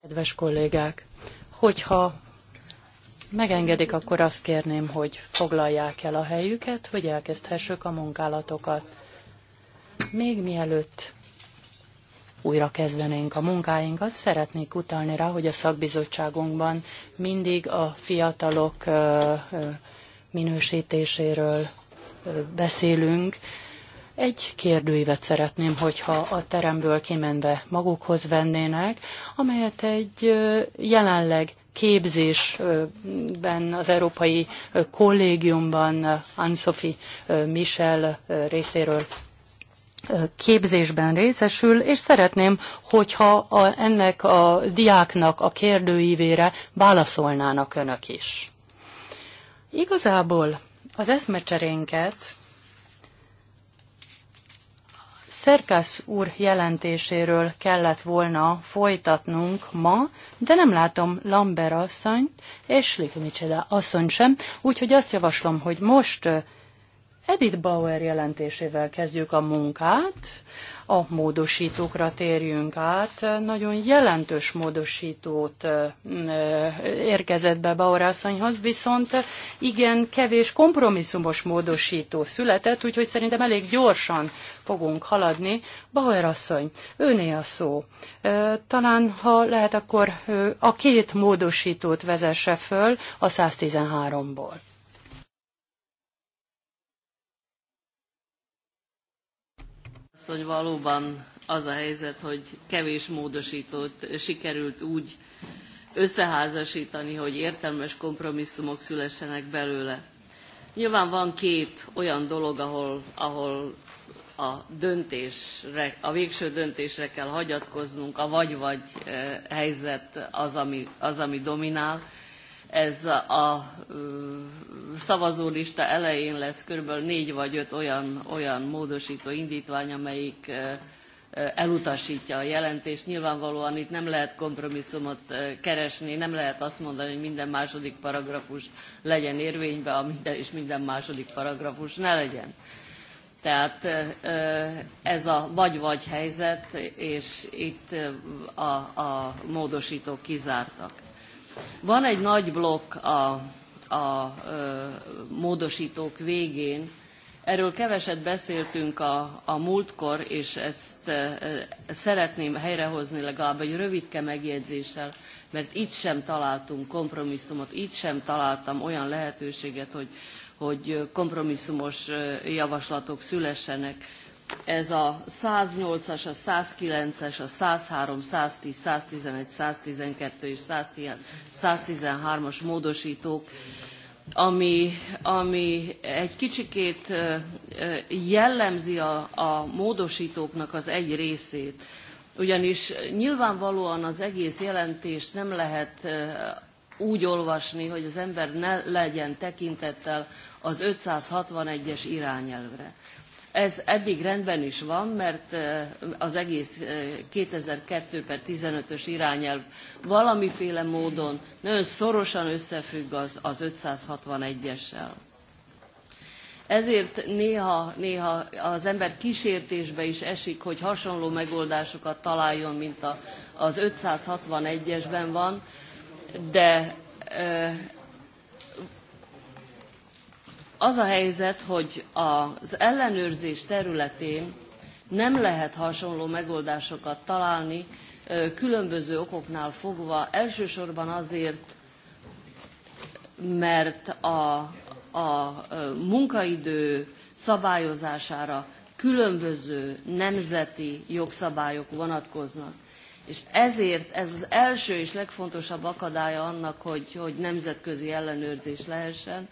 Kedves kollégák, hogyha megengedik, akkor azt kérném, hogy foglalják el a helyüket, hogy elkezdhessük a munkálatokat. Még mielőtt újra kezdenénk a munkáinkat, szeretnék utalni rá, hogy a szakbizottságunkban mindig a fiatalok minősítéséről beszélünk, egy kérdőívet szeretném, hogyha a teremből kimenve magukhoz vennének, amelyet egy jelenleg képzésben az Európai Kollégiumban Ansofi Michel részéről képzésben részesül, és szeretném, hogyha a, ennek a diáknak a kérdőívére válaszolnának önök is. Igazából az eszmecserénket Szerkász úr jelentéséről kellett volna folytatnunk ma, de nem látom Lambert asszonyt, és Lipnicseda asszony sem, úgyhogy azt javaslom, hogy most Edith Bauer jelentésével kezdjük a munkát. A módosítókra térjünk át. Nagyon jelentős módosítót érkezett be Bauer asszonyhoz, viszont igen kevés kompromisszumos módosító született, úgyhogy szerintem elég gyorsan fogunk haladni. Bauer asszony, öné a szó. Talán, ha lehet, akkor a két módosítót vezesse föl a 113-ból. hogy valóban az a helyzet, hogy kevés módosítót sikerült úgy összeházasítani, hogy értelmes kompromisszumok szülessenek belőle. Nyilván van két olyan dolog, ahol, ahol a döntésre, a végső döntésre kell hagyatkoznunk, a vagy-vagy eh, helyzet az ami, az, ami dominál, ez a szavazólista elején lesz kb. négy vagy öt olyan, olyan módosító indítvány, amelyik elutasítja a jelentést. Nyilvánvalóan itt nem lehet kompromisszumot keresni, nem lehet azt mondani, hogy minden második paragrafus legyen érvényben, a minden, és minden második paragrafus ne legyen. Tehát ez a vagy-vagy helyzet, és itt a, a módosítók kizártak. Van egy nagy blokk a, a ö, módosítók végén, Erről keveset beszéltünk a, a múltkor, és ezt e, szeretném helyrehozni legalább egy rövidke megjegyzéssel, mert itt sem találtunk kompromisszumot, itt sem találtam olyan lehetőséget, hogy, hogy kompromisszumos javaslatok szülessenek ez a 108-as, a 109-es, a 103, 110, 111, 112 és 113-as módosítók, ami, ami egy kicsikét jellemzi a, a módosítóknak az egy részét. Ugyanis nyilvánvalóan az egész jelentést nem lehet úgy olvasni, hogy az ember ne legyen tekintettel az 561-es irányelvre. Ez eddig rendben is van, mert eh, az egész 2002 eh, per 15-ös irányelv valamiféle módon nagyon szorosan összefügg az, az 561-essel. Ezért néha, néha az ember kísértésbe is esik, hogy hasonló megoldásokat találjon, mint a, az 561-esben van, de eh, az a helyzet, hogy az ellenőrzés területén nem lehet hasonló megoldásokat találni, különböző okoknál fogva, elsősorban azért, mert a, a munkaidő szabályozására különböző nemzeti jogszabályok vonatkoznak. És ezért ez az első és legfontosabb akadálya annak, hogy, hogy nemzetközi ellenőrzés lehessen.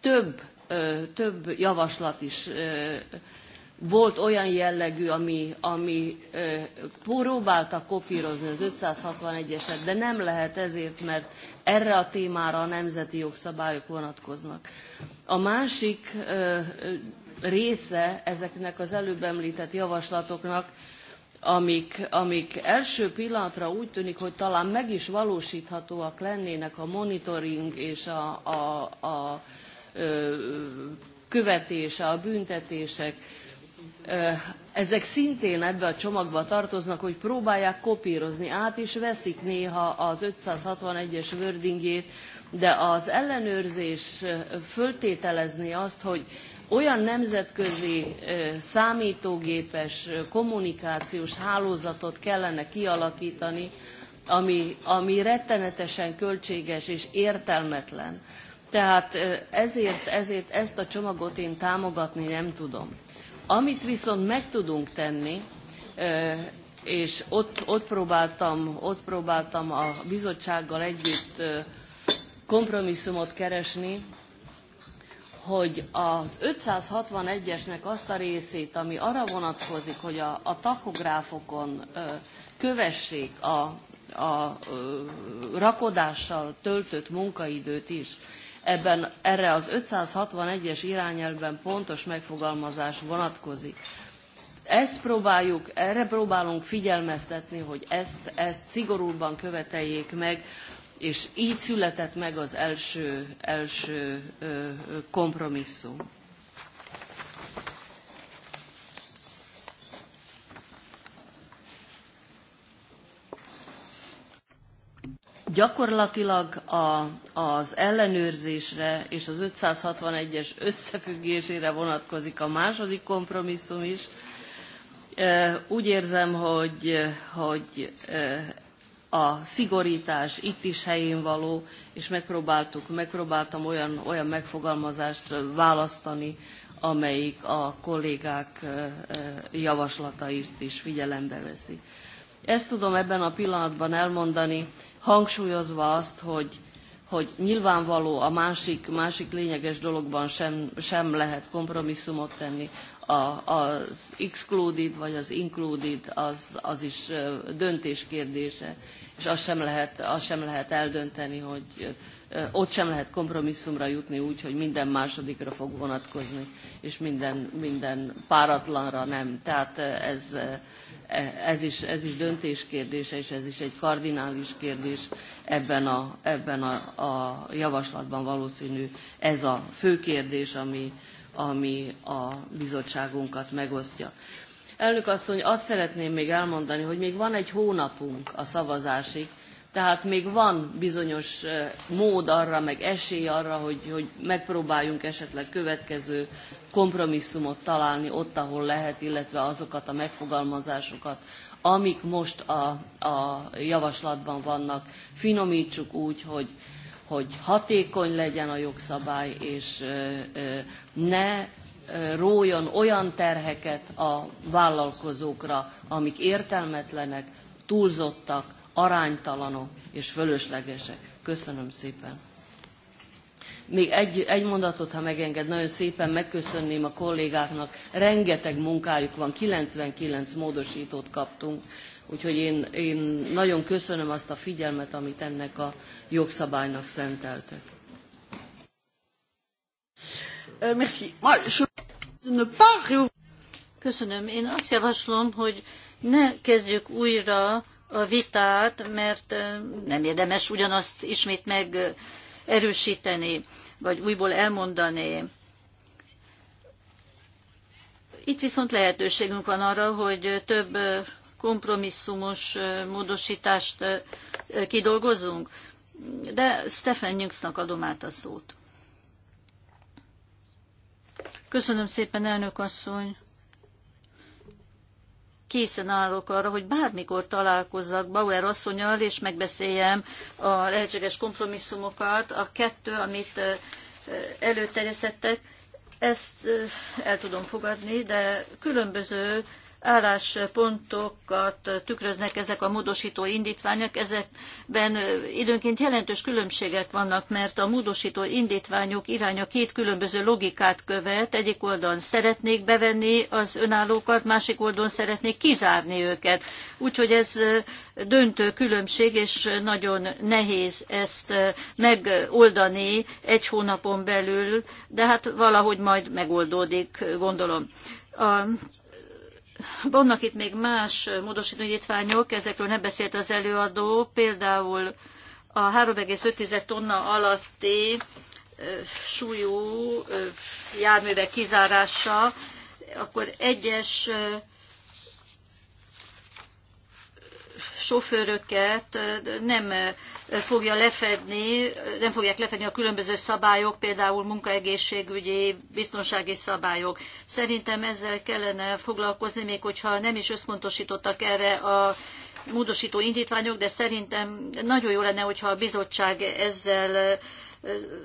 Több több javaslat is volt olyan jellegű, ami, ami próbálta kopírozni az 561-eset, de nem lehet ezért, mert erre a témára a nemzeti jogszabályok vonatkoznak. A másik része ezeknek az előbb említett javaslatoknak, amik, amik első pillanatra úgy tűnik, hogy talán meg is valósíthatóak lennének a monitoring és a, a, a követése, a büntetések, ezek szintén ebbe a csomagba tartoznak, hogy próbálják kopírozni át, és veszik néha az 561-es wordingjét, de az ellenőrzés föltételezni azt, hogy olyan nemzetközi számítógépes kommunikációs hálózatot kellene kialakítani, ami, ami rettenetesen költséges és értelmetlen tehát ezért, ezért ezt a csomagot én támogatni nem tudom. Amit viszont meg tudunk tenni, és ott, ott, próbáltam, ott próbáltam a bizottsággal együtt kompromisszumot keresni, hogy az 561-esnek azt a részét, ami arra vonatkozik, hogy a, a tachográfokon kövessék a, a rakodással töltött munkaidőt is, ebben erre az 561-es irányelvben pontos megfogalmazás vonatkozik. Ezt próbáljuk, erre próbálunk figyelmeztetni, hogy ezt, ezt szigorúbban követeljék meg, és így született meg az első, első kompromisszum. gyakorlatilag a, az ellenőrzésre és az 561-es összefüggésére vonatkozik a második kompromisszum is. Úgy érzem, hogy, hogy a szigorítás itt is helyén való, és megpróbáltuk, megpróbáltam olyan, olyan megfogalmazást választani, amelyik a kollégák javaslatait is figyelembe veszi. Ezt tudom ebben a pillanatban elmondani hangsúlyozva azt, hogy, hogy nyilvánvaló a másik, másik lényeges dologban sem, sem lehet kompromisszumot tenni, a, az excluded vagy az included az, az is döntés kérdése, és azt sem, lehet, azt sem lehet eldönteni, hogy ott sem lehet kompromisszumra jutni úgy, hogy minden másodikra fog vonatkozni, és minden, minden páratlanra nem. Tehát ez, ez is, ez is döntés kérdése, és ez is egy kardinális kérdés ebben a, ebben a, a javaslatban valószínű ez a fő kérdés, ami, ami a bizottságunkat megosztja. Elnök asszony, azt szeretném még elmondani, hogy még van egy hónapunk a szavazásig, tehát még van bizonyos eh, mód arra, meg esély arra, hogy, hogy megpróbáljunk esetleg következő kompromisszumot találni ott, ahol lehet, illetve azokat a megfogalmazásokat, amik most a, a javaslatban vannak, finomítsuk úgy, hogy, hogy hatékony legyen a jogszabály, és ne rójon olyan terheket a vállalkozókra, amik értelmetlenek, túlzottak, aránytalanok és fölöslegesek. Köszönöm szépen! Még egy, egy mondatot, ha megenged, nagyon szépen megköszönném a kollégáknak. Rengeteg munkájuk van, 99 módosítót kaptunk, úgyhogy én, én nagyon köszönöm azt a figyelmet, amit ennek a jogszabálynak szenteltek. Köszönöm. Én azt javaslom, hogy ne kezdjük újra a vitát, mert nem érdemes ugyanazt ismét meg erősíteni vagy újból elmondani. Itt viszont lehetőségünk van arra, hogy több kompromisszumos módosítást kidolgozunk, de Stephen Nyugsznak adom át a szót. Köszönöm szépen, elnök asszony! készen állok arra, hogy bármikor találkozzak Bauer asszonyal, és megbeszéljem a lehetséges kompromisszumokat. A kettő, amit előterjesztettek, ezt el tudom fogadni, de különböző álláspontokat tükröznek ezek a módosító indítványok. Ezekben időnként jelentős különbségek vannak, mert a módosító indítványok iránya két különböző logikát követ. Egyik oldalon szeretnék bevenni az önállókat, másik oldalon szeretnék kizárni őket. Úgyhogy ez döntő különbség, és nagyon nehéz ezt megoldani egy hónapon belül, de hát valahogy majd megoldódik, gondolom. A vannak itt még más módosítványok, ezekről nem beszélt az előadó, például a 3,5 tonna alatti súlyú járművek kizárása, akkor egyes sofőröket nem fogja lefedni, nem fogják lefedni a különböző szabályok, például munkaegészségügyi, biztonsági szabályok. Szerintem ezzel kellene foglalkozni, még hogyha nem is összpontosítottak erre a módosító indítványok, de szerintem nagyon jó lenne, hogyha a bizottság ezzel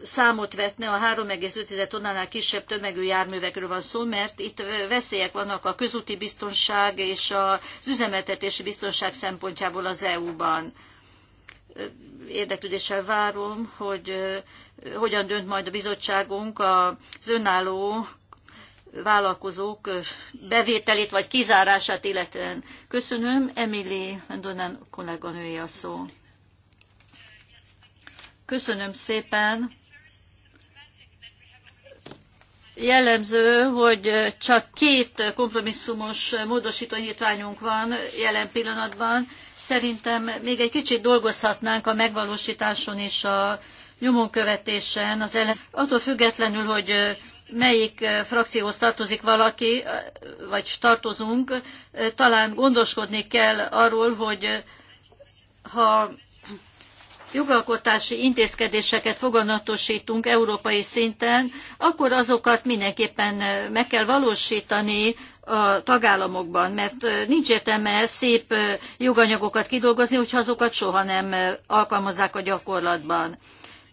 számot vetne, a 3,5 tonnánál kisebb tömegű járművekről van szó, mert itt veszélyek vannak a közúti biztonság és az üzemeltetési biztonság szempontjából az EU-ban. Érdeklődéssel várom, hogy hogyan dönt majd a bizottságunk az önálló vállalkozók bevételét vagy kizárását illetően. Köszönöm, Emily Donán kolléganője a szó. Köszönöm szépen. Jellemző, hogy csak két kompromisszumos nyitványunk van jelen pillanatban. Szerintem még egy kicsit dolgozhatnánk a megvalósításon és a követésen. Az ellen... Attól függetlenül, hogy melyik frakcióhoz tartozik valaki, vagy tartozunk, talán gondoskodni kell arról, hogy ha jogalkotási intézkedéseket foganatosítunk európai szinten, akkor azokat mindenképpen meg kell valósítani a tagállamokban, mert nincs értelme szép joganyagokat kidolgozni, hogyha azokat soha nem alkalmazzák a gyakorlatban.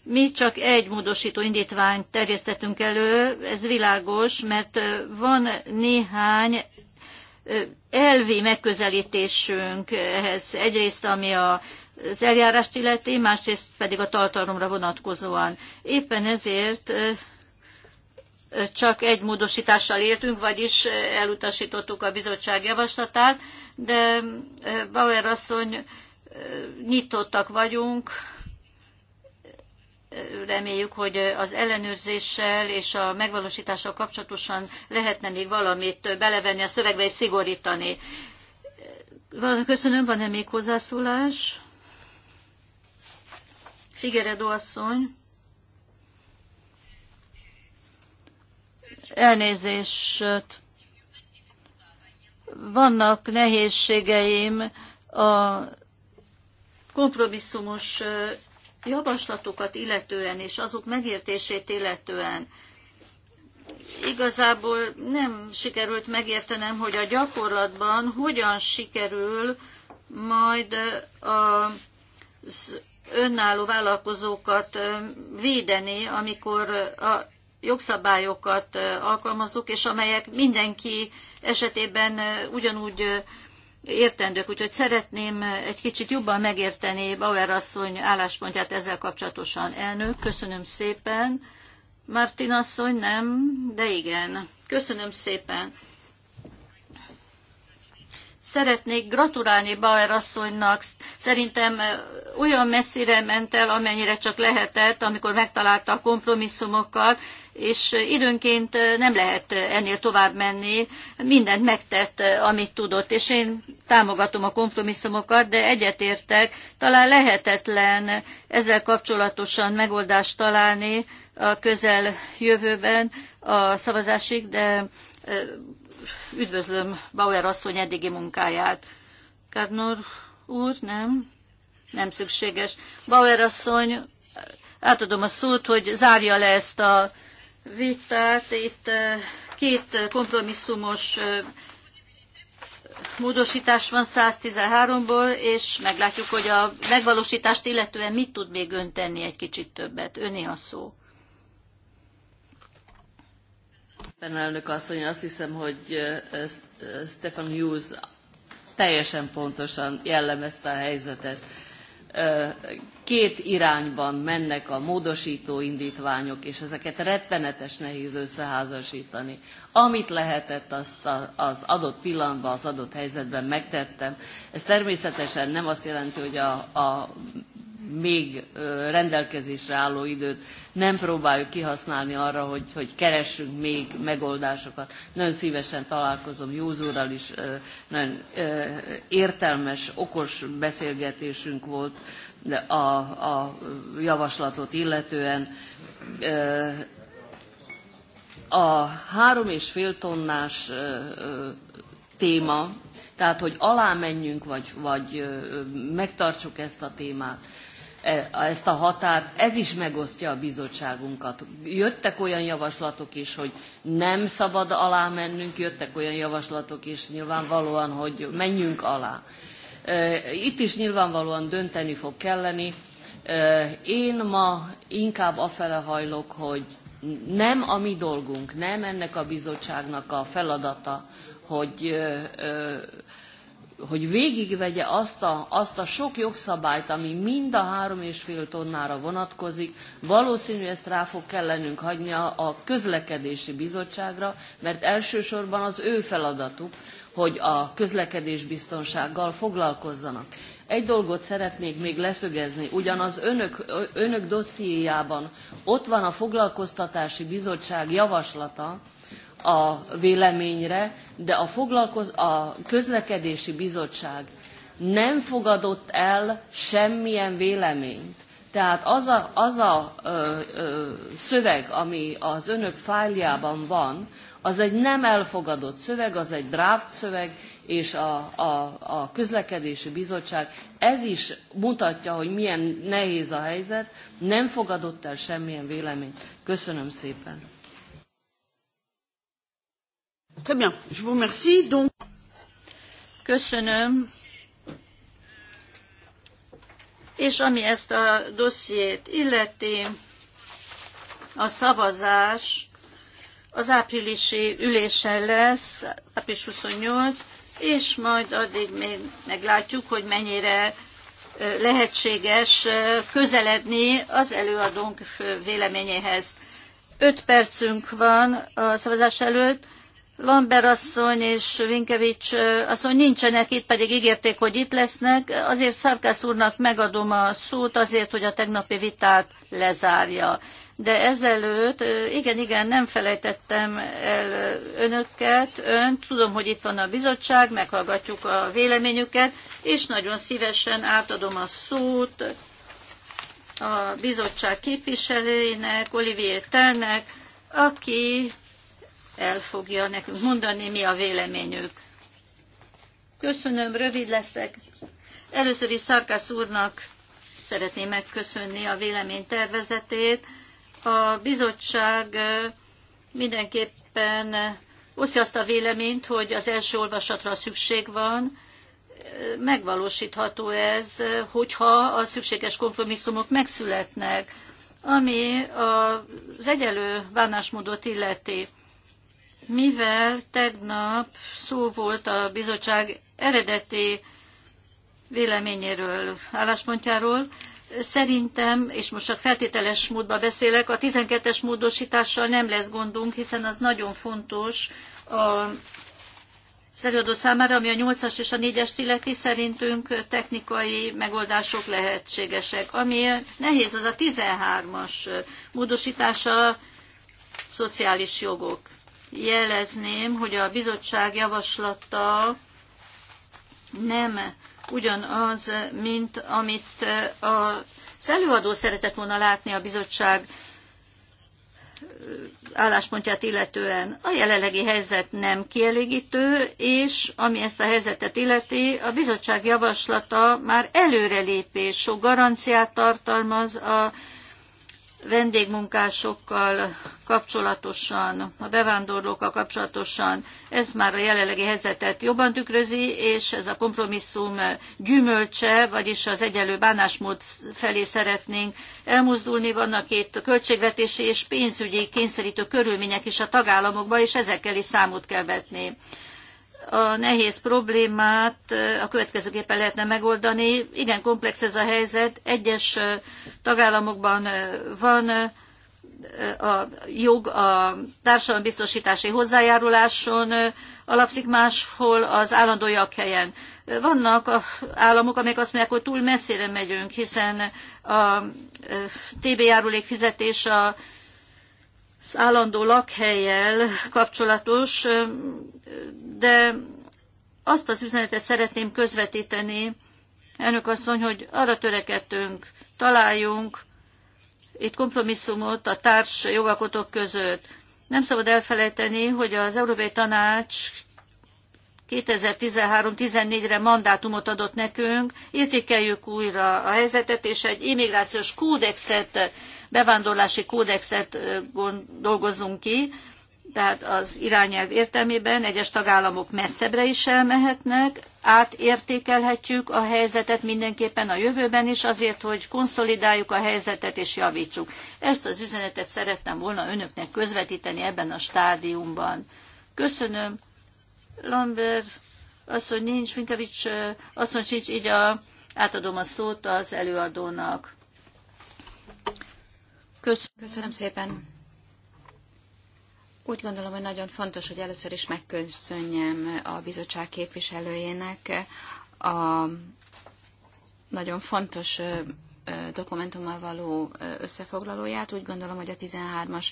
Mi csak egy módosító indítványt terjesztettünk elő, ez világos, mert van néhány elvi megközelítésünk ehhez. Egyrészt, ami a az eljárást illeti, másrészt pedig a tartalomra vonatkozóan. Éppen ezért csak egy módosítással értünk, vagyis elutasítottuk a bizottság javaslatát, de Bauer asszony nyitottak vagyunk, reméljük, hogy az ellenőrzéssel és a megvalósítással kapcsolatosan lehetne még valamit belevenni a szövegbe és szigorítani. köszönöm, van-e még hozzászólás? Figeredó asszony. Elnézést. Vannak nehézségeim a kompromisszumos javaslatokat illetően és azok megértését illetően igazából nem sikerült megértenem, hogy a gyakorlatban hogyan sikerül majd az önálló vállalkozókat védeni, amikor a jogszabályokat alkalmazzuk, és amelyek mindenki esetében ugyanúgy értendők. Úgyhogy szeretném egy kicsit jobban megérteni Bauer asszony álláspontját ezzel kapcsolatosan. Elnök, köszönöm szépen. Martin asszony nem, de igen. Köszönöm szépen. Szeretnék gratulálni Bauer asszonynak, szerintem olyan messzire ment el, amennyire csak lehetett, amikor megtalálta a kompromisszumokat, és időnként nem lehet ennél tovább menni, mindent megtett, amit tudott, és én támogatom a kompromisszumokat, de egyetértek, talán lehetetlen ezzel kapcsolatosan megoldást találni a közel jövőben a szavazásig, de üdvözlöm Bauer asszony eddigi munkáját. Kárnor úr, nem? Nem szükséges. Bauer asszony, átadom a szót, hogy zárja le ezt a vitát. Itt eh, két kompromisszumos eh, módosítás van 113-ból, és meglátjuk, hogy a megvalósítást illetően mit tud még ön tenni egy kicsit többet. Öné a szó. szépen, elnök asszony. Azt hiszem, hogy Stefan Hughes teljesen pontosan jellemezte a helyzetet. Két irányban mennek a módosító indítványok, és ezeket rettenetes nehéz összeházasítani. Amit lehetett, azt az adott pillanatban, az adott helyzetben megtettem. Ez természetesen nem azt jelenti, hogy a, a még rendelkezésre álló időt nem próbáljuk kihasználni arra, hogy, hogy keressünk még megoldásokat. Nagyon szívesen találkozom Józúrral is, nagyon értelmes, okos beszélgetésünk volt a, a javaslatot illetően. A három és fél tonnás téma, tehát hogy alá menjünk, vagy, vagy megtartsuk ezt a témát, E, ezt a határt, ez is megosztja a bizottságunkat. Jöttek olyan javaslatok is, hogy nem szabad alá mennünk, jöttek olyan javaslatok is nyilvánvalóan, hogy menjünk alá. E, itt is nyilvánvalóan dönteni fog kelleni. E, én ma inkább afele hajlok, hogy nem a mi dolgunk, nem ennek a bizottságnak a feladata, hogy hogy végigvegye azt a, azt a sok jogszabályt, ami mind a három és fél tonnára vonatkozik, valószínű ezt rá fog kellenünk hagyni a, a közlekedési bizottságra, mert elsősorban az ő feladatuk, hogy a közlekedés biztonsággal foglalkozzanak. Egy dolgot szeretnék még leszögezni, ugyanaz önök, önök dossziéjában ott van a foglalkoztatási bizottság javaslata, a véleményre, de a, foglalkoz, a közlekedési bizottság nem fogadott el semmilyen véleményt. Tehát az a, az a ö, ö, szöveg, ami az önök fájljában van, az egy nem elfogadott szöveg, az egy draft szöveg, és a, a, a közlekedési bizottság, ez is mutatja, hogy milyen nehéz a helyzet, nem fogadott el semmilyen véleményt. Köszönöm szépen. Très bien, je vous remercie. Donc... Köszönöm. És ami ezt a dossziét illeti, a szavazás az áprilisi ülésen lesz, április 28, és majd addig még meglátjuk, hogy mennyire lehetséges közeledni az előadónk véleményéhez. Öt percünk van a szavazás előtt, Lambert asszony és Vinkevics asszony nincsenek itt, pedig ígérték, hogy itt lesznek. Azért Szarkász úrnak megadom a szót azért, hogy a tegnapi vitát lezárja. De ezelőtt, igen, igen, nem felejtettem el önöket, önt, tudom, hogy itt van a bizottság, meghallgatjuk a véleményüket, és nagyon szívesen átadom a szót a bizottság képviselőjének, Olivier Telnek, aki el fogja nekünk mondani, mi a véleményük. Köszönöm, rövid leszek. Először is Szarkász úrnak szeretném megköszönni a véleménytervezetét. A bizottság mindenképpen osztja azt a véleményt, hogy az első olvasatra szükség van, megvalósítható ez, hogyha a szükséges kompromisszumok megszületnek, ami az egyelő bánásmódot illeti mivel tegnap szó volt a bizottság eredeti véleményéről, álláspontjáról, Szerintem, és most csak feltételes módban beszélek, a 12-es módosítással nem lesz gondunk, hiszen az nagyon fontos a az előadó számára, ami a 8-as és a 4-es illeti szerintünk technikai megoldások lehetségesek. Ami nehéz, az a 13-as módosítása, szociális jogok jelezném, hogy a bizottság javaslata nem ugyanaz, mint amit az előadó szeretett volna látni a bizottság álláspontját illetően. A jelenlegi helyzet nem kielégítő, és ami ezt a helyzetet illeti, a bizottság javaslata már előrelépés, sok garanciát tartalmaz a vendégmunkásokkal kapcsolatosan, a bevándorlókkal kapcsolatosan, ez már a jelenlegi helyzetet jobban tükrözi, és ez a kompromisszum gyümölcse, vagyis az egyenlő bánásmód felé szeretnénk elmozdulni. Vannak itt költségvetési és pénzügyi kényszerítő körülmények is a tagállamokban, és ezekkel is számot kell vetni a nehéz problémát a következőképpen lehetne megoldani. Igen, komplex ez a helyzet. Egyes tagállamokban van a jog a társadalombiztosítási hozzájáruláson alapszik máshol az állandó helyen. Vannak államok, amelyek azt mondják, hogy túl messzire megyünk, hiszen a TB járulék fizetés a az állandó lakhelyel kapcsolatos de azt az üzenetet szeretném közvetíteni, elnök asszony, hogy arra törekedtünk, találjunk itt kompromisszumot a társ jogalkotók között. Nem szabad elfelejteni, hogy az Európai Tanács 2013-14-re mandátumot adott nekünk, értékeljük újra a helyzetet, és egy immigrációs kódexet, bevándorlási kódexet dolgozunk ki, tehát az irányelv értelmében egyes tagállamok messzebbre is elmehetnek, átértékelhetjük a helyzetet mindenképpen a jövőben is, azért, hogy konszolidáljuk a helyzetet és javítsuk. Ezt az üzenetet szerettem volna önöknek közvetíteni ebben a stádiumban. Köszönöm. Lambert asszony nincs, Finkevics, asszony sincs, így a, átadom a szót az előadónak. Köszönöm, Köszönöm szépen. Úgy gondolom, hogy nagyon fontos, hogy először is megköszönjem a bizottság képviselőjének a nagyon fontos dokumentummal való összefoglalóját. Úgy gondolom, hogy a 13-as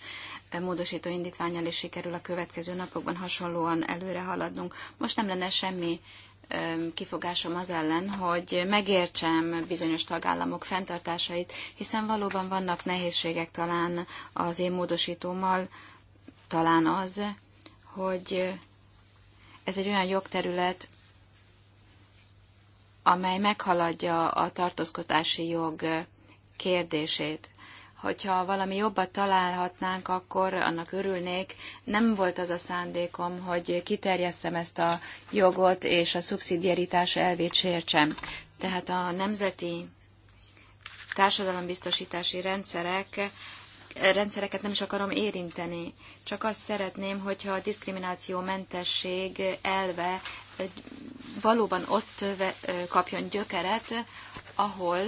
módosító indítványal is sikerül a következő napokban hasonlóan előre haladnunk. Most nem lenne semmi kifogásom az ellen, hogy megértsem bizonyos tagállamok fenntartásait, hiszen valóban vannak nehézségek talán az én módosítómmal, talán az, hogy ez egy olyan jogterület, amely meghaladja a tartózkodási jog kérdését. Hogyha valami jobbat találhatnánk, akkor annak örülnék. Nem volt az a szándékom, hogy kiterjesszem ezt a jogot, és a szubszidiaritás elvét sértsem. Tehát a nemzeti társadalombiztosítási rendszerek rendszereket nem is akarom érinteni. Csak azt szeretném, hogyha a diszkrimináció mentesség elve valóban ott kapjon gyökeret, ahol,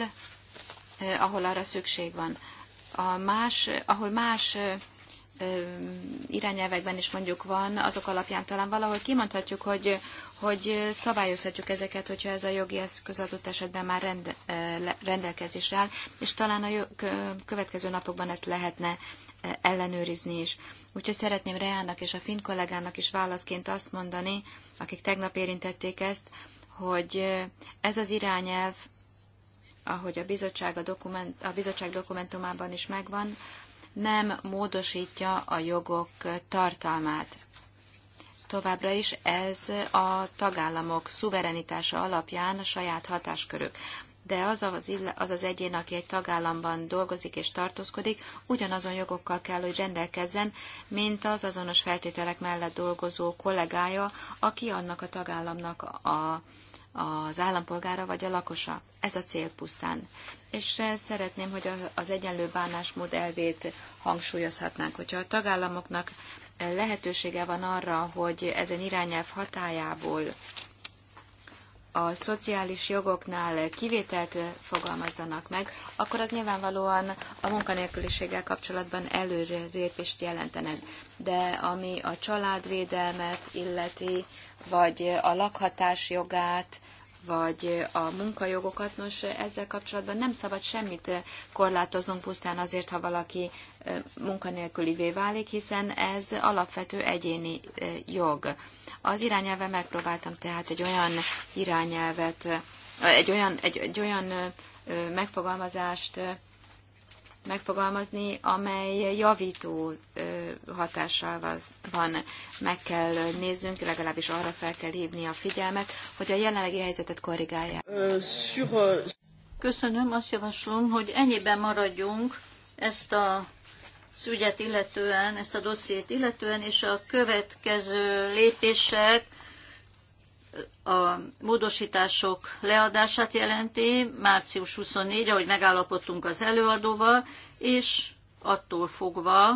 eh, ahol arra szükség van. A más, ahol más eh, irányelvekben is mondjuk van, azok alapján talán valahol kimondhatjuk, hogy, hogy szabályozhatjuk ezeket, hogyha ez a jogi eszköz adott esetben már rend, rendelkezésre áll, és talán a következő napokban ezt lehetne ellenőrizni is. Úgyhogy szeretném Reának és a finn kollégának is válaszként azt mondani, akik tegnap érintették ezt, hogy ez az irányelv, ahogy a bizottság, a, dokument, a bizottság dokumentumában is megvan, nem módosítja a jogok tartalmát. Továbbra is ez a tagállamok szuverenitása alapján a saját hatáskörük. De az az, az az egyén, aki egy tagállamban dolgozik és tartózkodik, ugyanazon jogokkal kell, hogy rendelkezzen, mint az azonos feltételek mellett dolgozó kollégája, aki annak a tagállamnak a az állampolgára vagy a lakosa. Ez a cél pusztán. És szeretném, hogy az egyenlő bánásmód elvét hangsúlyozhatnánk. Hogyha a tagállamoknak lehetősége van arra, hogy ezen irányelv hatájából a szociális jogoknál kivételt fogalmazzanak meg, akkor az nyilvánvalóan a munkanélküliséggel kapcsolatban előrépést jelentene. De ami a családvédelmet illeti, vagy a lakhatás jogát, vagy a munkajogokat, nos, ezzel kapcsolatban nem szabad semmit korlátoznunk pusztán azért, ha valaki munkanélkülivé válik, hiszen ez alapvető egyéni jog. Az irányelve megpróbáltam tehát egy olyan irányelvet, egy olyan, egy, egy olyan megfogalmazást megfogalmazni, amely javító hatással van. Meg kell néznünk, legalábbis arra fel kell hívni a figyelmet, hogy a jelenlegi helyzetet korrigálják. Köszönöm, azt javaslom, hogy ennyiben maradjunk ezt a szügyet ügyet illetően, ezt a dossziét illetően, és a következő lépések a módosítások leadását jelenti, március 24-re, hogy megállapodtunk az előadóval, és attól fogva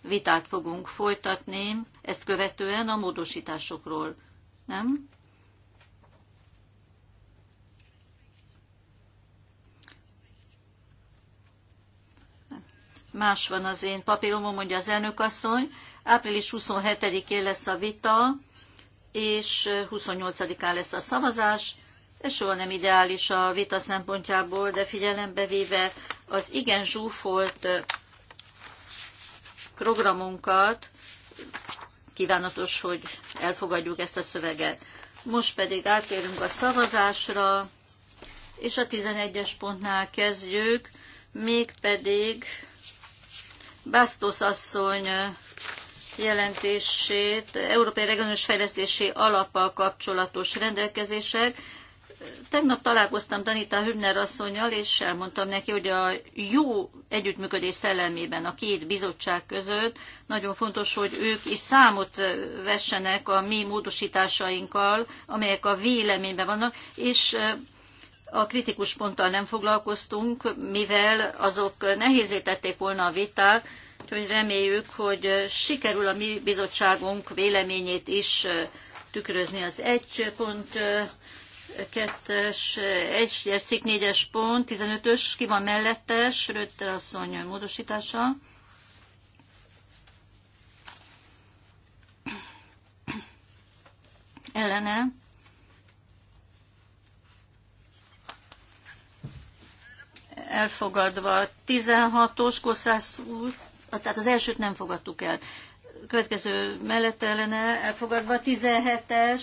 vitát fogunk folytatni, ezt követően a módosításokról, nem? Más van az én papíromon, mondja az elnökasszony. Április 27-én lesz a vita, és 28-án lesz a szavazás. Ez soha nem ideális a vita szempontjából, de figyelembe véve az igen zsúfolt programunkat, kívánatos, hogy elfogadjuk ezt a szöveget. Most pedig átérünk a szavazásra, és a 11-es pontnál kezdjük, mégpedig Bastos asszony jelentését, Európai Regionális Fejlesztési Alappal kapcsolatos rendelkezések. Tegnap találkoztam Danita Hübner asszonynal, és elmondtam neki, hogy a jó együttműködés szellemében a két bizottság között nagyon fontos, hogy ők is számot vessenek a mi módosításainkkal, amelyek a véleményben vannak, és a kritikus ponttal nem foglalkoztunk, mivel azok tették volna a vitát, hogy reméljük, hogy sikerül a mi bizottságunk véleményét is tükrözni az 1 pont es 1-es cikk 4-es pont, 15-ös, ki van mellette, Schröter asszony módosítása. Ellene. Elfogadva 16-os, Kosszász úr tehát az elsőt nem fogadtuk el. Következő mellette ellene elfogadva, 17-es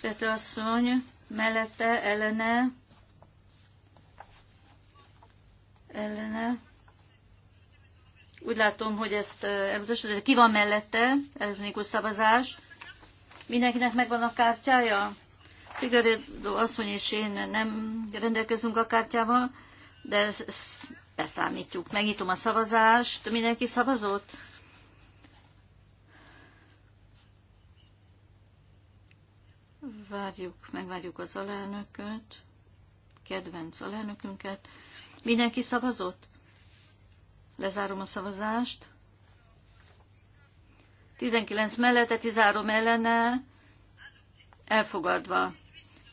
Petőasszony mellette ellene ellene. Úgy látom, hogy ezt eh, elutasították. Ki van mellette? Elektronikus szavazás. Mindenkinek megvan a kártyája? Figueredo asszony és én nem rendelkezünk a kártyával, de beszámítjuk. Megnyitom a szavazást. Mindenki szavazott? Várjuk, megvárjuk az alelnököt, kedvenc alelnökünket. Mindenki szavazott? Lezárom a szavazást. 19 mellette, 13 ellene, elfogadva.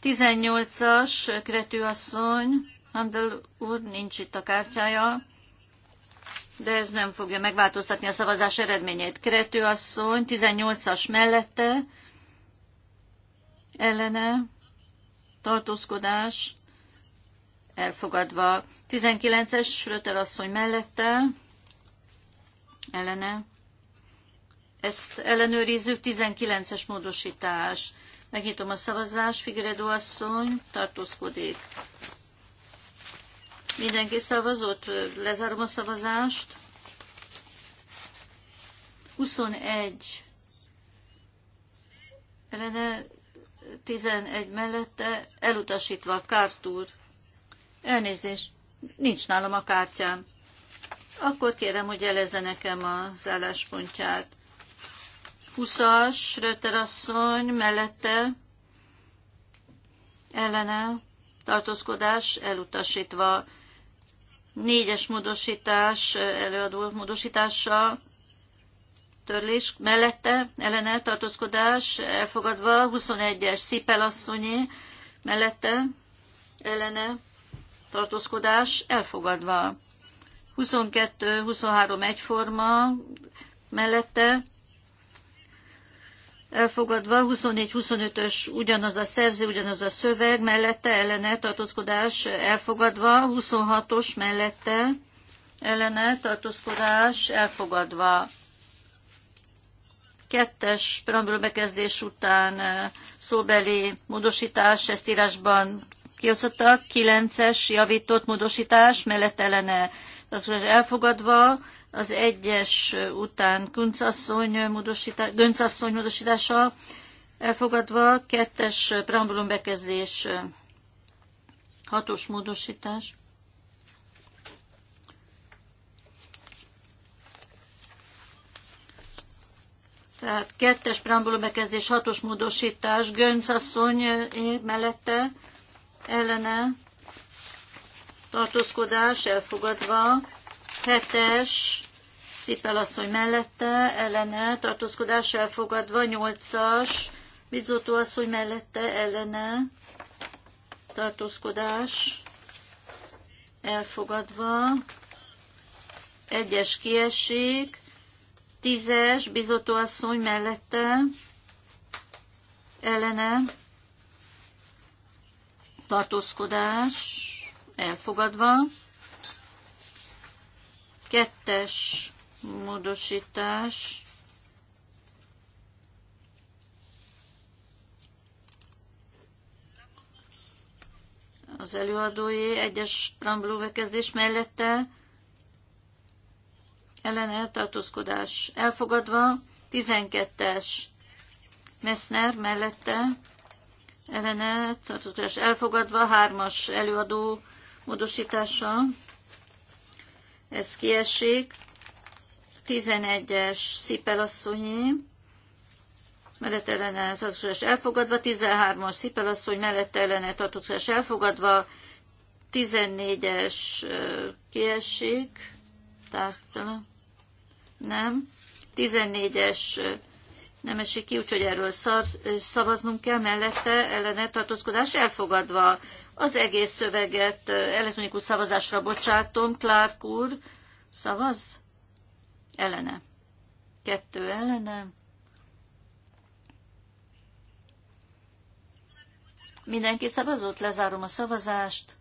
18-as, Krető asszony, Handel úr nincs itt a kártyája, de ez nem fogja megváltoztatni a szavazás eredményét. Krető asszony 18-as mellette ellene tartózkodás elfogadva. 19-es Schröter asszony mellette ellene. Ezt ellenőrizzük, 19-es módosítás. Megnyitom a szavazás, Figredo asszony, tartózkodik. Mindenki szavazott? Lezárom a szavazást. 21 Elene 11 mellette, elutasítva a kártúr. Elnézést, nincs nálam a kártyám. Akkor kérem, hogy jelezze nekem az álláspontját. 20-as, asszony, mellette, ellene, tartózkodás elutasítva. Négyes módosítás, előadó módosítással törlés mellette, ellen eltartózkodás elfogadva, 21-es Szipel asszonyé mellette, ellene tartózkodás elfogadva. 22-23 egyforma mellette, elfogadva, 24-25-ös ugyanaz a szerző, ugyanaz a szöveg, mellette ellene tartózkodás elfogadva, 26-os mellette ellene tartózkodás elfogadva. Kettes preambula bekezdés után eh, szóbeli módosítás, ezt írásban kihozottak, kilences javított módosítás, mellette ellene tartózkodás elfogadva, az egyes után Göncasszony módosítása elfogadva, kettes preambulum bekezdés hatos módosítás. Tehát kettes preambulum bekezdés hatos módosítás, Göncasszony mellette ellene tartózkodás elfogadva, Hetes, Szipel asszony mellette, ellene, tartózkodás elfogadva, nyolcas, Bizzotó asszony mellette, ellene, tartózkodás elfogadva, egyes kiesik, tízes, Bizotó asszony mellette, ellene, tartózkodás elfogadva, Kettes módosítás. Az előadói egyes preambuló bekezdés mellette ellen eltartózkodás elfogadva, 12-es Messner mellette ellen eltartózkodás elfogadva, 3-as előadó módosítása ez kiesik. 11-es szipelasszonyi, mellette ellene tartózkodás elfogadva, 13-as szipelasszony mellette ellene tartózkodás elfogadva, 14-es kiesik, tártalan, nem, 14-es nem esik ki, úgyhogy erről szavaznunk kell, mellette ellene tartózkodás elfogadva. Az egész szöveget elektronikus szavazásra bocsátom. Clark úr, szavaz? Ellene. Kettő ellene. Mindenki szavazott, lezárom a szavazást.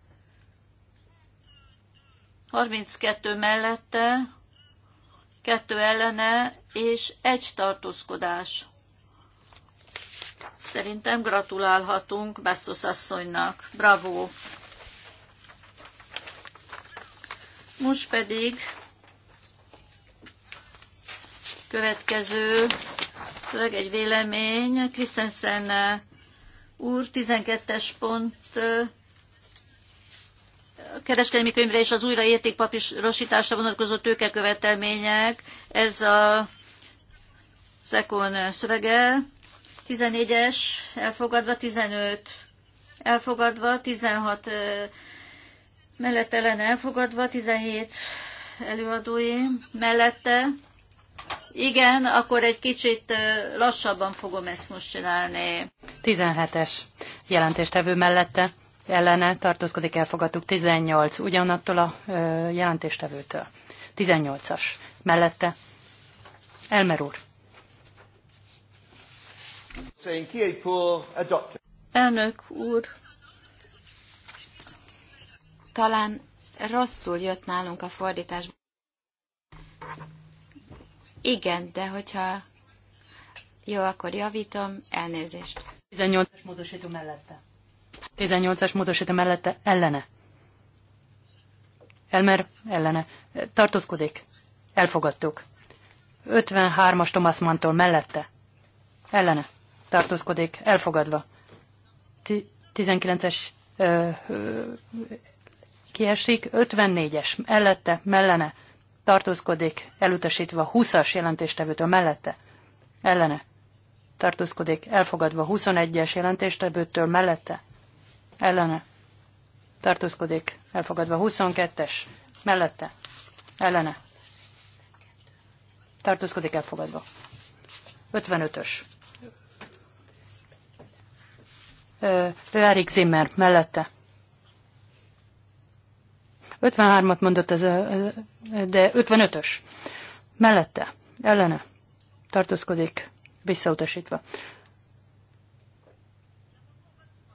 32 mellette, kettő ellene és egy tartózkodás. Szerintem gratulálhatunk Bessos asszonynak. Bravo! Most pedig következő főleg egy vélemény. Krisztensen eh, úr 12-es pont eh, kereskedelmi könyvre és az újra értékpapírosításra vonatkozó tőkekövetelmények, ez a Szekon szövege, 14-es elfogadva, 15 elfogadva, 16 mellette ellen elfogadva, 17 előadói mellette. Igen, akkor egy kicsit lassabban fogom ezt most csinálni. 17-es jelentéstevő mellette ellene tartózkodik, elfogadtuk 18, ugyanattól a jelentéstevőtől. 18-as. Mellette Elmer úr. Elnök úr, talán rosszul jött nálunk a fordítás. Igen, de hogyha... Jó, akkor javítom, elnézést. 18-as módosító mellette. 18-as módosító mellette ellene. Elmer ellene. Tartózkodik. Elfogadtuk. 53-as Thomas Mantól mellette. Ellene. Tartózkodik. Elfogadva. 19-es kiesik. 54-es mellette. Mellene. Tartózkodik. Elutasítva. 20-as jelentéstevőtől mellette. Ellene. Tartózkodik. Elfogadva. 21-es jelentéstevőtől mellette ellene, tartózkodik, elfogadva. 22-es, mellette, ellene, tartózkodik, elfogadva. 55-ös. Erik Zimmer, mellette. 53-at mondott ez, de 55-ös. Mellette, ellene, tartózkodik, visszautasítva.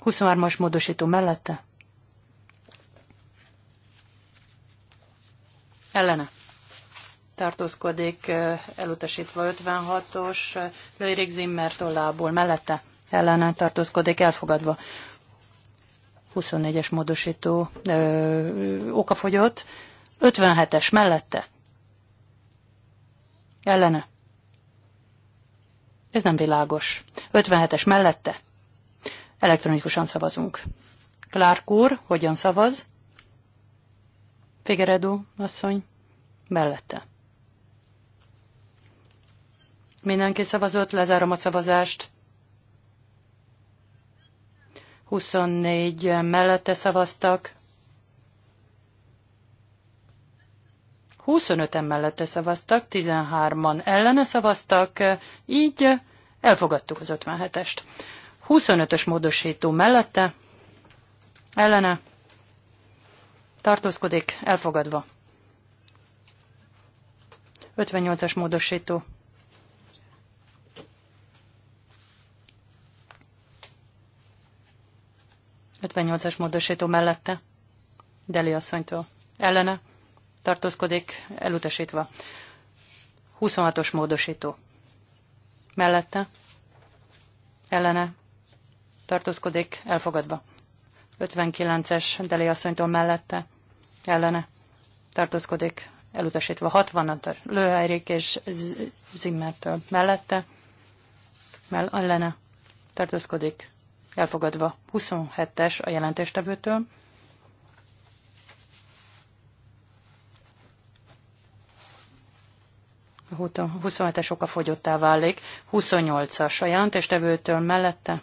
23-as módosító mellette. Ellene. Tartózkodik elutasítva 56-os Löjrik Zimmer tollából mellette. Ellene tartózkodik elfogadva. 24-es módosító ö, okafogyott. 57-es mellette. Ellene. Ez nem világos. 57-es mellette. Elektronikusan szavazunk. Clark úr, hogyan szavaz? Figueredo asszony, mellette. Mindenki szavazott, lezárom a szavazást. 24 mellette szavaztak. 25-en mellette szavaztak, 13-an ellene szavaztak, így elfogadtuk az 57-est. 25-ös módosító mellette, ellene, tartózkodik, elfogadva. 58-as módosító. Ötvennyolcas módosító mellette, Deli asszonytól. Ellene, tartózkodik, elutasítva. 26-os módosító. Mellette, ellene, tartózkodik, elfogadva. 59-es Deli asszonytól mellette, ellene, tartózkodik, elutasítva. 60 Lőhelyrik és Zimmertől mellette, mell ellene, tartózkodik, elfogadva. 27-es a jelentéstevőtől, A 27-es oka fogyottá válik, 28-as a jelentéstevőtől mellette,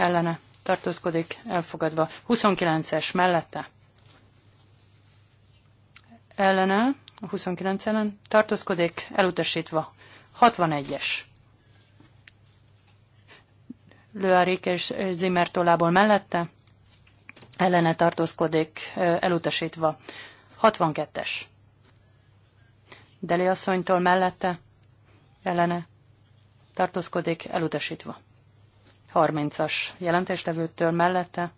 ellene tartózkodik, elfogadva. 29-es mellette ellene, a 29 ellen tartózkodik, elutasítva. 61-es. Lőárik és Zimmer tollából mellette ellene tartózkodik, elutasítva. 62-es. Deli asszonytól mellette ellene tartózkodik, elutasítva. 30-as jelentéstevőtől mellette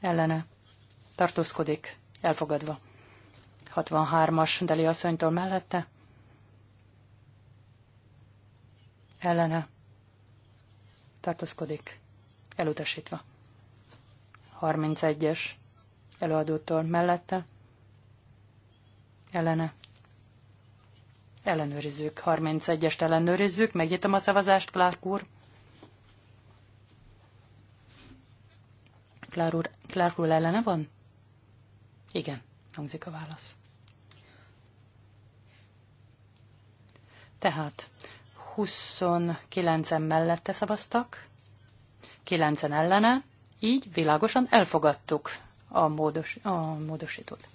ellene tartózkodik, elfogadva. 63-as Deli asszonytól mellette ellene tartózkodik, elutasítva. 31-es előadótól mellette ellene Ellenőrizzük. 31-est ellenőrizzük. Megnyitom a szavazást, Clark úr. Clark úr, úr ellene van? Igen, hangzik a válasz. Tehát 29-en mellette szavaztak, 9 ellene, így világosan elfogadtuk a, módos, a módosítót.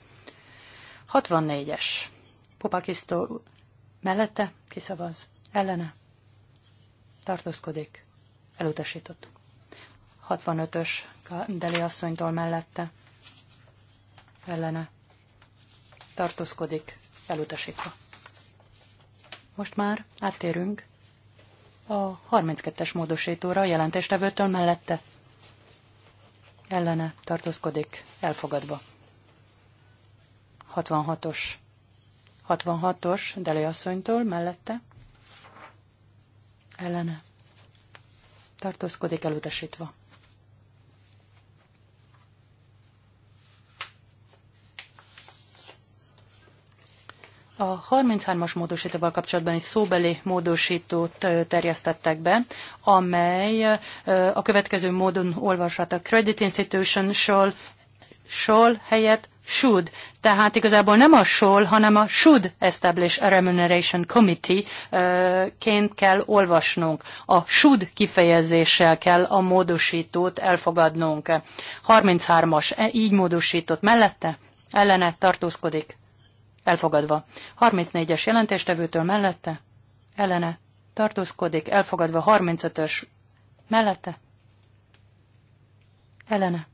64-es. Popakisztó mellette kiszavaz, ellene tartózkodik, elutasítottuk. 65-ös Deli asszonytól mellette ellene tartózkodik, elutasítva. Most már áttérünk a 32-es módosítóra a jelentéstevőtől mellette. Ellene tartózkodik, elfogadva. 66-os. 66-os Deli asszonytól mellette. Ellene. Tartózkodik elutasítva. A 33-as módosítóval kapcsolatban egy szóbeli módosítót terjesztettek be, amely a következő módon olvasható. Credit institution shall, shall helyett should. Tehát igazából nem a shall, hanem a should establish a remuneration committee-ként kell olvasnunk. A should kifejezéssel kell a módosítót elfogadnunk. 33-as, e, így módosított mellette ellene tartózkodik elfogadva. 34-es jelentéstevőtől mellette, ellene, tartózkodik, elfogadva. 35-ös mellette, ellene,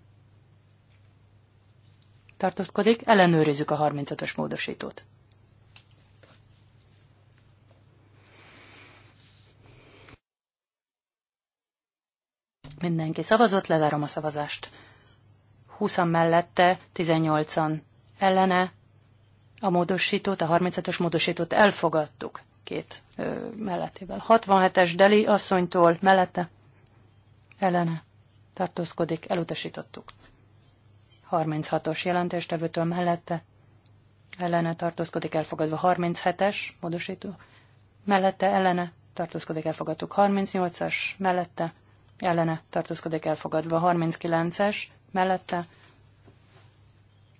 tartózkodik, ellenőrizzük a 35-ös módosítót. Mindenki szavazott, lezárom a szavazást. 20 mellette, 18-an ellene, a módosítót, a 35-ös módosítót elfogadtuk két ö, mellettével. 67-es Deli asszonytól mellette ellene tartózkodik, elutasítottuk. 36-os jelentéstevőtől mellette ellene tartózkodik, elfogadva. 37-es módosító mellette ellene tartózkodik, elfogadtuk. 38-as mellette ellene tartózkodik, elfogadva. 39-es mellette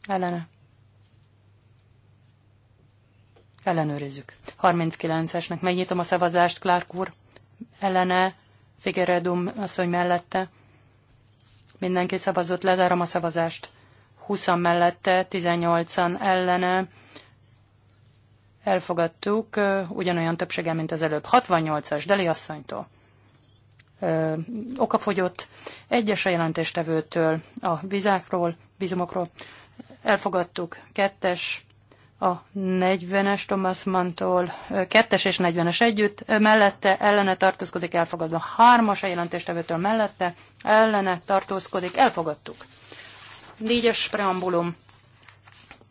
ellene Ellenőrizzük. 39-esnek megnyitom a szavazást, Clark úr. Ellene, Figueredum asszony mellette. Mindenki szavazott, lezárom a szavazást. 20 mellette, 18-an ellene. Elfogadtuk ugyanolyan többséggel, mint az előbb. 68-as, Deli asszonytól. Ö, okafogyott egyes a jelentéstevőtől a vizákról, vízumokról. Elfogadtuk kettes a 40-es Thomas Mantól kettes és 40-es együtt, mellette ellene tartózkodik elfogadva. Hármas a jelentéstevőtől mellette ellene tartózkodik, elfogadtuk. Négyes preambulum.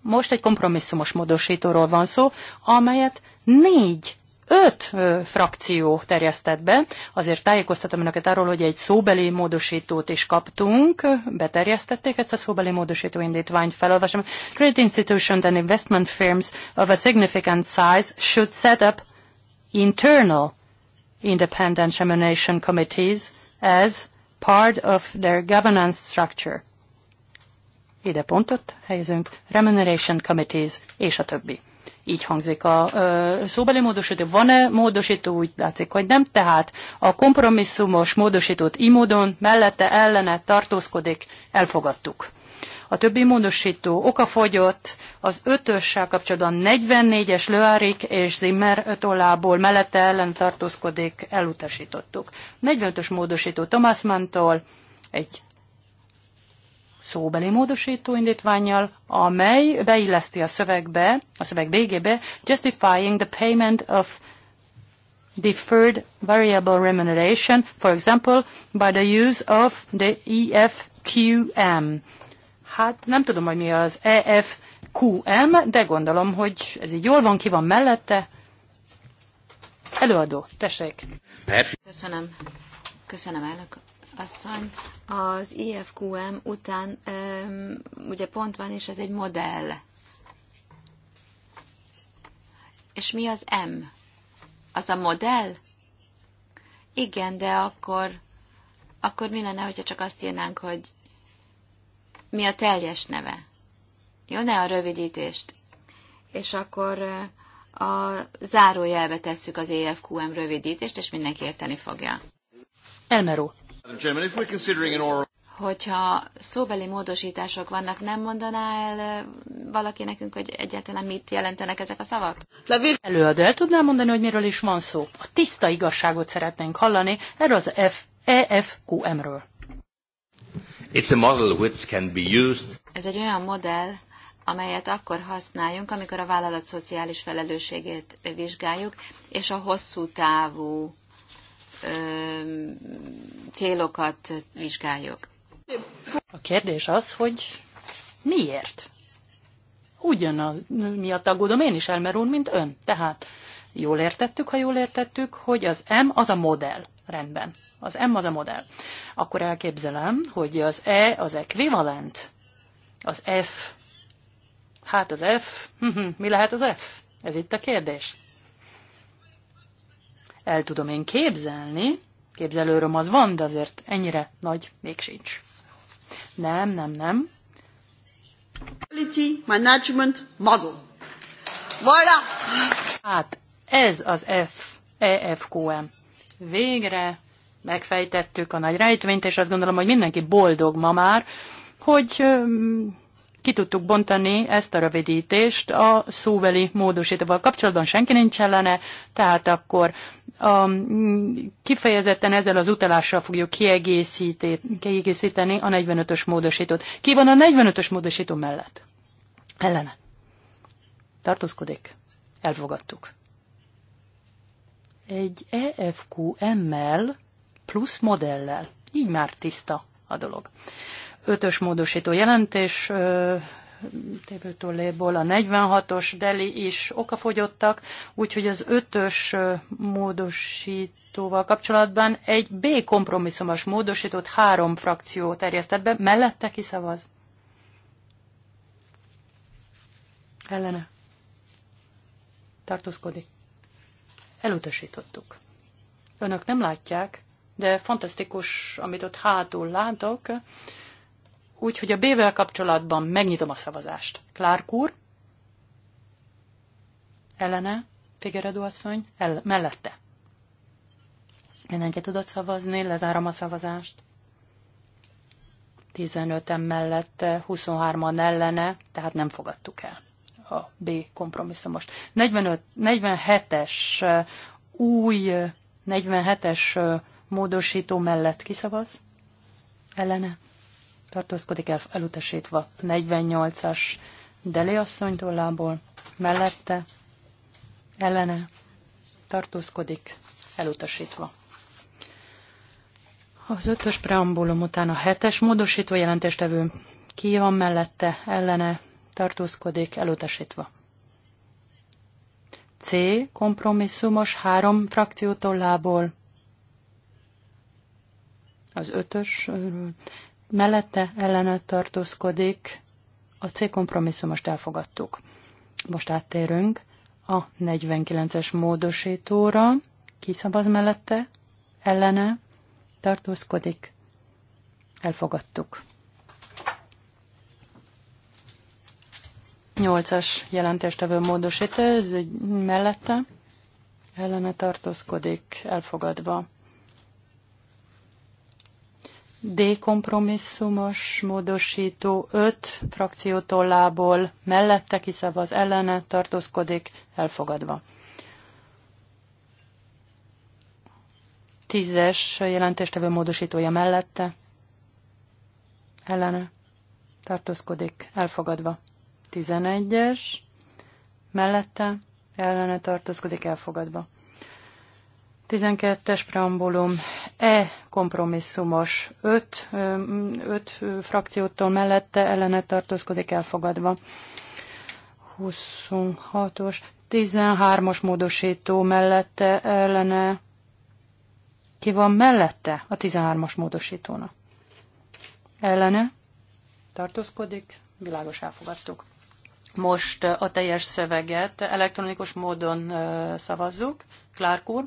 Most egy kompromisszumos módosítóról van szó, amelyet négy öt frakció terjesztett be. Azért tájékoztatom önöket arról, hogy egy szóbeli módosítót is kaptunk, beterjesztették ezt a szóbeli módosító indítványt, felolvasom. Credit institutions and investment firms of a significant size should set up internal independent remuneration committees as part of their governance structure. Ide pontot helyezünk, remuneration committees és a többi így hangzik a szóbeli módosító. Van-e módosító? Úgy látszik, hogy nem. Tehát a kompromisszumos módosítót imódon mellette ellene tartózkodik, elfogadtuk. A többi módosító okafogyott, az ötössel kapcsolatban 44-es Löárik és Zimmer tollából mellette ellen tartózkodik, elutasítottuk. 45-ös módosító Thomas Mantól, egy szóbeli módosító indítványjal, amely beilleszti a szövegbe, a szöveg végébe, justifying the payment of deferred variable remuneration, for example, by the use of the EFQM. Hát nem tudom, hogy mi az EFQM, de gondolom, hogy ez így jól van, ki van mellette. Előadó, tessék. Köszönöm. Köszönöm, elnök asszony, az IFQM után ugye pont van, és ez egy modell. És mi az M? Az a modell? Igen, de akkor, akkor mi lenne, hogyha csak azt írnánk, hogy mi a teljes neve? Jó, ne a rövidítést. És akkor a zárójelbe tesszük az EFQM rövidítést, és mindenki érteni fogja. Elmeró. Hogyha szóbeli módosítások vannak, nem mondaná el eh, valaki nekünk, hogy egyáltalán mit jelentenek ezek a szavak? Előadó, el tudnám mondani, hogy miről is van szó? A tiszta igazságot szeretnénk hallani erről az F EFQM-ről. It's a model which can be used. Ez egy olyan modell, amelyet akkor használjunk, amikor a vállalat szociális felelősségét vizsgáljuk, és a hosszú távú célokat vizsgáljuk. A kérdés az, hogy miért? Ugyanaz miatt aggódom én is, Elmer úr, mint ön. Tehát jól értettük, ha jól értettük, hogy az M az a modell. Rendben. Az M az a modell. Akkor elképzelem, hogy az E az ekvivalent, az F. Hát az F, mhm. mi lehet az F? Ez itt a kérdés. El tudom én képzelni, képzelőröm az van, de azért ennyire nagy még sincs. Nem, nem, nem. Quality Management Model. Voilà! Hát ez az F, EFQM. Végre megfejtettük a nagy rejtvényt, és azt gondolom, hogy mindenki boldog ma már, hogy ki tudtuk bontani ezt a rövidítést a szóbeli módosítóval kapcsolatban senki nincs ellene, tehát akkor a, mm, kifejezetten ezzel az utalással fogjuk kiegészíteni a 45-ös módosítót. Ki van a 45-ös módosító mellett? Ellene. Tartózkodik. Elfogadtuk. Egy EFQM-mel plusz modellel. Így már tiszta a dolog. Ötös módosító jelentés tévőtolléból a 46-os deli is okafogyottak, úgyhogy az ötös ös módosítóval kapcsolatban egy B kompromisszumos módosítót három frakció terjesztett be, mellette kiszavaz. Ellene. Tartózkodik. Elutasítottuk. Önök nem látják, de fantasztikus, amit ott hátul látok. Úgyhogy a B-vel kapcsolatban megnyitom a szavazást. Clark úr, ellene, Figueredo asszony, el, mellette. Mindenki tudott szavazni, lezárom a szavazást. 15-en mellette, 23-an ellene, tehát nem fogadtuk el a B kompromisszumos. 45, 47-es új 47-es módosító mellett kiszavaz? Ellene? tartózkodik el, elutasítva 48-as Deli asszony tollából, mellette, ellene, tartózkodik, elutasítva. Az ötös preambulum után a hetes módosító jelentéstevő ki van mellette, ellene, tartózkodik, elutasítva. C. Kompromisszumos három frakció tollából. Az ötös mellette ellene tartózkodik, a C kompromisszumost elfogadtuk. Most áttérünk a 49-es módosítóra, kiszabad mellette, ellene tartózkodik, elfogadtuk. 8-as jelentéstevő módosítő, ez mellette ellene tartózkodik, elfogadva. D kompromisszumos módosító 5 frakció tollából mellette kiszavaz ellene tartózkodik elfogadva. Tízes jelentéstevő módosítója mellette ellene tartózkodik elfogadva. Tizenegyes mellette ellene tartózkodik elfogadva. 12-es preambulum E kompromisszumos 5, 5 frakciótól mellette ellene tartózkodik elfogadva. 26-os, 13-as módosító mellette ellene. Ki van mellette a 13-as módosítónak? Ellene tartózkodik, világos elfogadtuk. Most a teljes szöveget elektronikus módon szavazzuk. Clark úr.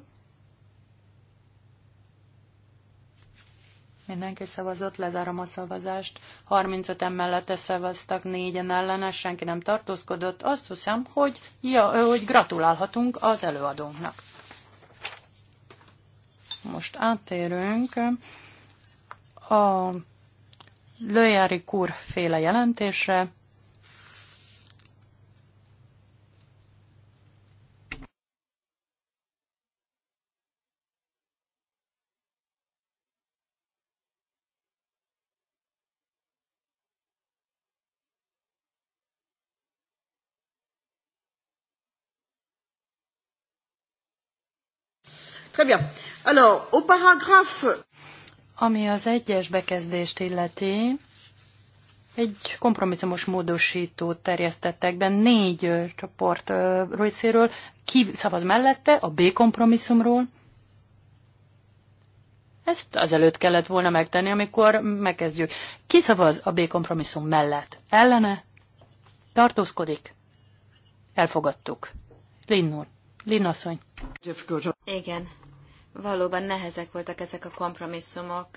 Mindenki szavazott, lezárom a szavazást. 35 emellette szavaztak, 4 ellenes, senki nem tartózkodott. Azt hiszem, hogy, ja, hogy gratulálhatunk az előadónknak. Most áttérünk a Lőjári Kur féle jelentésre. Très bien. Alors, au paragraphe... Ami az egyes bekezdést illeti, egy kompromisszumos módosítót terjesztettek be négy csoport részéről. Ki szavaz mellette? A B kompromisszumról. Ezt azelőtt kellett volna megtenni, amikor megkezdjük. Ki szavaz a B kompromisszum mellett? Ellene? Tartózkodik? Elfogadtuk. Linnul. Linnasszony. Igen, valóban nehezek voltak ezek a kompromisszumok.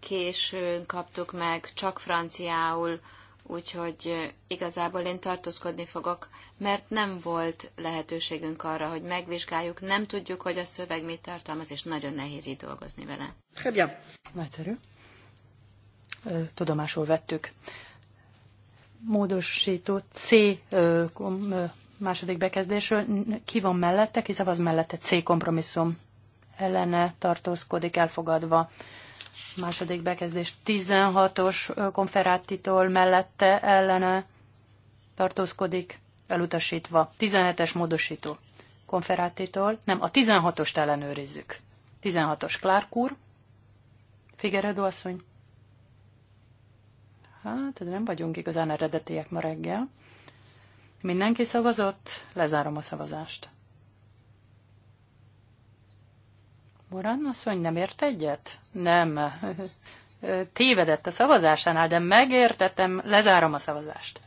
Későn kaptuk meg, csak franciául, úgyhogy igazából én tartózkodni fogok, mert nem volt lehetőségünk arra, hogy megvizsgáljuk, nem tudjuk, hogy a szöveg mit tartalmaz, és nagyon nehéz így dolgozni vele. Hebja. Nagyszerű. Tudomásul vettük. Módosító C második bekezdésről. Ki van mellette, ki szavaz mellette? C kompromisszum ellene tartózkodik elfogadva. Második bekezdés 16-os konferátitól mellette ellene tartózkodik elutasítva. 17-es módosító konferátitól. Nem, a 16-ost ellenőrizzük. 16-os Clark úr. Figueredo asszony. Hát, nem vagyunk igazán eredetiek ma reggel. Mindenki szavazott, lezárom a szavazást. Morán asszony nem ért egyet? Nem. Tévedett a szavazásánál, de megértettem, lezárom a szavazást.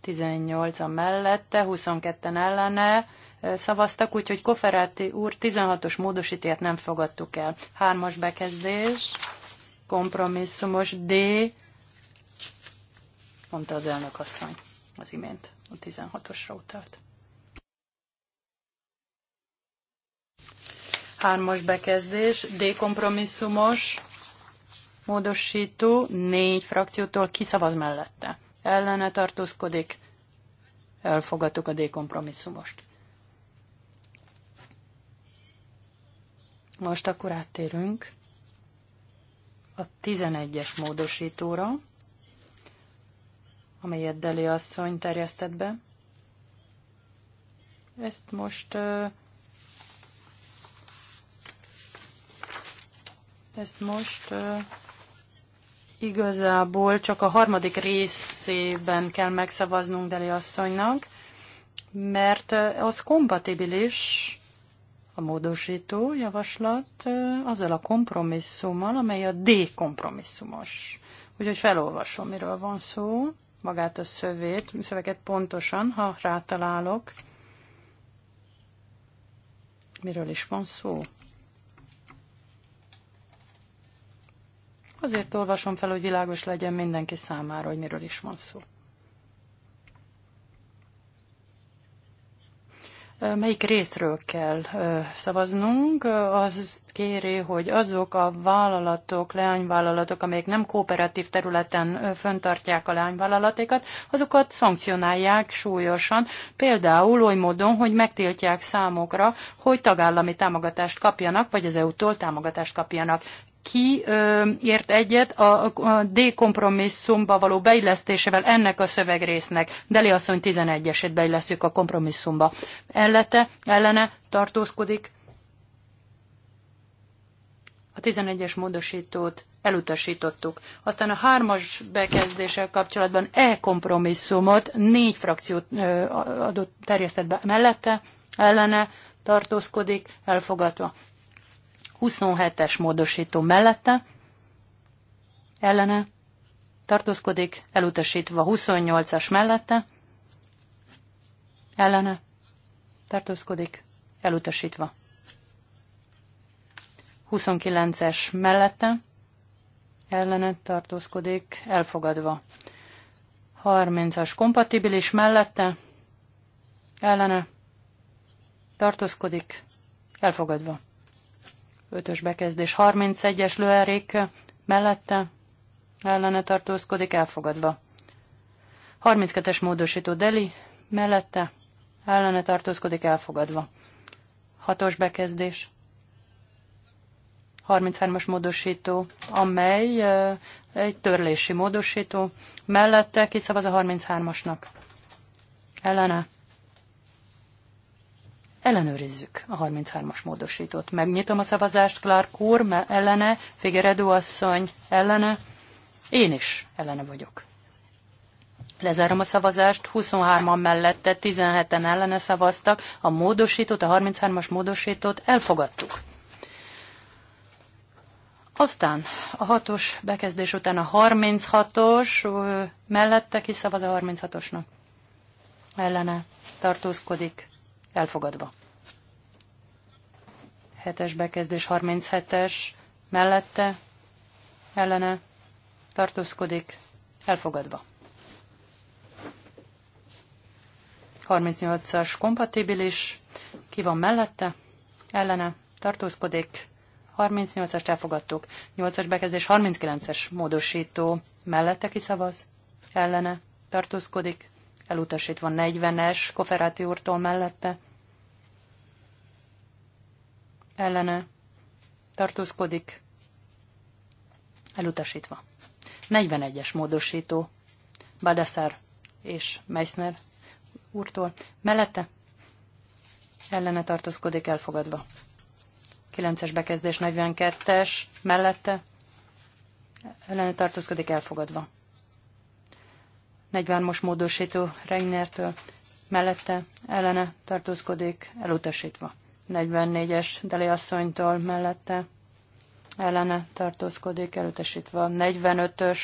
18 a mellette, 22-en ellene szavaztak, úgyhogy Koferáti úr 16-os módosítét nem fogadtuk el. Hármas bekezdés, kompromisszumos D mondta az elnök asszony az imént, a 16-osra utalt. Hármas bekezdés, D kompromisszumos, módosító, négy frakciótól kiszavaz mellette. Ellene tartózkodik, elfogadtuk a D kompromisszumost. Most akkor áttérünk a 11-es módosítóra amelyet Deli asszony terjesztett be. Ezt most ezt most igazából csak a harmadik részében kell megszavaznunk Deli asszonynak, mert az kompatibilis a módosító javaslat azzal a kompromisszummal, amely a D kompromisszumos. Úgyhogy felolvasom, miről van szó magát a szövét, szöveget pontosan, ha rátalálok. Miről is van szó? Azért olvasom fel, hogy világos legyen mindenki számára, hogy miről is van szó. Melyik részről kell szavaznunk? Az kéri, hogy azok a vállalatok, leányvállalatok, amelyek nem kooperatív területen föntartják a leányvállalatékat, azokat szankcionálják súlyosan, például oly módon, hogy megtiltják számokra, hogy tagállami támogatást kapjanak, vagy az EU-tól támogatást kapjanak ki ö, ért egyet a, a D kompromisszumba való beillesztésével ennek a szövegrésznek. Deli asszony 11-esét beillesztjük a kompromisszumba. Ellete, ellene tartózkodik. A 11-es módosítót elutasítottuk. Aztán a hármas bekezdéssel kapcsolatban E kompromisszumot négy frakció adott terjesztett be mellette, ellene tartózkodik, elfogadva. 27-es módosító mellette, ellene, tartózkodik, elutasítva 28-as mellette, ellene, tartózkodik, elutasítva. 29-es mellette, ellene tartózkodik, elfogadva. 30-as kompatibilis mellette, ellene tartózkodik, elfogadva. Ötös bekezdés 31-es lőerék mellette ellene tartózkodik, elfogadva. 32-es módosító Deli mellette ellene tartózkodik, elfogadva. Hatos bekezdés 33-as módosító, amely egy törlési módosító, mellette kiszavaz a 33-asnak. Ellene Ellenőrizzük a 33-as módosítót. Megnyitom a szavazást, Clark úr ellene, Figueredo asszony ellene, én is ellene vagyok. Lezárom a szavazást, 23-an mellette, 17-en ellene szavaztak, a módosítót, a 33-as módosítót elfogadtuk. Aztán a 6-os bekezdés után a 36-os mellette kiszavaz a 36-osnak. Ellene tartózkodik, elfogadva. 7-es bekezdés 37-es mellette, ellene tartózkodik, elfogadva. 38-as kompatibilis, ki van mellette, ellene tartózkodik, 38 as elfogadtuk, 8-as bekezdés 39-es módosító mellette kiszavaz, ellene tartózkodik, elutasítva 40-es Koferáti úrtól mellette, ellene tartózkodik, elutasítva. 41-es módosító Badassar és Meissner úrtól mellette, ellene tartózkodik, elfogadva. 9-es bekezdés 42-es mellette, ellene tartózkodik, elfogadva negyvenmos as módosító Reinertől mellette ellene tartózkodik, elutasítva. 44-es Deli asszonytól mellette ellene tartózkodik, elutasítva. 45-ös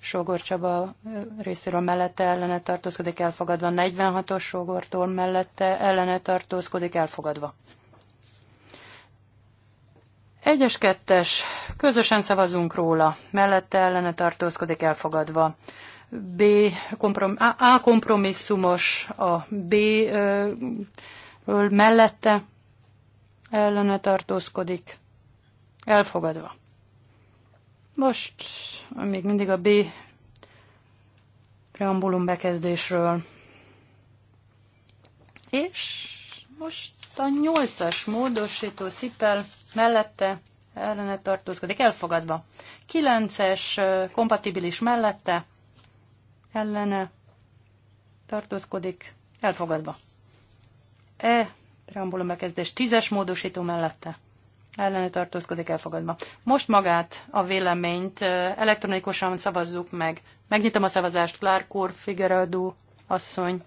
Sógor Csaba részéről mellette ellene tartózkodik, elfogadva. 46-os Sógortól mellette ellene tartózkodik, elfogadva. 1-es, 2 -es. közösen szavazunk róla, mellette ellene tartózkodik, elfogadva. B komprom, A, A kompromisszumos, a B ö, mellette ellene tartózkodik, elfogadva. Most még mindig a B preambulum bekezdésről. És most a nyolcas módosító szipel mellette ellene tartózkodik, elfogadva. Kilences kompatibilis mellette ellene tartózkodik, elfogadva. E, preambulum bekezdés, tízes módosító mellette ellene tartózkodik, elfogadva. Most magát a véleményt elektronikusan szavazzuk meg. Megnyitom a szavazást, Clark úr, Figueredo, asszony,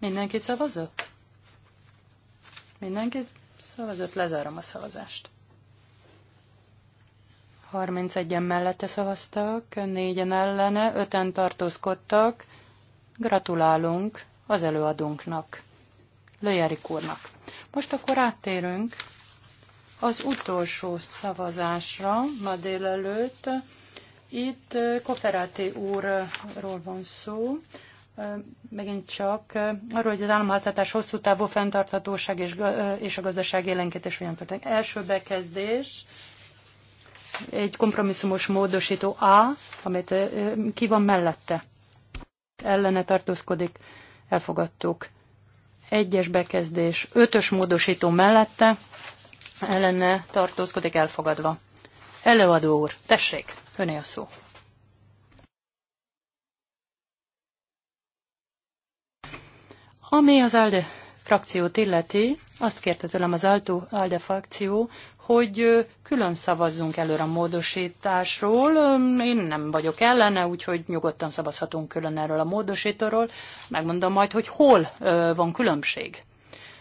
Mindenkit szavazott? Mindenkit szavazott? Lezárom a szavazást. 31-en mellette szavaztak, 4-en ellene, 5-en tartózkodtak. Gratulálunk az előadónknak, Löjerik úrnak. Most akkor áttérünk az utolsó szavazásra ma délelőtt. Itt Koferáti úrról van szó, megint csak arról, hogy az államháztartás hosszú távú fenntarthatóság és, és a gazdaság élenkítés olyan történik. Első bekezdés, egy kompromisszumos módosító A, amit ki van mellette. Ellene tartózkodik, elfogadtuk. Egyes bekezdés, ötös módosító mellette, ellene tartózkodik, elfogadva. Előadó úr, tessék, öné a szó. Ami az ALDE frakciót illeti, azt kérte tőlem az ALDE frakció, hogy külön szavazzunk előre a módosításról. Én nem vagyok ellene, úgyhogy nyugodtan szavazhatunk külön erről a módosítóról. Megmondom majd, hogy hol van különbség.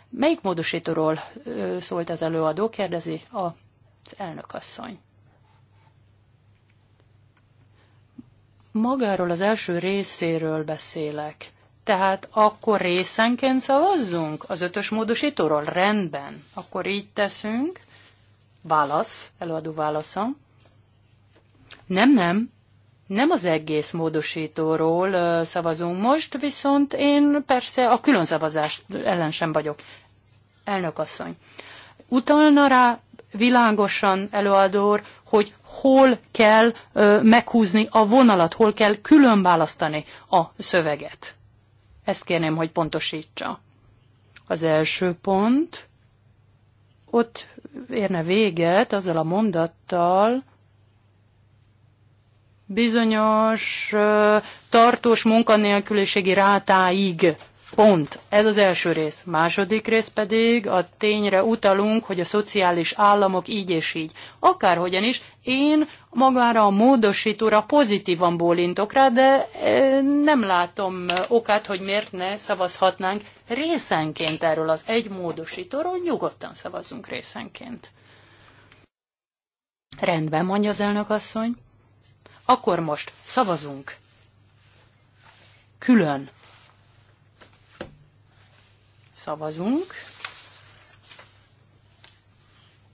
Melyik módosítóról szólt az előadó, kérdezi az elnökasszony. Magáról az első részéről beszélek tehát akkor részenként szavazzunk az ötös módosítóról? Rendben. Akkor így teszünk. Válasz, előadó válaszom. Nem, nem. Nem az egész módosítóról szavazunk most, viszont én persze a külön szavazás ellen sem vagyok. Elnök asszony. Utalna rá világosan előadór, hogy hol kell ö, meghúzni a vonalat, hol kell külön választani a szöveget. Ezt kérném, hogy pontosítsa. Az első pont, ott érne véget azzal a mondattal, bizonyos tartós munkanélküliségi rátáig Pont. Ez az első rész. Második rész pedig a tényre utalunk, hogy a szociális államok így és így. Akárhogyan is, én magára a módosítóra pozitívan bólintok rá, de e, nem látom e, okát, hogy miért ne szavazhatnánk részenként erről az egy módosítóról, nyugodtan szavazunk részenként. Rendben, mondja az elnök asszony. Akkor most szavazunk. Külön szavazunk.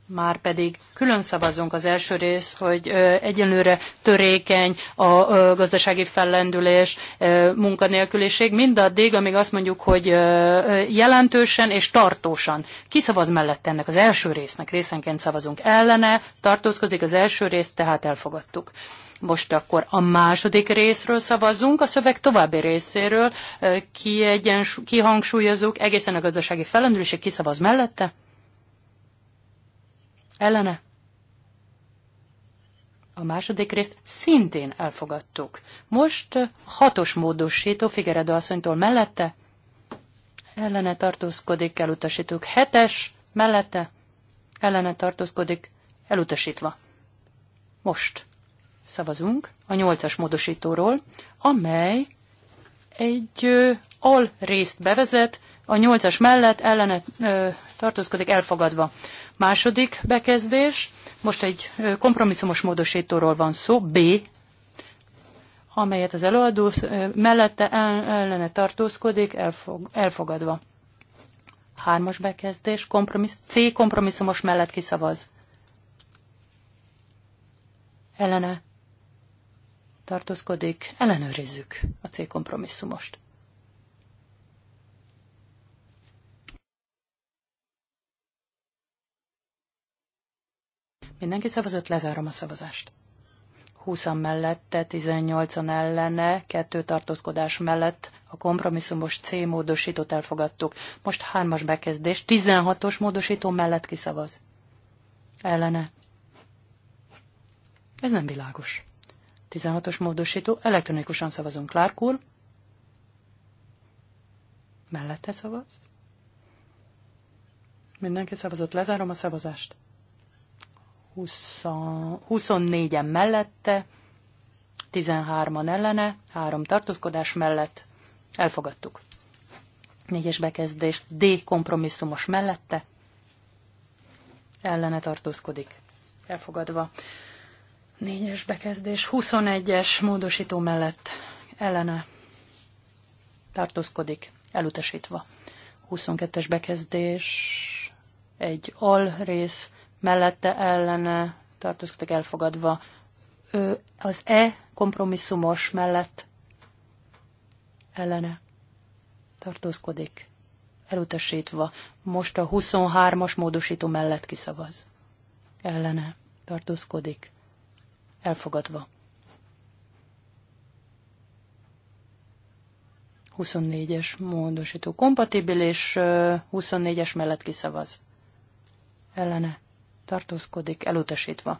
Már pedig külön szavazunk az első rész, hogy egyenlőre törékeny a gazdasági fellendülés, munkanélküliség, mindaddig, amíg azt mondjuk, hogy jelentősen és tartósan. Ki szavaz mellett ennek az első résznek? Részenként szavazunk ellene, tartózkodik az első rész, tehát elfogadtuk. Most akkor a második részről szavazunk, a szöveg további részéről kihangsúlyozunk egészen a gazdasági felendülésig, kiszavaz mellette? Ellene? A második részt szintén elfogadtuk. Most hatos módosító Figeredo asszonytól mellette? Ellene tartózkodik, elutasítjuk. Hetes mellette? Ellene tartózkodik, elutasítva. Most szavazunk a nyolcas módosítóról, amely egy ö, al részt bevezet, a nyolcas mellett ellene ö, tartózkodik elfogadva. Második bekezdés, most egy ö, kompromisszumos módosítóról van szó, B, amelyet az előadó ö, mellette el, ellene tartózkodik elfog, elfogadva. Hármas bekezdés, kompromissz, C kompromisszumos mellett kiszavaz. Ellene tartózkodik, ellenőrizzük a C Mindenki szavazott, lezárom a szavazást. 20 mellette, 18-an ellene, kettő tartózkodás mellett a kompromisszumos C módosítót elfogadtuk. Most hármas bekezdés, 16-os módosító mellett kiszavaz. Ellene. Ez nem világos. 16-os módosító, elektronikusan szavazunk. Clark úr, mellette szavaz. Mindenki szavazott, lezárom a szavazást. 20, 24-en mellette, 13-an ellene, 3 tartózkodás mellett elfogadtuk. 4-es bekezdés D kompromisszumos mellette, ellene tartózkodik. Elfogadva. Négyes bekezdés, 21-es módosító mellett ellene tartózkodik, elutasítva. 22-es bekezdés, egy al rész mellette ellene tartózkodik elfogadva. ő az E kompromisszumos mellett ellene tartózkodik, elutasítva. Most a 23-as módosító mellett kiszavaz. Ellene tartózkodik, Elfogadva. 24-es módosító kompatibilis, 24-es mellett kiszavaz. Ellene tartózkodik, elutasítva.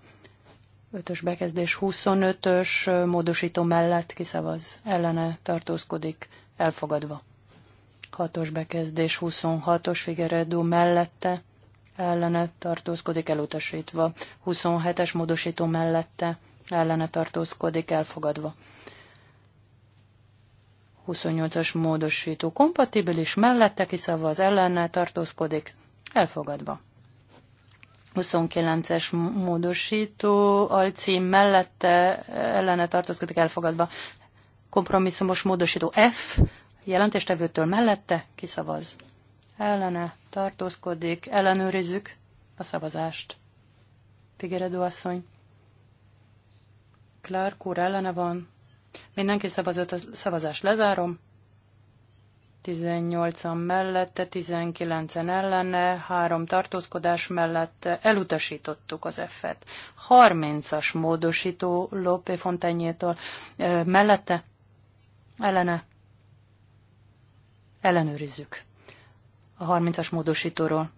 5-ös bekezdés 25-ös módosító mellett kiszavaz. Ellene tartózkodik, elfogadva. 6-os bekezdés 26-os Figueredo mellette. Ellene tartózkodik, elutasítva. 27-es módosító mellette ellene tartózkodik, elfogadva. 28-as módosító kompatibilis, mellette kiszavaz, ellene tartózkodik, elfogadva. 29-es módosító alcím mellette ellene tartózkodik elfogadva. Kompromisszumos módosító F jelentéstevőtől mellette kiszavaz. Ellene tartózkodik, ellenőrizzük a szavazást. Figyeredő asszony. Clark úr ellene van. Mindenki szavazott, a szavazást lezárom. 18-an mellette, 19-en ellene, három tartózkodás mellett elutasítottuk az F-et. 30-as módosító Lopé Fontenyétól mellette, ellene, ellenőrizzük a 30-as módosítóról.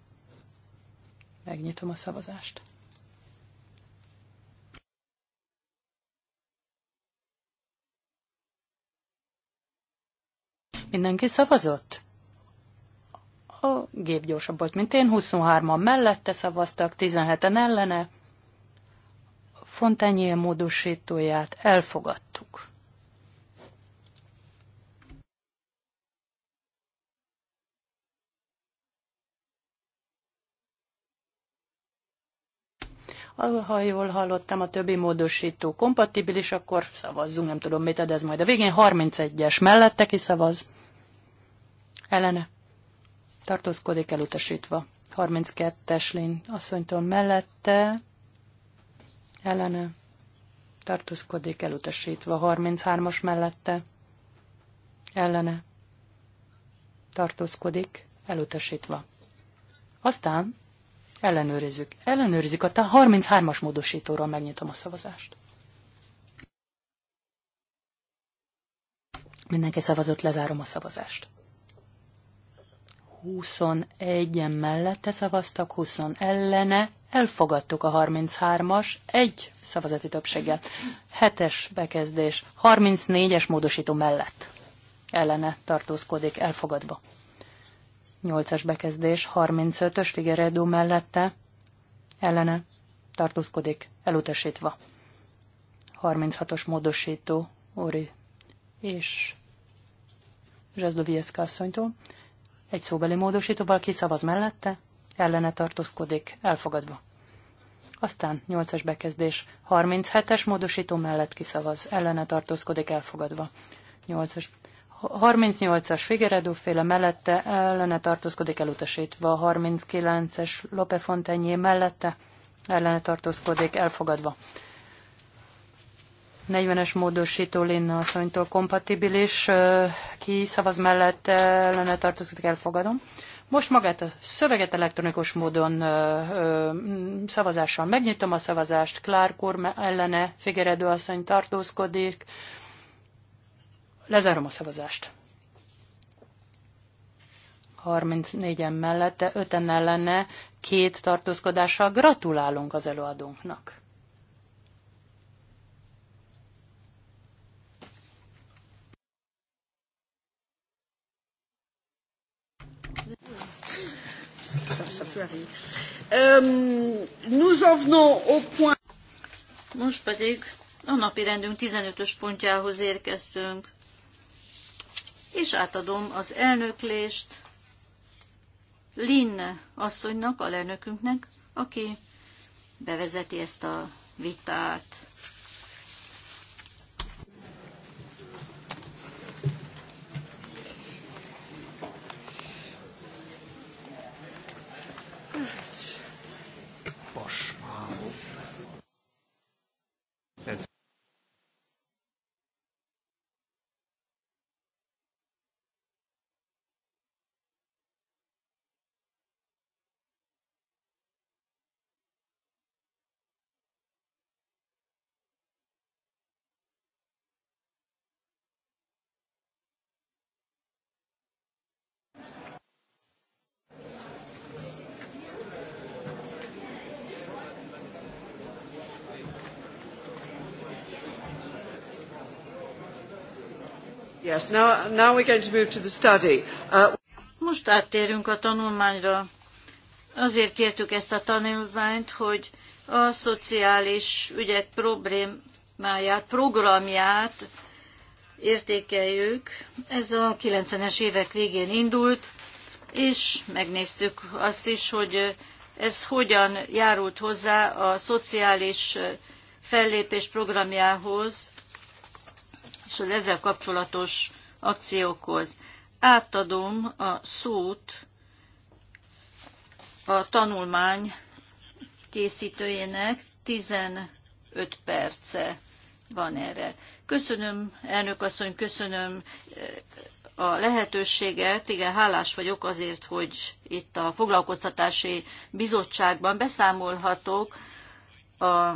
Megnyitom a szavazást. Mindenki szavazott? A gép gyorsabb volt, mint én. 23-an mellette szavaztak, 17-en ellene. Fontányi módosítóját elfogadtuk. Ha jól hallottam, a többi módosító kompatibilis, akkor szavazzunk, nem tudom mit, de ez majd a végén 31-es mellette szavaz Ellene. Tartózkodik elutasítva. 32-es lény asszonytól mellette. Ellene. Tartózkodik elutasítva. 33-as mellette. Ellene. Tartózkodik elutasítva. Aztán Ellenőrizzük. Ellenőrizzük. A 33-as módosítóról megnyitom a szavazást. Mindenki szavazott, lezárom a szavazást. 21-en mellette szavaztak, 20 ellene, elfogadtuk a 33-as, egy szavazati többséggel. 7-es bekezdés, 34-es módosító mellett ellene tartózkodik, elfogadva. Nyolcas bekezdés, 35-ös Figueredo mellette, ellene, tartózkodik, elutasítva. 36-os módosító, Ori és Zsazdovieszka asszonytól. Egy szóbeli módosítóval kiszavaz mellette, ellene tartózkodik, elfogadva. Aztán 8-as bekezdés, 37-es módosító mellett kiszavaz, ellene tartózkodik, elfogadva. 8-as 38-as Figueredo féle mellette ellene tartózkodik elutasítva, 39-es Lope mellette ellene tartózkodik elfogadva. 40-es módosító Linna asszonytól kompatibilis, ki szavaz mellett ellene tartozik, elfogadom. Most magát a szöveget elektronikus módon ö, ö, szavazással megnyitom a szavazást. Clark úr ellene Figueredo asszony tartózkodik, Lezárom a szavazást. 34-en mellette, 5-en ellene, két tartózkodással gratulálunk az előadónknak. Most pedig a napi rendünk 15-ös pontjához érkeztünk és átadom az elnöklést Linne asszonynak, a lelnökünknek, aki bevezeti ezt a vitát. Yes, now, now we're going to move to the study. Uh... Most áttérünk a tanulmányra. Azért kértük ezt a tanulmányt, hogy a szociális ügyek problémáját, programját értékeljük. Ez a 90-es évek végén indult, és megnéztük azt is, hogy ez hogyan járult hozzá a szociális fellépés programjához és az ezzel kapcsolatos akciókhoz. Átadom a szót a tanulmány készítőjének 15 perce van erre. Köszönöm, elnök asszony, köszönöm eh, a lehetőséget. Igen, hálás vagyok azért, hogy itt a foglalkoztatási bizottságban beszámolhatok a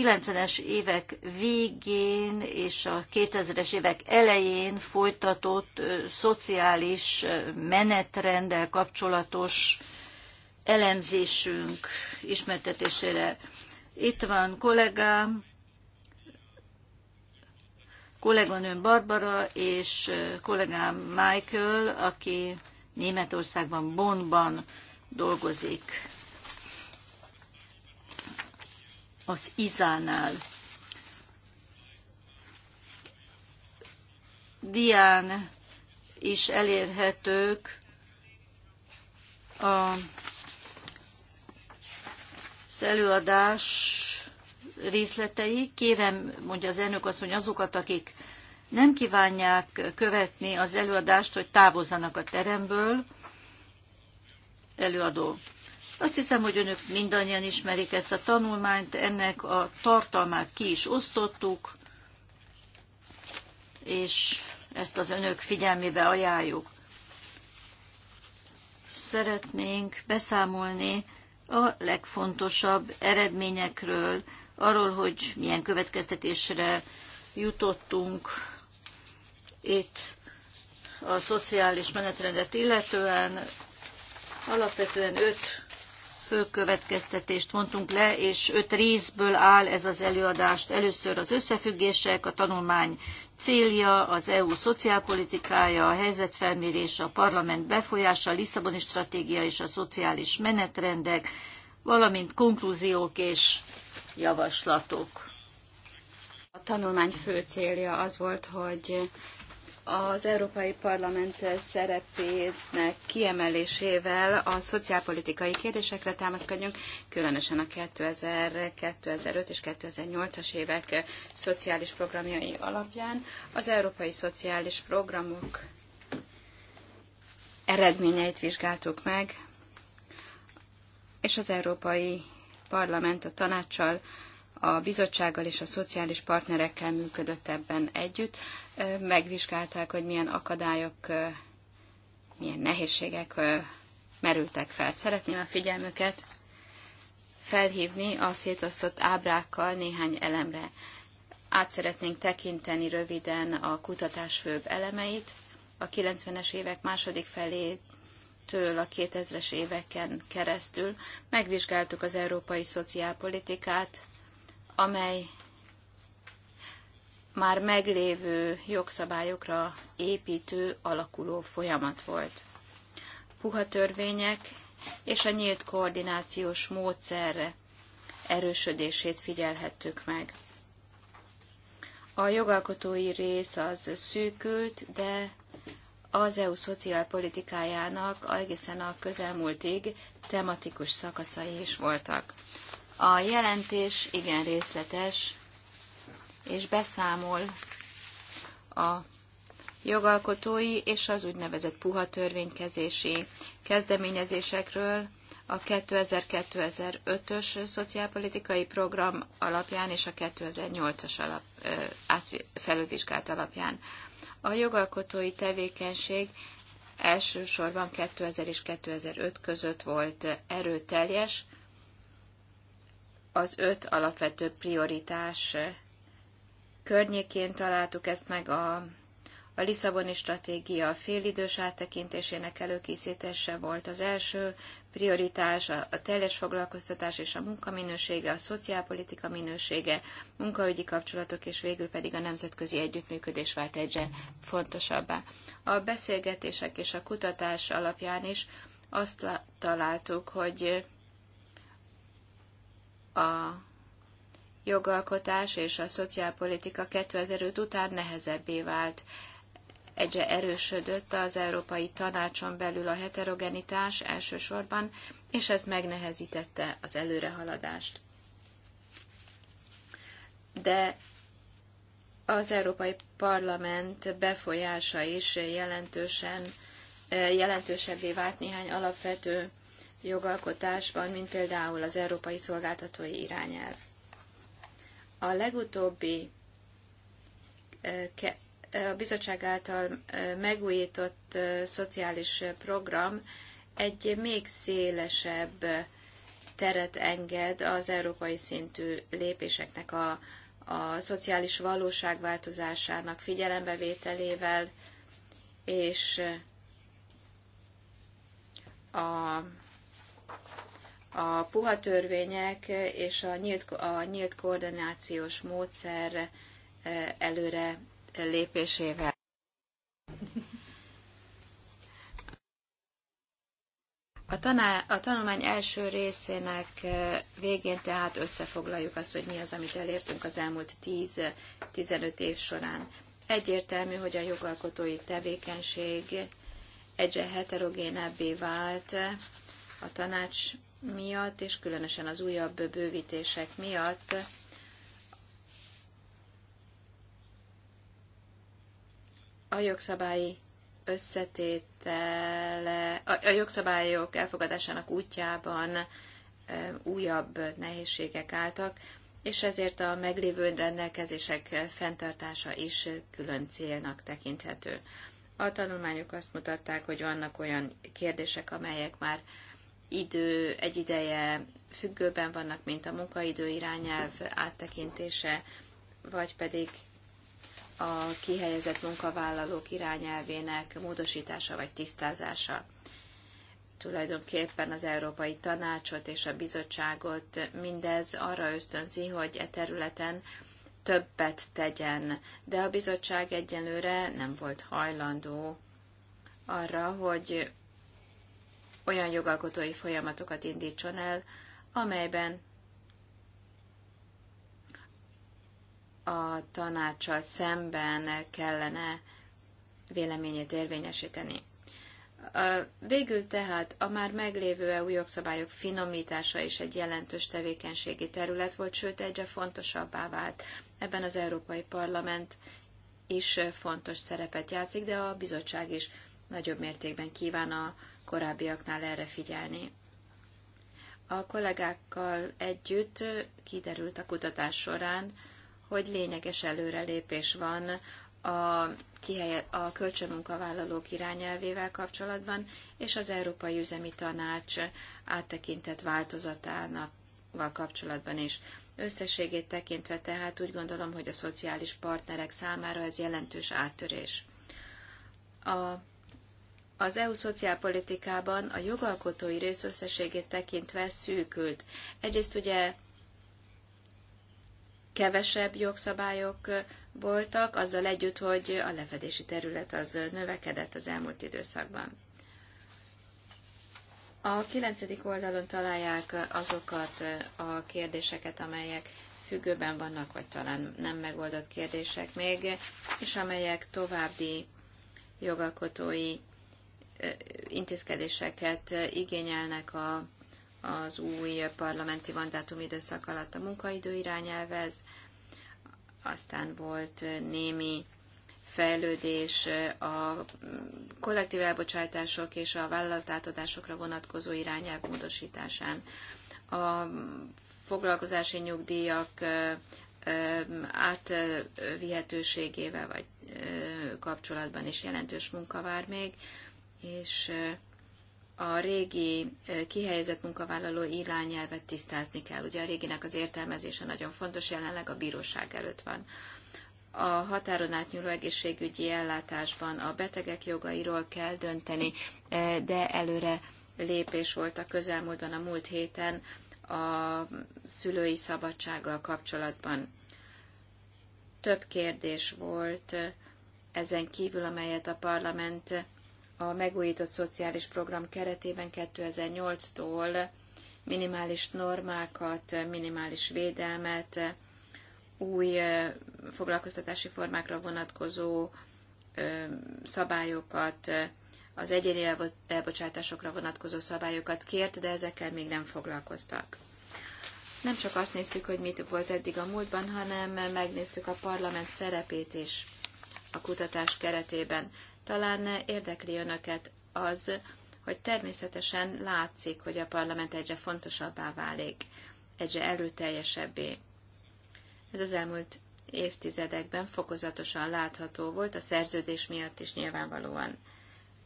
90-es évek végén és a 2000-es évek elején folytatott szociális menetrenddel kapcsolatos elemzésünk ismertetésére. Itt van kollégám, kolléganőm Barbara és kollégám Michael, aki Németországban, Bonnban dolgozik. az Izánál. Dián is elérhetők a, az előadás részletei. Kérem, mondja az elnök azt, hogy azokat, akik nem kívánják követni az előadást, hogy távozzanak a teremből. Előadó. Azt hiszem, hogy önök mindannyian ismerik ezt a tanulmányt, ennek a tartalmát ki is osztottuk, és ezt az önök figyelmébe ajánljuk. Szeretnénk beszámolni a legfontosabb eredményekről, arról, hogy milyen következtetésre jutottunk itt a szociális menetrendet illetően. Alapvetően öt fő következtetést vontunk le, és öt részből áll ez az előadást. Először az összefüggések, a tanulmány célja, az EU szociálpolitikája, a helyzetfelmérés, a parlament befolyása, a Lisszaboni stratégia és a szociális menetrendek, valamint konklúziók és javaslatok. A tanulmány fő célja az volt, hogy az Európai Parlament szerepének kiemelésével a szociálpolitikai kérdésekre támaszkodjunk, különösen a 2000, 2005 és 2008-as évek szociális programjai alapján. Az európai szociális programok eredményeit vizsgáltuk meg, és az Európai Parlament a tanácssal, a bizottsággal és a szociális partnerekkel működött ebben együtt megvizsgálták, hogy milyen akadályok, milyen nehézségek merültek fel. Szeretném a figyelmüket felhívni a szétosztott ábrákkal néhány elemre. Át szeretnénk tekinteni röviden a kutatás főbb elemeit, a 90-es évek második felétől től a 2000-es éveken keresztül megvizsgáltuk az európai szociálpolitikát, amely már meglévő jogszabályokra építő, alakuló folyamat volt. Puha törvények és a nyílt koordinációs módszerre erősödését figyelhettük meg. A jogalkotói rész az szűkült, de az EU szociálpolitikájának egészen a közelmúltig tematikus szakaszai is voltak. A jelentés igen részletes, és beszámol a jogalkotói és az úgynevezett puha törvénykezési kezdeményezésekről a 2002 2005 ös szociálpolitikai program alapján és a 2008-as alap, felülvizsgált alapján. A jogalkotói tevékenység elsősorban 2000 és 2005 között volt erőteljes, az öt alapvető prioritás környékén találtuk ezt meg a, a Lisszaboni stratégia félidős áttekintésének előkészítése volt az első prioritás, a, a teljes foglalkoztatás és a munkaminősége, a szociálpolitika minősége, munkaügyi kapcsolatok és végül pedig a nemzetközi együttműködés vált egyre fontosabbá. A beszélgetések és a kutatás alapján is azt találtuk, hogy a jogalkotás és a szociálpolitika 2005 után nehezebbé vált. Egyre erősödött az Európai Tanácson belül a heterogenitás elsősorban, és ez megnehezítette az előrehaladást. De az Európai Parlament befolyása is jelentősen, jelentősebbé vált néhány alapvető jogalkotásban, mint például az Európai Szolgáltatói Irányelv. A legutóbbi a bizottság által megújított szociális program egy még szélesebb teret enged az európai szintű lépéseknek a, a szociális valóság változásának figyelembevételével, és a a puha törvények és a nyílt, a nyílt koordinációs módszer eh, előre lépésével. A, taná, a tanulmány első részének eh, végén tehát összefoglaljuk azt, hogy mi az, amit elértünk az elmúlt 10-15 év során. Egyértelmű, hogy a jogalkotói tevékenység egyre heterogénebbé vált, a tanács miatt, és különösen az újabb bővítések miatt a jogszabályi összetétele, a jogszabályok elfogadásának útjában újabb nehézségek álltak, és ezért a meglévő rendelkezések fenntartása is külön célnak tekinthető. A tanulmányok azt mutatták, hogy vannak olyan kérdések, amelyek már idő egy ideje függőben vannak, mint a munkaidő irányelv áttekintése, vagy pedig a kihelyezett munkavállalók irányelvének módosítása vagy tisztázása. Tulajdonképpen az Európai Tanácsot és a Bizottságot mindez arra ösztönzi, hogy e területen többet tegyen, de a bizottság egyenlőre nem volt hajlandó arra, hogy olyan jogalkotói folyamatokat indítson el, amelyben a tanácssal szemben kellene véleményét érvényesíteni. Végül tehát a már meglévő EU jogszabályok finomítása is egy jelentős tevékenységi terület volt, sőt egyre fontosabbá vált. Ebben az Európai Parlament is fontos szerepet játszik, de a bizottság is nagyobb mértékben kíván a korábbiaknál erre figyelni. A kollégákkal együtt kiderült a kutatás során, hogy lényeges előrelépés van a, kihelye, a kölcsönmunkavállalók irányelvével kapcsolatban, és az Európai Üzemi Tanács áttekintett változatának kapcsolatban is. Összességét tekintve tehát úgy gondolom, hogy a szociális partnerek számára ez jelentős áttörés. A az EU szociálpolitikában a jogalkotói rész összességét tekintve szűkült. Egyrészt ugye kevesebb jogszabályok voltak, azzal együtt, hogy a lefedési terület az növekedett az elmúlt időszakban. A kilencedik oldalon találják azokat a kérdéseket, amelyek függőben vannak, vagy talán nem megoldott kérdések még, és amelyek további jogalkotói intézkedéseket igényelnek a, az új parlamenti mandátum időszak alatt a munkaidő irányelvez, aztán volt némi fejlődés a kollektív elbocsátások és a vállalatátadásokra vonatkozó irányelv módosításán. A foglalkozási nyugdíjak átvihetőségével vagy kapcsolatban is jelentős munka vár még és a régi kihelyezett munkavállaló irányelvet tisztázni kell. Ugye a réginek az értelmezése nagyon fontos, jelenleg a bíróság előtt van. A határon átnyúló egészségügyi ellátásban a betegek jogairól kell dönteni, de előre lépés volt a közelmúltban, a múlt héten a szülői szabadsággal kapcsolatban. Több kérdés volt ezen kívül, amelyet a parlament a megújított szociális program keretében 2008-tól minimális normákat, minimális védelmet, új foglalkoztatási formákra vonatkozó szabályokat, az egyéni elbocsátásokra vonatkozó szabályokat kért, de ezekkel még nem foglalkoztak. Nem csak azt néztük, hogy mit volt eddig a múltban, hanem megnéztük a parlament szerepét is a kutatás keretében. Talán érdekli önöket az, hogy természetesen látszik, hogy a parlament egyre fontosabbá válik, egyre erőteljesebbé. Ez az elmúlt évtizedekben fokozatosan látható volt, a szerződés miatt is nyilvánvalóan.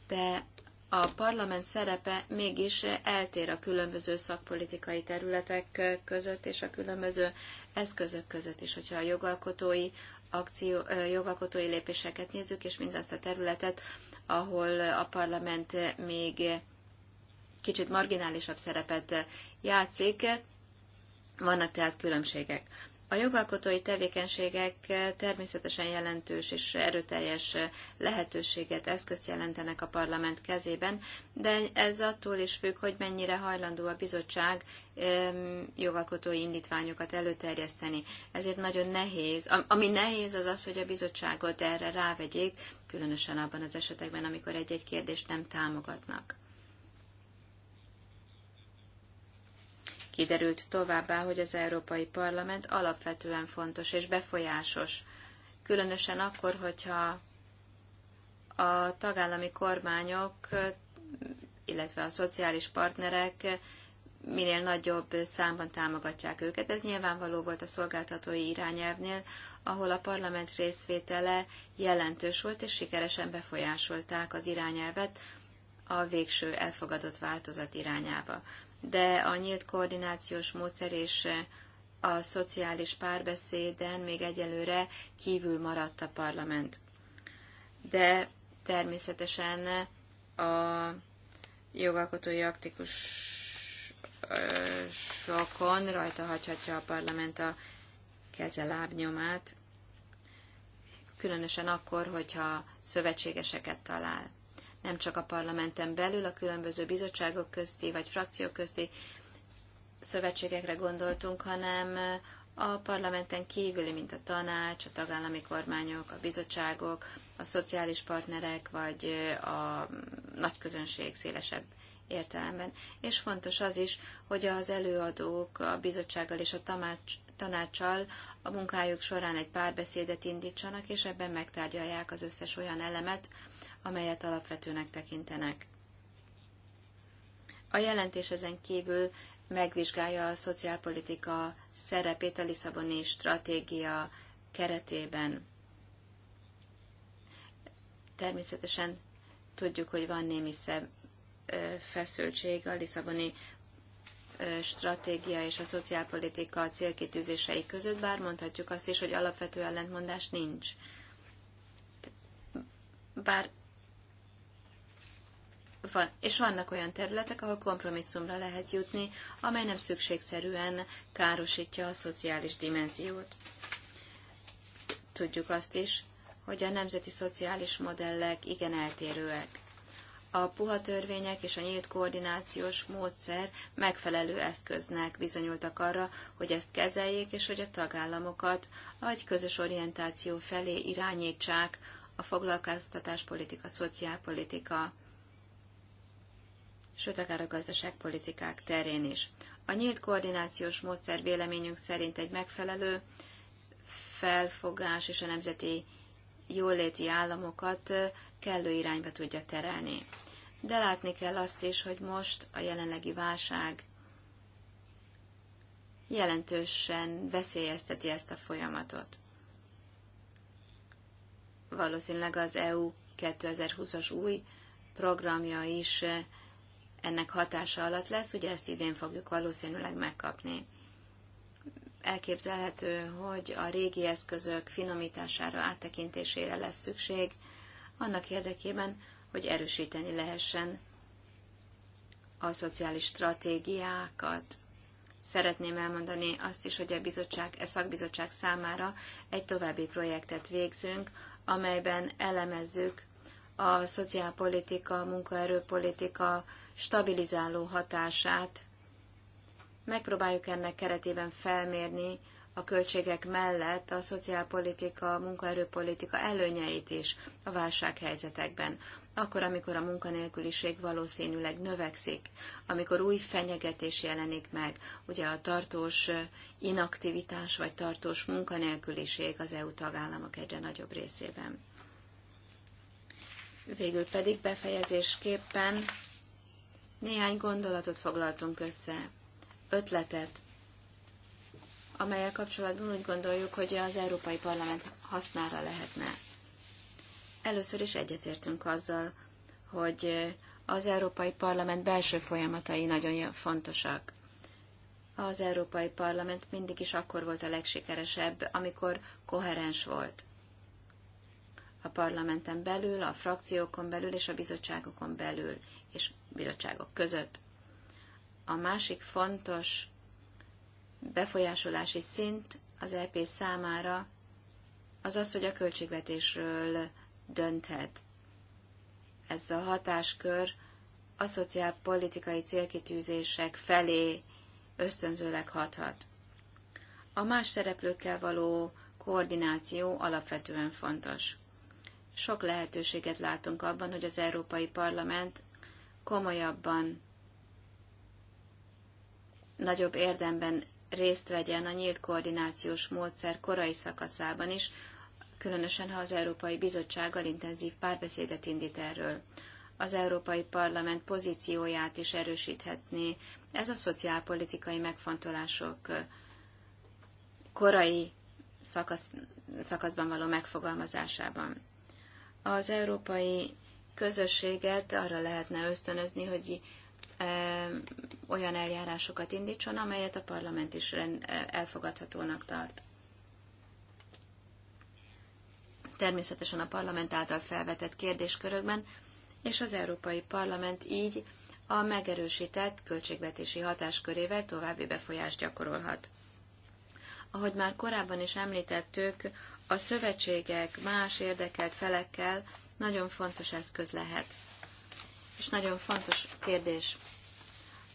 De a parlament szerepe mégis eltér a különböző szakpolitikai területek között és a különböző eszközök között is, hogyha a jogalkotói, akció, jogalkotói lépéseket nézzük, és mindazt a területet, ahol a parlament még kicsit marginálisabb szerepet játszik, vannak tehát különbségek. A jogalkotói tevékenységek természetesen jelentős és erőteljes lehetőséget, eszközt jelentenek a parlament kezében, de ez attól is függ, hogy mennyire hajlandó a bizottság jogalkotói indítványokat előterjeszteni. Ezért nagyon nehéz, ami nehéz az az, hogy a bizottságot erre rávegyék, különösen abban az esetekben, amikor egy-egy kérdést nem támogatnak. Kiderült továbbá, hogy az Európai Parlament alapvetően fontos és befolyásos, különösen akkor, hogyha a tagállami kormányok, illetve a szociális partnerek minél nagyobb számban támogatják őket. Ez nyilvánvaló volt a szolgáltatói irányelvnél, ahol a parlament részvétele jelentős volt, és sikeresen befolyásolták az irányelvet a végső elfogadott változat irányába de a nyílt koordinációs módszer és a szociális párbeszéden még egyelőre kívül maradt a parlament. De természetesen a jogalkotói aktikus sokon rajta hagyhatja a parlament a kezelábnyomát, különösen akkor, hogyha szövetségeseket talál nem csak a parlamenten belül, a különböző bizottságok közti vagy frakciók közti szövetségekre gondoltunk, hanem a parlamenten kívüli, mint a tanács, a tagállami kormányok, a bizottságok, a szociális partnerek, vagy a nagy közönség szélesebb értelemben. És fontos az is, hogy az előadók a bizottsággal és a tanács, tanácsal a munkájuk során egy párbeszédet indítsanak, és ebben megtárgyalják az összes olyan elemet, amelyet alapvetőnek tekintenek. A jelentés ezen kívül megvizsgálja a szociálpolitika szerepét a Lisszaboni stratégia keretében. Természetesen tudjuk, hogy van némi szem feszültség a Lisszaboni stratégia és a szociálpolitika célkitűzései között, bár mondhatjuk azt is, hogy alapvető ellentmondás nincs. Bár van, és vannak olyan területek, ahol kompromisszumra lehet jutni, amely nem szükségszerűen károsítja a szociális dimenziót. Tudjuk azt is, hogy a nemzeti szociális modellek igen eltérőek. A puha törvények és a nyílt koordinációs módszer megfelelő eszköznek bizonyultak arra, hogy ezt kezeljék, és hogy a tagállamokat egy közös orientáció felé irányítsák a foglalkoztatáspolitika, szociálpolitika sőt akár a gazdaságpolitikák terén is. A nyílt koordinációs módszer véleményünk szerint egy megfelelő felfogás és a nemzeti jóléti államokat kellő irányba tudja terelni. De látni kell azt is, hogy most a jelenlegi válság jelentősen veszélyezteti ezt a folyamatot. Valószínűleg az EU 2020-as új programja is ennek hatása alatt lesz, ugye ezt idén fogjuk valószínűleg megkapni. Elképzelhető, hogy a régi eszközök finomítására, áttekintésére lesz szükség, annak érdekében, hogy erősíteni lehessen a szociális stratégiákat. Szeretném elmondani azt is, hogy a, bizottság, a e szakbizottság számára egy további projektet végzünk, amelyben elemezzük a szociálpolitika, munkaerőpolitika, stabilizáló hatását megpróbáljuk ennek keretében felmérni a költségek mellett a szociálpolitika, a munkaerőpolitika előnyeit is a válsághelyzetekben. Akkor, amikor a munkanélküliség valószínűleg növekszik, amikor új fenyegetés jelenik meg, ugye a tartós inaktivitás vagy tartós munkanélküliség az EU tagállamok egyre nagyobb részében. Végül pedig befejezésképpen néhány gondolatot foglaltunk össze, ötletet, amelyel kapcsolatban úgy gondoljuk, hogy az Európai Parlament hasznára lehetne. Először is egyetértünk azzal, hogy az Európai Parlament belső folyamatai nagyon fontosak. Az Európai Parlament mindig is akkor volt a legsikeresebb, amikor koherens volt a parlamenten belül, a frakciókon belül és a bizottságokon belül és bizottságok között. A másik fontos befolyásolási szint az EP számára az az, hogy a költségvetésről dönthet. Ez a hatáskör a szociálpolitikai célkitűzések felé ösztönzőleg hathat. A más szereplőkkel való koordináció alapvetően fontos sok lehetőséget látunk abban, hogy az Európai Parlament komolyabban, nagyobb érdemben részt vegyen a nyílt koordinációs módszer korai szakaszában is, különösen ha az Európai Bizottsággal intenzív párbeszédet indít erről. Az Európai Parlament pozícióját is erősíthetné ez a szociálpolitikai megfontolások korai szakasz, szakaszban való megfogalmazásában az európai közösséget arra lehetne ösztönözni, hogy e, olyan eljárásokat indítson, amelyet a parlament is e, elfogadhatónak tart. Természetesen a parlament által felvetett kérdéskörökben, és az Európai Parlament így a megerősített költségvetési hatáskörével további befolyást gyakorolhat. Ahogy már korábban is említettük, a szövetségek más érdekelt felekkel nagyon fontos eszköz lehet. És nagyon fontos kérdés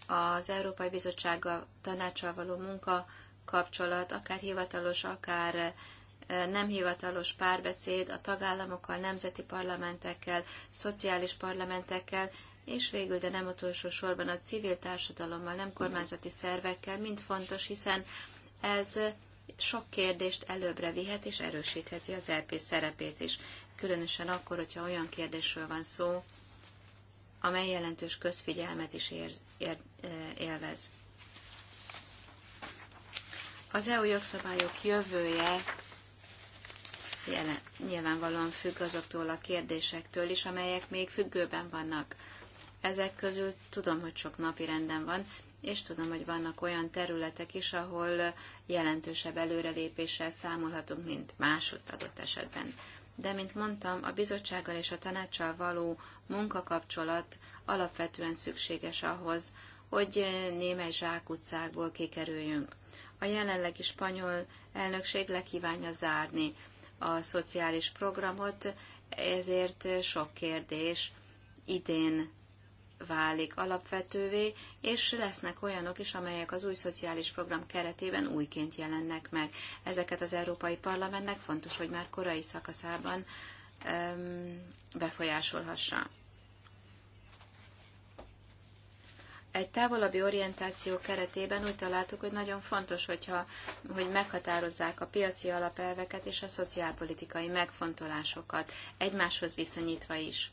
az Európai Bizottsággal, tanácsal való munka kapcsolat, akár hivatalos, akár eh, nem hivatalos párbeszéd a tagállamokkal, nemzeti parlamentekkel, szociális parlamentekkel, és végül, de nem utolsó sorban a civil társadalommal, nem kormányzati szervekkel, mind fontos, hiszen ez sok kérdést előbbre vihet és erősítheti az RP szerepét is, különösen akkor, hogyha olyan kérdésről van szó, amely jelentős közfigyelmet is ér, ér, élvez. Az EU jogszabályok jövője jelen, nyilvánvalóan függ azoktól a kérdésektől is, amelyek még függőben vannak. Ezek közül tudom, hogy sok napi renden van, és tudom, hogy vannak olyan területek is, ahol jelentősebb előrelépéssel számolhatunk, mint másutt adott esetben. De, mint mondtam, a bizottsággal és a tanácssal való munkakapcsolat alapvetően szükséges ahhoz, hogy némely zsákutcákból kikerüljünk. A jelenlegi spanyol elnökség lekívánja zárni a szociális programot, ezért sok kérdés idén válik alapvetővé, és lesznek olyanok is, amelyek az új szociális program keretében újként jelennek meg. Ezeket az Európai Parlamentnek fontos, hogy már korai szakaszában öm, befolyásolhassa. Egy távolabbi orientáció keretében úgy találtuk, hogy nagyon fontos, hogyha, hogy meghatározzák a piaci alapelveket és a szociálpolitikai megfontolásokat, egymáshoz viszonyítva is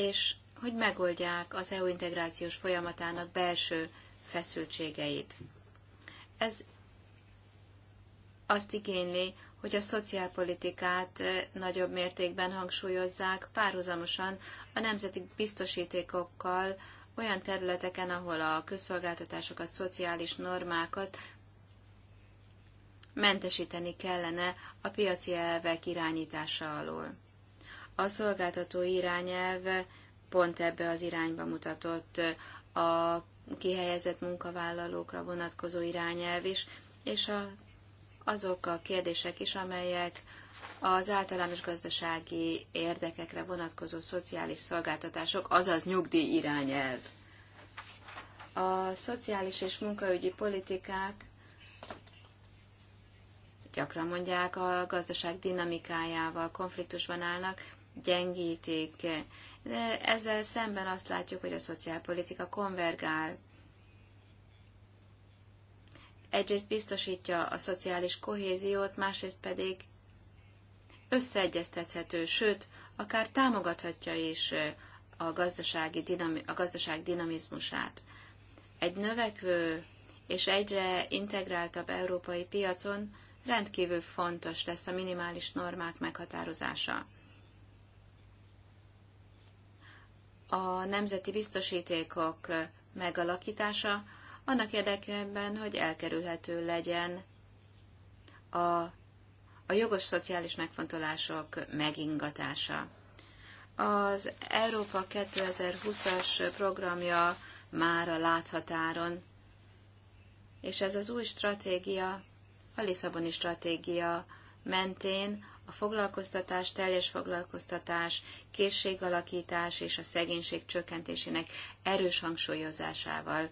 és hogy megoldják az EU integrációs folyamatának belső feszültségeit. Ez azt igényli, hogy a szociálpolitikát eh, nagyobb mértékben hangsúlyozzák párhuzamosan a nemzeti biztosítékokkal olyan területeken, ahol a közszolgáltatásokat, szociális normákat mentesíteni kellene a piaci elvek irányítása alól. A szolgáltató irányelv pont ebbe az irányba mutatott a kihelyezett munkavállalókra vonatkozó irányelv is, és a, azok a kérdések is, amelyek az általános gazdasági érdekekre vonatkozó szociális szolgáltatások, azaz nyugdíj irányelv. A szociális és munkaügyi politikák gyakran mondják, a gazdaság dinamikájával konfliktusban állnak, gyengítik. De ezzel szemben azt látjuk, hogy a szociálpolitika konvergál. Egyrészt biztosítja a szociális kohéziót, másrészt pedig összeegyeztethető, sőt, akár támogathatja is a, gazdasági dinami, a gazdaság dinamizmusát. Egy növekvő és egyre integráltabb európai piacon rendkívül fontos lesz a minimális normák meghatározása. a nemzeti biztosítékok megalakítása annak érdekében, hogy elkerülhető legyen a, a jogos szociális megfontolások megingatása. Az Európa 2020-as programja már a láthatáron, és ez az új stratégia, a Lisszaboni stratégia mentén a foglalkoztatás, teljes foglalkoztatás, készségalakítás és a szegénység csökkentésének erős hangsúlyozásával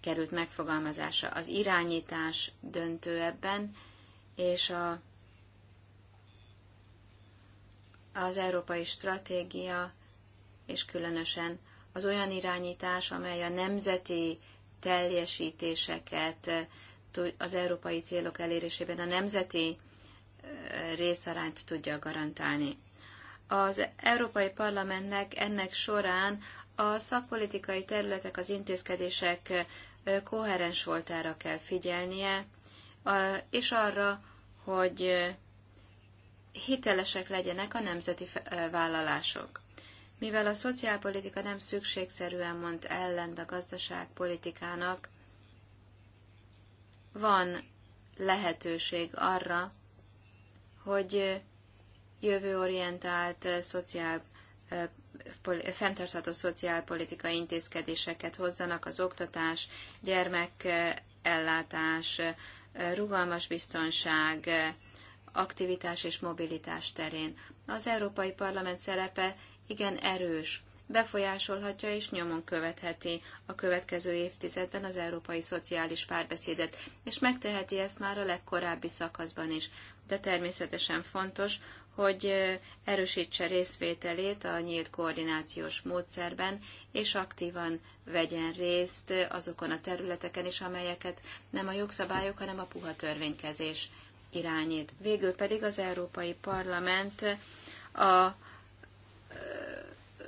került megfogalmazása. Az irányítás döntő ebben, és a, az európai stratégia, és különösen az olyan irányítás, amely a nemzeti teljesítéseket az európai célok elérésében a nemzeti részarányt tudja garantálni. Az Európai Parlamentnek ennek során a szakpolitikai területek, az intézkedések koherens voltára kell figyelnie, és arra, hogy hitelesek legyenek a nemzeti vállalások. Mivel a szociálpolitika nem szükségszerűen mond ellent a gazdaságpolitikának, van lehetőség arra, hogy jövőorientált eh, szociál eh, fenntartható szociálpolitikai intézkedéseket hozzanak az oktatás, gyermekellátás, eh, rugalmas biztonság, aktivitás és mobilitás terén. Az Európai Parlament szerepe igen erős, befolyásolhatja és nyomon követheti a következő évtizedben az európai szociális párbeszédet, és megteheti ezt már a legkorábbi szakaszban is de természetesen fontos, hogy erősítse részvételét a nyílt koordinációs módszerben, és aktívan vegyen részt azokon a területeken is, amelyeket nem a jogszabályok, hanem a puha törvénykezés irányít. Végül pedig az Európai Parlament a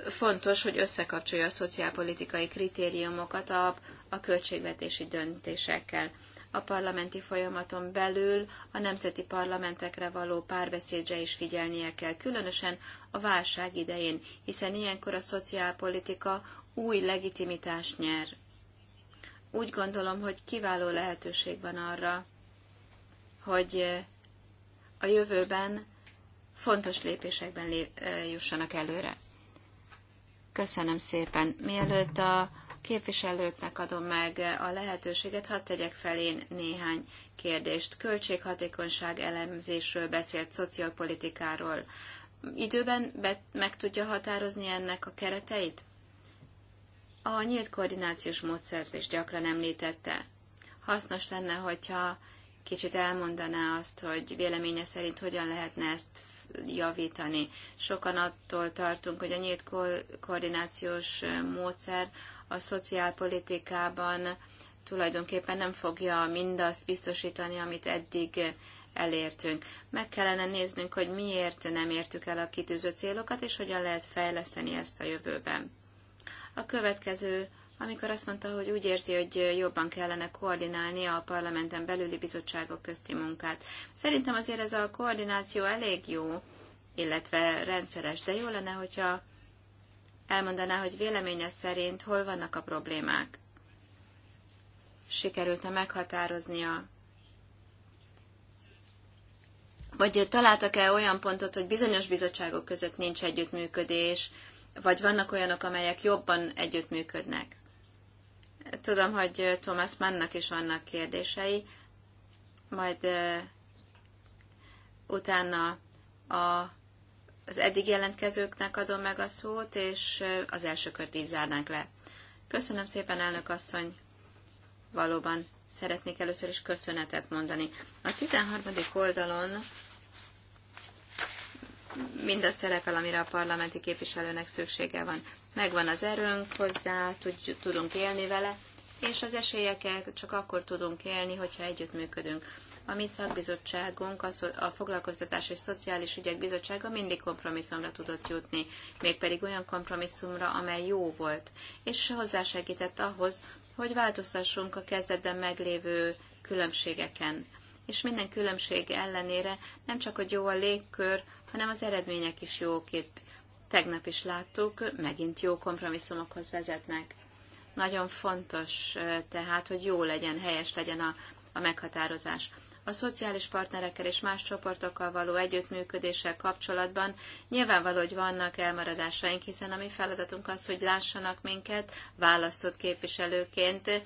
fontos, hogy összekapcsolja a szociálpolitikai kritériumokat a, a költségvetési döntésekkel a parlamenti folyamaton belül a nemzeti parlamentekre való párbeszédre is figyelnie kell, különösen a válság idején, hiszen ilyenkor a szociálpolitika új legitimitást nyer. Úgy gondolom, hogy kiváló lehetőség van arra, hogy a jövőben fontos lépésekben lép, eh, jussanak előre. Köszönöm szépen. Mielőtt a képviselőknek adom meg a lehetőséget, hadd tegyek felé néhány kérdést. Költséghatékonyság elemzésről beszélt, szociálpolitikáról. Időben be, meg tudja határozni ennek a kereteit? A nyílt koordinációs módszert is gyakran említette. Hasznos lenne, hogyha kicsit elmondaná azt, hogy véleménye szerint hogyan lehetne ezt javítani. Sokan attól tartunk, hogy a nyílt ko- koordinációs módszer a szociálpolitikában tulajdonképpen nem fogja mindazt biztosítani, amit eddig elértünk. Meg kellene néznünk, hogy miért nem értük el a kitűző célokat, és hogyan lehet fejleszteni ezt a jövőben. A következő, amikor azt mondta, hogy úgy érzi, hogy jobban kellene koordinálni a parlamenten belüli bizottságok közti munkát. Szerintem azért ez a koordináció elég jó, illetve rendszeres, de jó lenne, hogyha elmondaná, hogy véleménye szerint hol vannak a problémák. Sikerült-e meghatároznia? Vagy találtak-e olyan pontot, hogy bizonyos bizottságok között nincs együttműködés, vagy vannak olyanok, amelyek jobban együttműködnek? Tudom, hogy Thomas Mannnak is vannak kérdései, majd eh, utána a az eddig jelentkezőknek adom meg a szót, és az első kört így zárnánk le. Köszönöm szépen, elnök asszony. Valóban szeretnék először is köszönetet mondani. A 13. oldalon mindaz szerepel, amire a parlamenti képviselőnek szüksége van. Megvan az erőnk hozzá, tudunk élni vele, és az esélyekkel csak akkor tudunk élni, hogyha együttműködünk. A mi szakbizottságunk, a Foglalkoztatás és Szociális Ügyek Bizottsága mindig kompromisszumra tudott jutni, mégpedig olyan kompromisszumra, amely jó volt, és hozzásegített ahhoz, hogy változtassunk a kezdetben meglévő különbségeken. És minden különbség ellenére nem csak, hogy jó a légkör, hanem az eredmények is jók itt. Tegnap is láttuk, megint jó kompromisszumokhoz vezetnek. Nagyon fontos eh, tehát, hogy jó legyen, helyes legyen a, a meghatározás a szociális partnerekkel és más csoportokkal való együttműködéssel kapcsolatban nyilvánvaló, hogy vannak elmaradásaink, hiszen a mi feladatunk az, hogy lássanak minket választott képviselőként,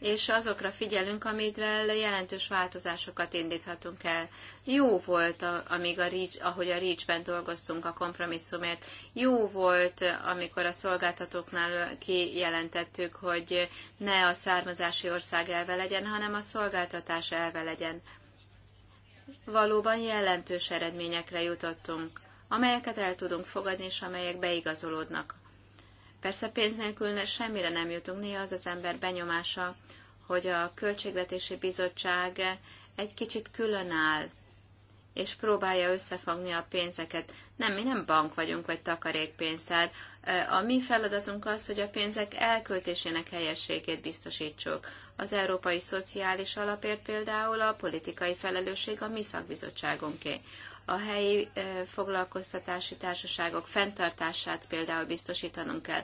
és azokra figyelünk, amivel jelentős változásokat indíthatunk el. Jó volt, amíg a Reach, ahogy a Reach-ben dolgoztunk a kompromisszumért. Jó volt, amikor a szolgáltatóknál kijelentettük, hogy ne a származási ország elve legyen, hanem a szolgáltatás elve legyen valóban jelentős eredményekre jutottunk, amelyeket el tudunk fogadni, és amelyek beigazolódnak. Persze pénz nélkül semmire nem jutunk, néha az az ember benyomása, hogy a Költségvetési Bizottság egy kicsit külön áll és próbálja összefogni a pénzeket. Nem, mi nem bank vagyunk, vagy takarékpénztár. A mi feladatunk az, hogy a pénzek elköltésének helyességét biztosítsuk. Az Európai Szociális Alapért például a politikai felelősség a mi szakbizottságunké. A helyi foglalkoztatási társaságok fenntartását például biztosítanunk kell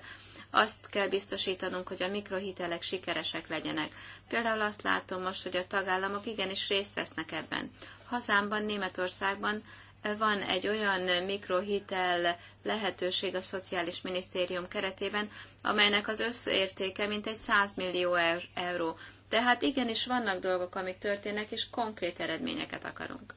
azt kell biztosítanunk, hogy a mikrohitelek sikeresek legyenek. Például azt látom most, hogy a tagállamok igenis részt vesznek ebben. Hazámban, Németországban eh, van egy olyan mikrohitel lehetőség a Szociális Minisztérium keretében, amelynek az összértéke mintegy 100 millió euró. Tehát igenis vannak dolgok, amik történnek, és konkrét eredményeket akarunk.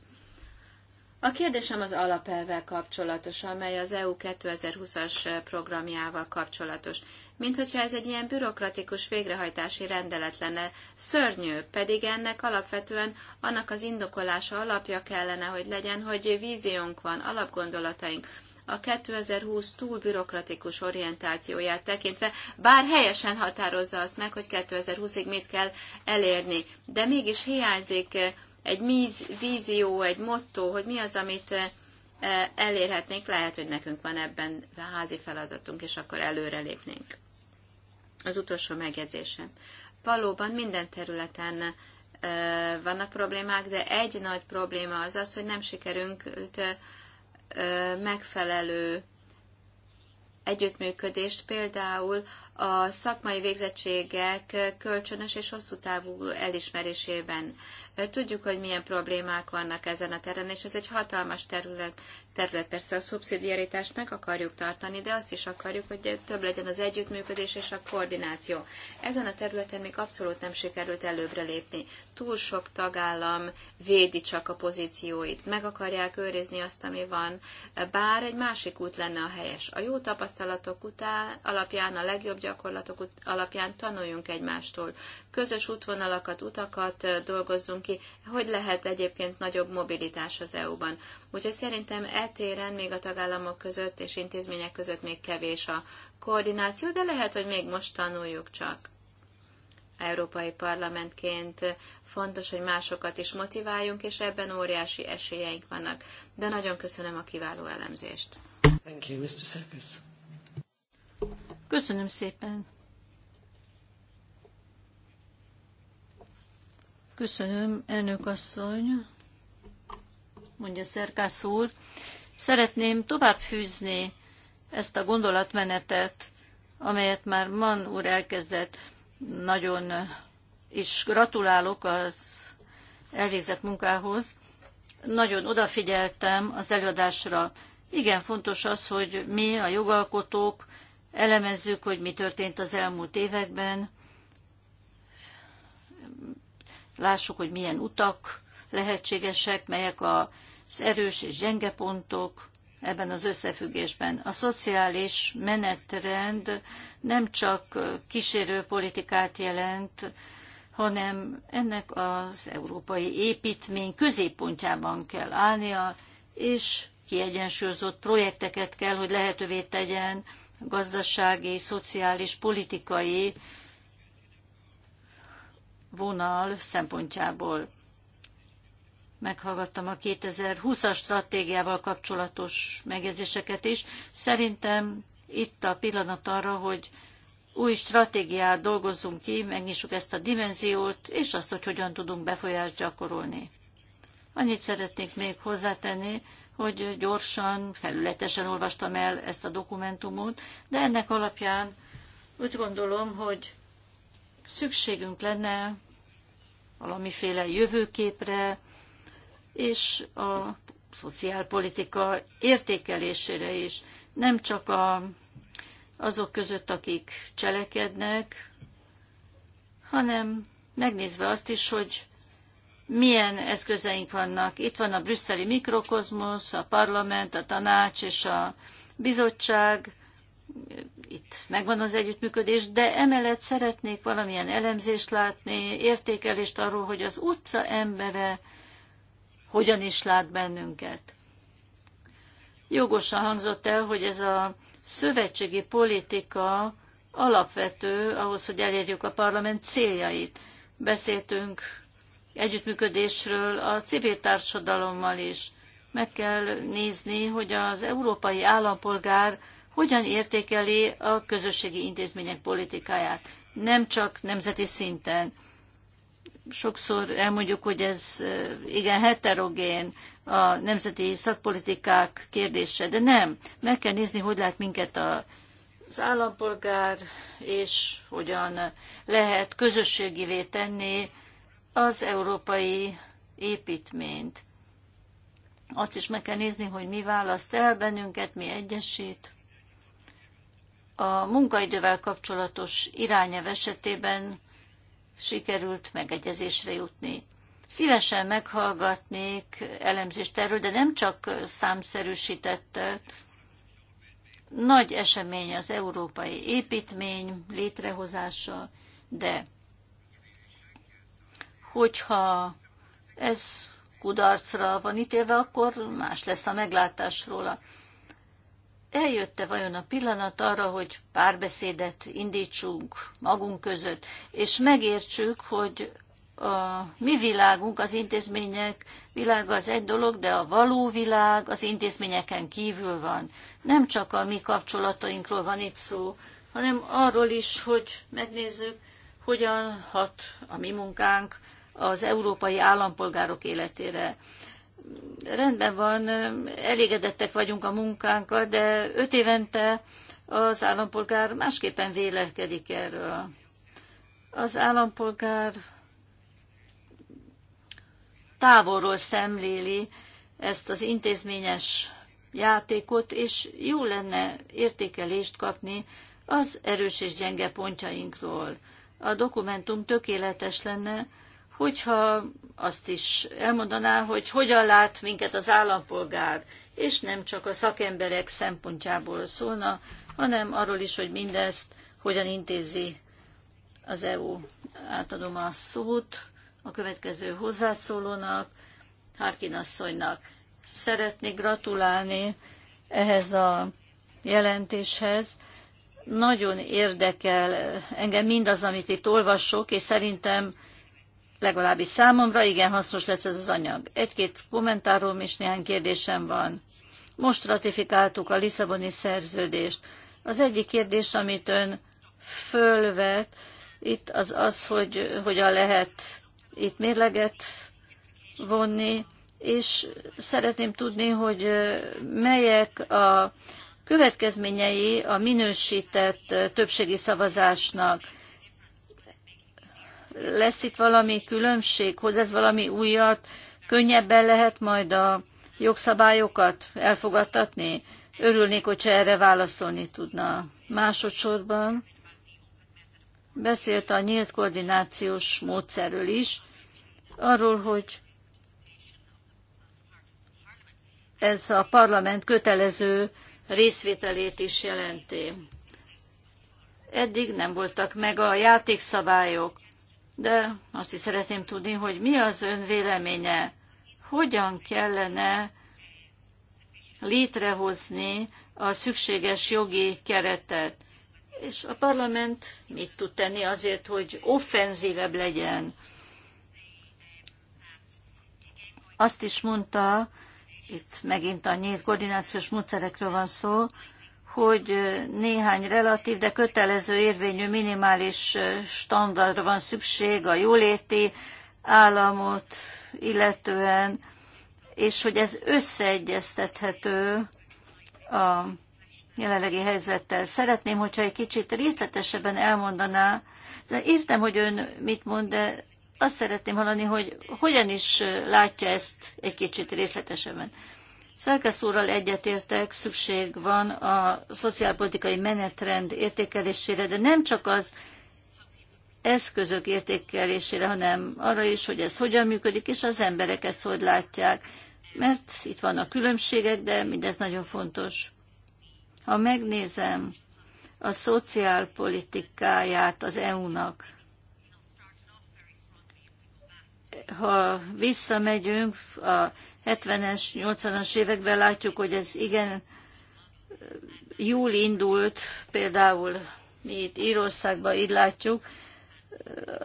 A kérdésem az alapelvel kapcsolatos, amely az EU 2020-as programjával kapcsolatos. Mint hogyha ez egy ilyen bürokratikus végrehajtási rendelet lenne, szörnyű, pedig ennek alapvetően annak az indokolása alapja kellene, hogy legyen, hogy víziónk van, alapgondolataink, a 2020 túl bürokratikus orientációját tekintve, bár helyesen határozza azt meg, hogy 2020-ig mit kell elérni, de mégis hiányzik eh, egy míz, vízió, egy motto, hogy mi az, amit eh, elérhetnénk, lehet, hogy nekünk van ebben házi feladatunk, és akkor előrelépnénk. Az utolsó megjegyzésem. Valóban minden területen eh, vannak problémák, de egy nagy probléma az az, hogy nem sikerünk eh, megfelelő együttműködést, például a szakmai végzettségek kölcsönös és hosszú távú elismerésében Tudjuk, hogy milyen problémák vannak ezen a területen, és ez egy hatalmas terület terület. Persze a szubszidiaritást meg akarjuk tartani, de azt is akarjuk, hogy több legyen az együttműködés és a koordináció. Ezen a területen még abszolút nem sikerült előbbre lépni. Túl sok tagállam védi csak a pozícióit, meg akarják őrizni azt, ami van, bár egy másik út lenne a helyes. A jó tapasztalatok után, alapján, a legjobb gyakorlatok alapján tanuljunk egymástól. Közös útvonalakat, utakat dolgozzunk ki, hogy lehet egyébként nagyobb mobilitás az EU-ban. Úgyhogy szerintem el téren, még a tagállamok között és intézmények között még kevés a koordináció, de lehet, hogy még most tanuljuk csak. Európai Parlamentként fontos, hogy másokat is motiváljunk, és ebben óriási esélyeink vannak. De nagyon köszönöm a kiváló elemzést. Thank you, Mr. Köszönöm szépen. Köszönöm, elnök asszony, mondja Szerkász úr. Szeretném tovább fűzni ezt a gondolatmenetet, amelyet már Mann úr elkezdett. Nagyon és gratulálok az elvégzett munkához. Nagyon odafigyeltem az előadásra. Igen, fontos az, hogy mi, a jogalkotók, elemezzük, hogy mi történt az elmúlt években, lássuk, hogy milyen utak lehetségesek, melyek a az erős és gyenge pontok ebben az összefüggésben. A szociális menetrend nem csak kísérő politikát jelent, hanem ennek az európai építmény középpontjában kell állnia, és kiegyensúlyozott projekteket kell, hogy lehetővé tegyen gazdasági, szociális, politikai vonal szempontjából meghallgattam a 2020-as stratégiával kapcsolatos megjegyzéseket is. Szerintem itt a pillanat arra, hogy új stratégiát dolgozzunk ki, megnyissuk ezt a dimenziót, és azt, hogy hogyan tudunk befolyást gyakorolni. Annyit szeretnék még hozzátenni, hogy gyorsan, felületesen olvastam el ezt a dokumentumot, de ennek alapján úgy gondolom, hogy szükségünk lenne valamiféle jövőképre, és a szociálpolitika értékelésére is. Nem csak a, azok között, akik cselekednek, hanem megnézve azt is, hogy milyen eszközeink vannak. Itt van a brüsszeli mikrokozmosz, a parlament, a tanács és a bizottság, itt megvan az együttműködés, de emellett szeretnék valamilyen elemzést látni, értékelést arról, hogy az utca embere hogyan is lát bennünket. Jogosan hangzott el, hogy ez a szövetségi politika alapvető ahhoz, hogy elérjük a parlament céljait. Beszéltünk együttműködésről a civil társadalommal is. Meg kell nézni, hogy az európai állampolgár hogyan értékeli a közösségi intézmények politikáját. Nem csak nemzeti szinten sokszor elmondjuk, hogy ez igen heterogén a nemzeti szakpolitikák kérdése, de nem. Meg kell nézni, hogy lát minket a az állampolgár, és hogyan lehet közösségivé tenni az európai építményt. Azt is meg kell nézni, hogy mi választ el bennünket, mi egyesít. A munkaidővel kapcsolatos irányev esetében sikerült megegyezésre jutni. Szívesen meghallgatnék elemzést erről, de nem csak számszerűsített. Nagy esemény az európai építmény létrehozása, de hogyha ez kudarcra van ítélve, akkor más lesz a meglátás róla eljött-e vajon a pillanat arra, hogy párbeszédet indítsunk magunk között, és megértsük, hogy a mi világunk, az intézmények világa az egy dolog, de a való világ az intézményeken kívül van. Nem csak a mi kapcsolatainkról van itt szó, hanem arról is, hogy megnézzük, hogyan hat a mi munkánk az európai állampolgárok életére rendben van, elégedettek vagyunk a munkánkkal, de öt évente az állampolgár másképpen vélekedik erről. Az állampolgár távolról szemléli ezt az intézményes játékot, és jó lenne értékelést kapni az erős és gyenge pontjainkról. A dokumentum tökéletes lenne, hogyha azt is elmondaná, hogy hogyan lát minket az állampolgár, és nem csak a szakemberek szempontjából szólna, hanem arról is, hogy mindezt hogyan intézi az EU. Átadom a szót a következő hozzászólónak, Harkin asszonynak. Szeretnék gratulálni ehhez a jelentéshez. Nagyon érdekel engem mindaz, amit itt olvasok, és szerintem legalábbis számomra igen hasznos lesz ez az anyag. Egy-két kommentárom és néhány kérdésem van. Most ratifikáltuk a Lisszaboni szerződést. Az egyik kérdés, amit ön fölvet, itt az az, hogy hogyan lehet itt mérleget vonni, és szeretném tudni, hogy melyek a következményei a minősített többségi szavazásnak lesz itt valami különbség, hoz ez valami újat, könnyebben lehet majd a jogszabályokat elfogadtatni? Örülnék, hogyha erre válaszolni tudna. Másodszorban beszélt a nyílt koordinációs módszerről is, arról, hogy ez a parlament kötelező részvételét is jelenti. Eddig nem voltak meg a játékszabályok de azt is szeretném tudni, hogy mi az ön véleménye, hogyan kellene létrehozni a szükséges jogi keretet. És a parlament mit tud tenni azért, hogy offenzívebb legyen? Azt is mondta, itt megint a nyílt koordinációs módszerekről van szó, hogy néhány relatív, de kötelező érvényű minimális standardra van szükség a jóléti államot illetően, és hogy ez összeegyeztethető a jelenlegi helyzettel. Szeretném, hogyha egy kicsit részletesebben elmondaná, de értem, hogy ön mit mond, de azt szeretném hallani, hogy hogyan is látja ezt egy kicsit részletesebben. Szerkesz úrral egyetértek, szükség van a szociálpolitikai menetrend értékelésére, de nem csak az eszközök értékelésére, hanem arra is, hogy ez hogyan működik, és az emberek ezt hogy látják. Mert itt vannak különbségek, de mindez nagyon fontos. Ha megnézem a szociálpolitikáját az EU-nak, ha visszamegyünk a 70-es, 80-as években látjuk, hogy ez igen jól indult, például mi itt Írországban így látjuk,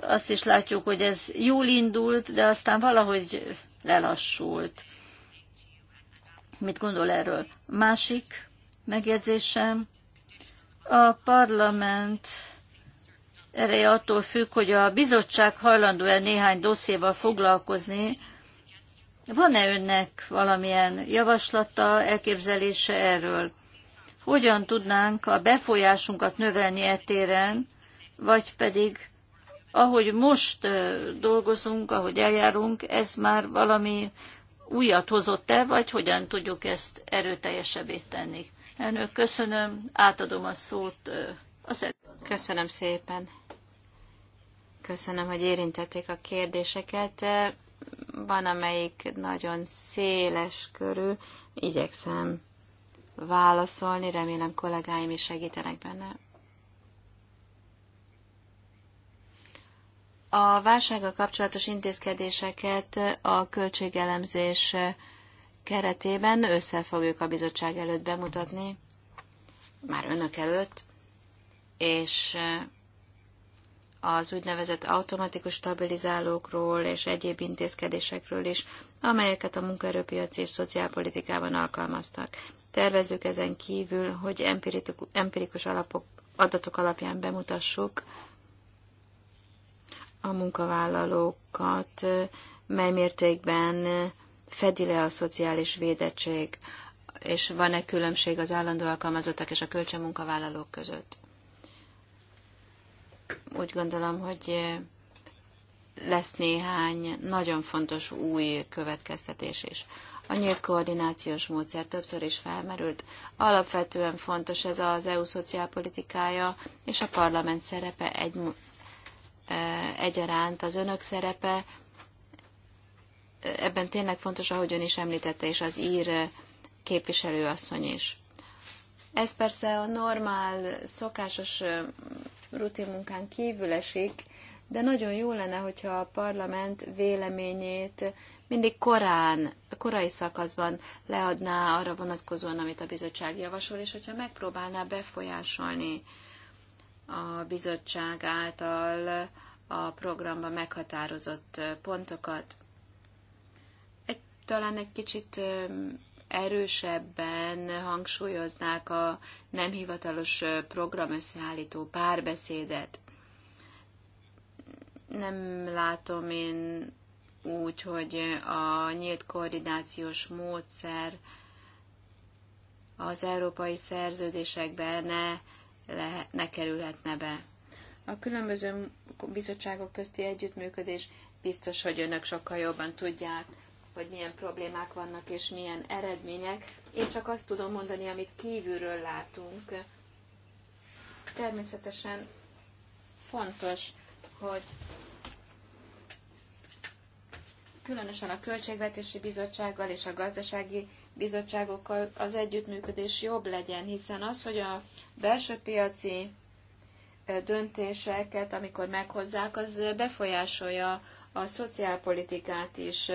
azt is látjuk, hogy ez jól indult, de aztán valahogy lelassult. Mit gondol erről? Másik megjegyzésem, a parlament ereje attól függ, hogy a bizottság hajlandó-e néhány dossziéval foglalkozni. Van-e önnek valamilyen javaslata, elképzelése erről? Hogyan tudnánk a befolyásunkat növelni e téren, vagy pedig ahogy most dolgozunk, ahogy eljárunk, ez már valami újat hozott-e, vagy hogyan tudjuk ezt erőteljesebbé tenni? Elnök, köszönöm, átadom a szót Köszönöm szépen. Köszönöm, hogy érintették a kérdéseket. Van, amelyik nagyon széles körű. Igyekszem válaszolni, remélem kollégáim is segítenek benne. A válsággal kapcsolatos intézkedéseket a költségelemzés keretében össze fogjuk a bizottság előtt bemutatni, már önök előtt és eh, az úgynevezett automatikus stabilizálókról és egyéb intézkedésekről is, amelyeket a munkaerőpiac és szociálpolitikában alkalmaztak. Tervezzük ezen kívül, hogy empirikus alapok, adatok alapján bemutassuk a munkavállalókat, eh, mely mértékben eh, fedi le a szociális védettség, és van-e különbség az állandó alkalmazottak és a kölcsönmunkavállalók között úgy gondolom, hogy eh, lesz néhány nagyon fontos új következtetés is. A nyílt koordinációs módszer többször is felmerült. Alapvetően fontos ez az EU szociálpolitikája és a parlament szerepe egy, eh, egyaránt, az önök szerepe. Eh, ebben tényleg fontos, ahogy ön is említette, és az ír képviselőasszony is. Ez persze a normál, szokásos rutin munkán kívül esik, de nagyon jó lenne, hogyha a parlament véleményét mindig korán, korai szakaszban leadná arra vonatkozóan, amit a bizottság javasol, és hogyha megpróbálná befolyásolni a bizottság által a programban meghatározott pontokat. Egy, talán egy kicsit erősebben hangsúlyoznák a nem hivatalos program összeállító párbeszédet. Nem látom én úgy, hogy a nyílt koordinációs módszer az európai szerződésekbe ne, ne kerülhetne be. A különböző bizottságok közti együttműködés biztos, hogy önök sokkal jobban tudják, hogy milyen problémák vannak és milyen eredmények. Én csak azt tudom mondani, amit kívülről látunk. Természetesen fontos, hogy különösen a Költségvetési Bizottsággal és a Gazdasági Bizottságokkal az együttműködés jobb legyen, hiszen az, hogy a belső piaci döntéseket, amikor meghozzák, az befolyásolja a szociálpolitikát is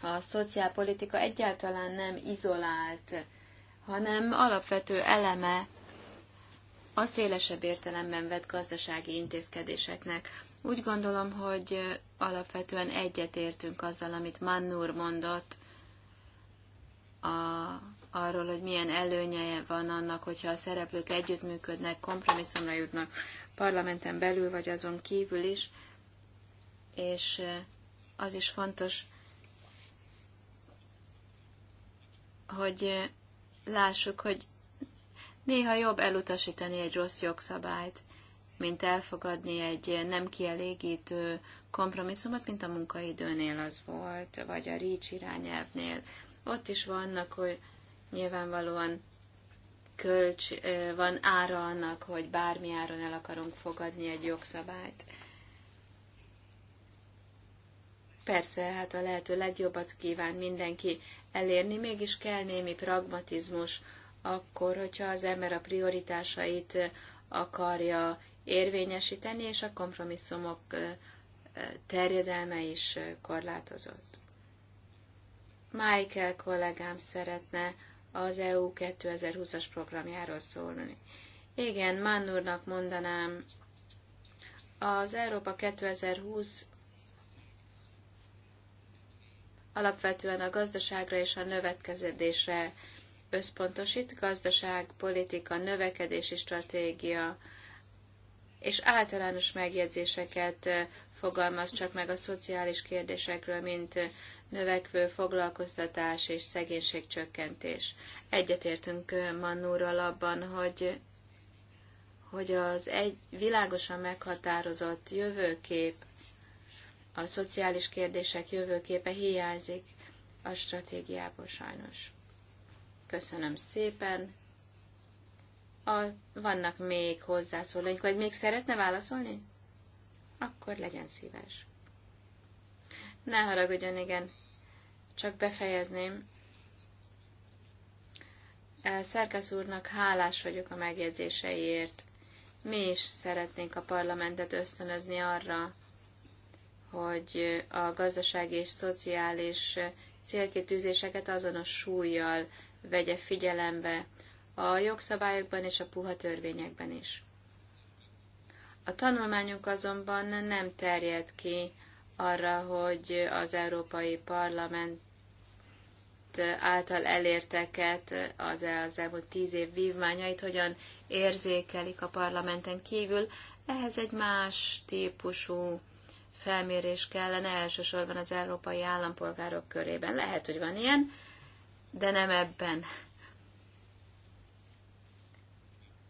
a szociálpolitika egyáltalán nem izolált, hanem alapvető eleme a szélesebb értelemben vett gazdasági intézkedéseknek. Úgy gondolom, hogy alapvetően egyetértünk azzal, amit Mannur mondott a, arról, hogy milyen előnye van annak, hogyha a szereplők együttműködnek, kompromisszumra jutnak parlamenten belül vagy azon kívül is, és az is fontos, hogy eh, lássuk, hogy néha jobb elutasítani egy rossz jogszabályt, mint elfogadni egy eh, nem kielégítő kompromisszumot, mint a munkaidőnél az volt, vagy a Rícs irányelvnél. Ott is vannak, hogy nyilvánvalóan kölcs, eh, van ára annak, hogy bármi áron el akarunk fogadni egy jogszabályt. Persze, hát a lehető legjobbat kíván mindenki, elérni, mégis kell némi pragmatizmus akkor, hogyha az ember a prioritásait akarja érvényesíteni, és a kompromisszumok terjedelme is korlátozott. Michael kollégám szeretne az EU 2020-as programjáról szólni. Igen, Mannurnak mondanám, az Európa 2020 alapvetően a gazdaságra és a növekedésre összpontosít, gazdaság, politika, növekedési stratégia, és általános megjegyzéseket fogalmaz csak meg a szociális kérdésekről, mint növekvő foglalkoztatás és szegénységcsökkentés. Egyetértünk Mannúrral abban, hogy, hogy az egy világosan meghatározott jövőkép a szociális kérdések jövőképe hiányzik a stratégiából sajnos. Köszönöm szépen. A, vannak még hozzászólóink, vagy még szeretne válaszolni? Akkor legyen szíves. Ne haragudjon, igen. Csak befejezném. Szerkesz úrnak hálás vagyok a megjegyzéseiért. Mi is szeretnénk a parlamentet ösztönözni arra, hogy a gazdasági és szociális célkitűzéseket azonos súlyjal vegye figyelembe a jogszabályokban és a puha törvényekben is. A tanulmányunk azonban nem terjed ki arra, hogy az Európai Parlament által elérteket, az, az elmúlt tíz év vívmányait hogyan érzékelik a parlamenten kívül. Ehhez egy más típusú felmérés kellene elsősorban az európai állampolgárok körében. Lehet, hogy van ilyen, de nem ebben.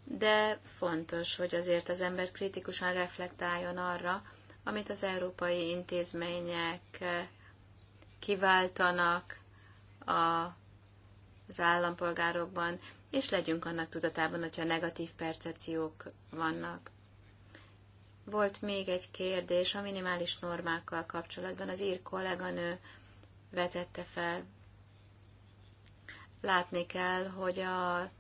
De fontos, hogy azért az ember kritikusan reflektáljon arra, amit az európai intézmények eh, kiváltanak a, az állampolgárokban, és legyünk annak tudatában, hogyha negatív percepciók vannak. Volt még egy kérdés a minimális normákkal kapcsolatban. Az ír kolléganő vetette fel. Látni kell, hogy a,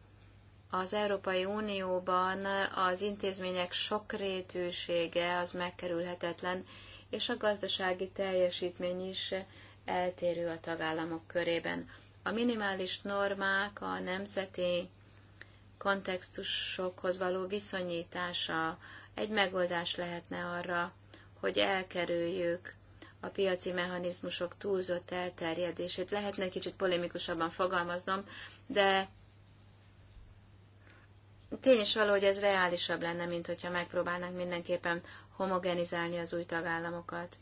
az Európai Unióban az intézmények sokrétűsége az megkerülhetetlen, és a gazdasági teljesítmény is eltérő a tagállamok körében. A minimális normák a nemzeti kontextusokhoz való viszonyítása egy megoldás lehetne arra, hogy elkerüljük a piaci mechanizmusok túlzott elterjedését. Lehetne kicsit polémikusabban fogalmaznom, de tény is való, hogy ez reálisabb lenne, mint hogyha megpróbálnánk mindenképpen homogenizálni az új tagállamokat.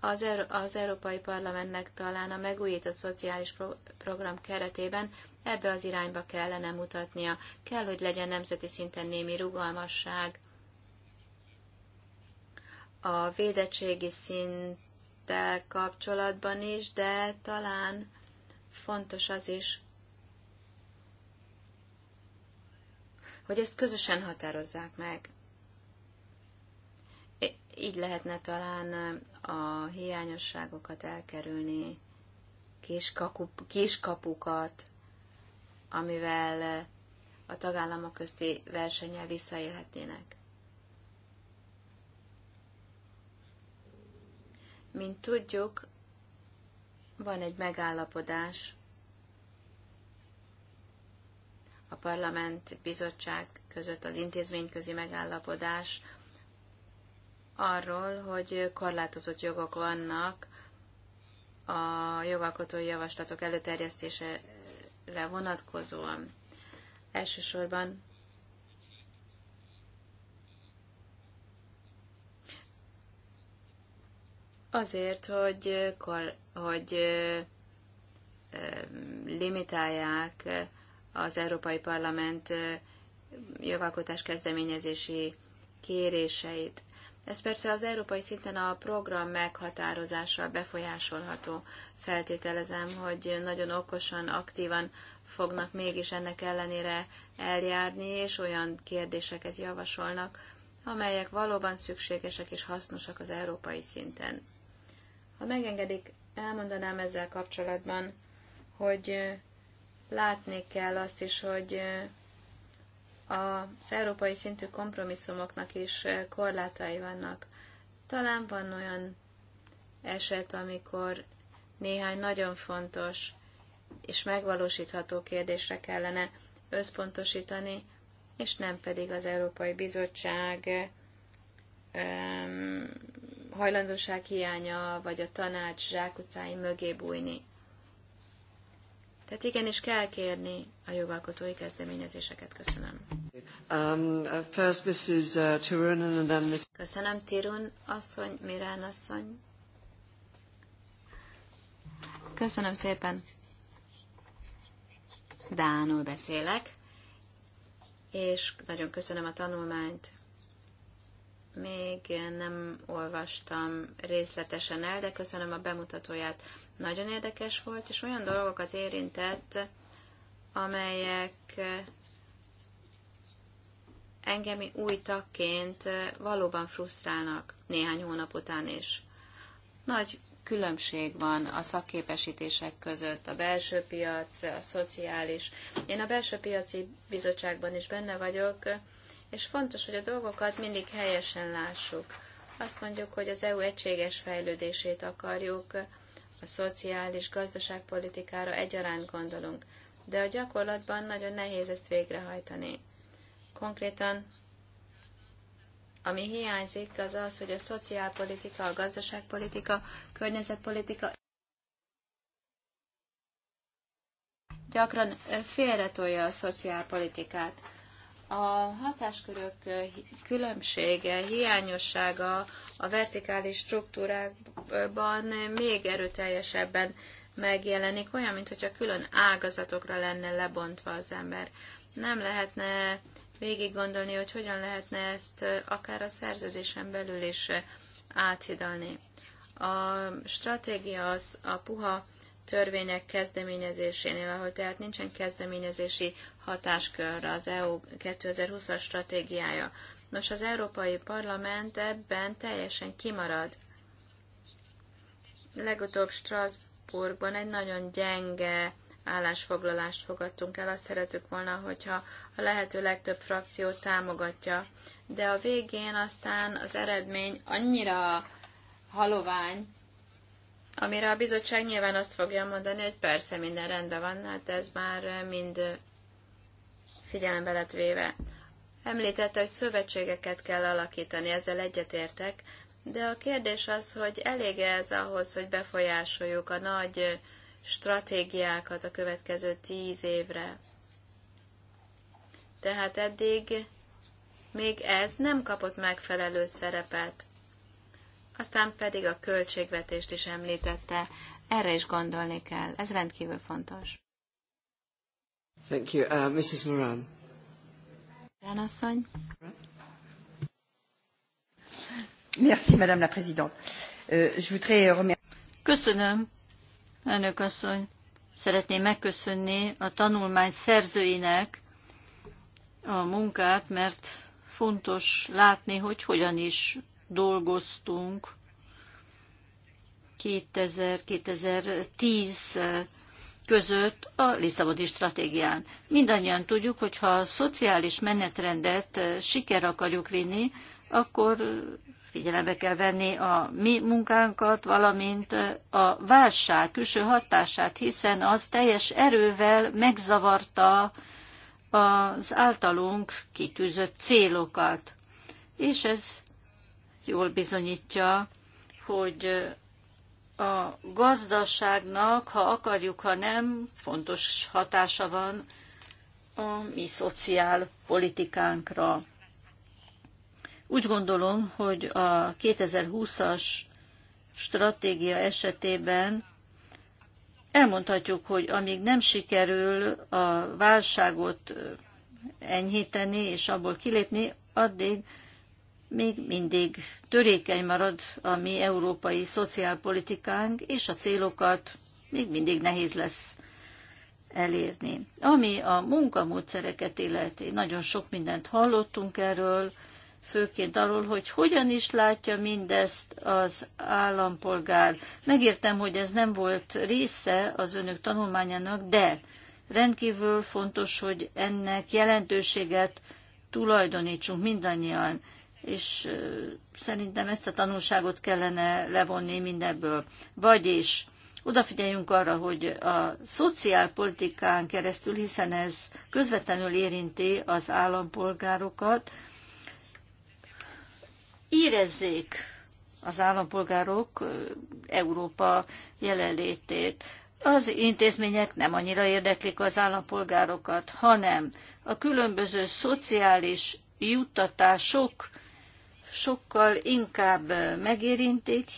Az, Euró- az Európai Parlamentnek talán a megújított szociális pro- program keretében ebbe az irányba kellene mutatnia. Kell, hogy legyen nemzeti szinten némi rugalmasság a védettségi szinttel kapcsolatban is, de talán fontos az is, hogy ezt közösen határozzák meg. Így lehetne talán a hiányosságokat elkerülni, kis kiskapukat, amivel a tagállamok közti versenyel visszaélhetnének. Mint tudjuk, van egy megállapodás a parlament bizottság között az intézményközi megállapodás arról, hogy korlátozott jogok vannak a jogalkotói javaslatok előterjesztésére vonatkozóan. Elsősorban Azért, hogy, hogy limitálják az Európai Parlament jogalkotás kezdeményezési kéréseit. Ez persze az európai szinten a program meghatározással befolyásolható. Feltételezem, hogy nagyon okosan, aktívan fognak mégis ennek ellenére eljárni, és olyan kérdéseket javasolnak, amelyek valóban szükségesek és hasznosak az európai szinten. Ha megengedik, elmondanám ezzel kapcsolatban, hogy látni kell azt is, hogy az európai szintű kompromisszumoknak is korlátai vannak. Talán van olyan eset, amikor néhány nagyon fontos és megvalósítható kérdésre kellene összpontosítani, és nem pedig az Európai Bizottság hajlandóság hiánya, vagy a tanács zsákutcáim mögé bújni. Tehát igenis kell kérni a jogalkotói kezdeményezéseket. Köszönöm. Um, uh, first Mrs. Uh, Tirunen, and then Mrs. Köszönöm, Tirun asszony, Mirán asszony. Köszönöm szépen. Dánul beszélek, és nagyon köszönöm a tanulmányt még nem olvastam részletesen el, de köszönöm a bemutatóját. Nagyon érdekes volt, és olyan dolgokat érintett, amelyek engem új tagként valóban frusztrálnak néhány hónap után is. Nagy különbség van a szakképesítések között, a belső piac, a szociális. Én a belső piaci bizottságban is benne vagyok, és fontos, hogy a dolgokat mindig helyesen lássuk. Azt mondjuk, hogy az EU egységes fejlődését akarjuk, a szociális, gazdaságpolitikára egyaránt gondolunk, de a gyakorlatban nagyon nehéz ezt végrehajtani. Konkrétan, ami hiányzik, az az, hogy a szociálpolitika, a gazdaságpolitika, környezetpolitika gyakran félretolja a szociálpolitikát. A hatáskörök különbsége, hiányossága a vertikális struktúrákban még erőteljesebben megjelenik, olyan, mintha külön ágazatokra lenne lebontva az ember. Nem lehetne végig gondolni, hogy hogyan lehetne ezt akár a szerződésen belül is áthidalni. A stratégia az a puha törvények kezdeményezésénél, ahol tehát nincsen kezdeményezési hatáskörre az EU 2020-as stratégiája. Nos, az Európai Parlament ebben teljesen kimarad. Legutóbb Strasbourgban egy nagyon gyenge állásfoglalást fogadtunk el. Azt szeretük volna, hogyha a lehető legtöbb frakció támogatja. De a végén aztán az eredmény annyira halovány, amire a bizottság nyilván azt fogja mondani, hogy persze minden rendben van, hát ez már mind figyelembe lett véve. Említette, hogy szövetségeket kell alakítani, ezzel egyetértek, de a kérdés az, hogy elég -e ez ahhoz, hogy befolyásoljuk a nagy stratégiákat a következő tíz évre. Tehát eddig még ez nem kapott megfelelő szerepet. Aztán pedig a költségvetést is említette. Erre is gondolni kell. Ez rendkívül fontos. Thank you. Uh, Mrs. Moran. Moran asszony. Merci, Madame la Présidente. Euh, je voudrais remercier... Köszönöm, elnök asszony. Szeretném megköszönni a tanulmány szerzőinek a munkát, mert fontos látni, hogy hogyan is dolgoztunk 2000-2010 között a Lisszaboni stratégián. Mindannyian tudjuk, hogy ha a szociális menetrendet eh, siker akarjuk vinni, akkor eh, figyelembe kell venni a mi munkánkat, valamint eh, a válság külső hatását, hiszen az teljes erővel megzavarta az általunk kitűzött célokat. És ez jól bizonyítja, hogy a gazdaságnak, ha akarjuk, ha nem, fontos hatása van a mi szociál politikánkra. Úgy gondolom, hogy a 2020-as stratégia esetében elmondhatjuk, hogy amíg nem sikerül a válságot enyhíteni és abból kilépni, addig még mindig törékeny marad a mi európai szociálpolitikánk, és a célokat még mindig nehéz lesz elérni. Ami a munkamódszereket illeti, nagyon sok mindent hallottunk erről, főként arról, hogy hogyan is látja mindezt az állampolgár. Megértem, hogy ez nem volt része az önök tanulmányának, de rendkívül fontos, hogy ennek jelentőséget tulajdonítsunk mindannyian és szerintem ezt a tanulságot kellene levonni mindebből. Vagyis odafigyeljünk arra, hogy a szociálpolitikán keresztül, hiszen ez közvetlenül érinti az állampolgárokat, érezzék az állampolgárok Európa jelenlétét. Az intézmények nem annyira érdeklik az állampolgárokat, hanem a különböző szociális juttatások sokkal inkább megérintik,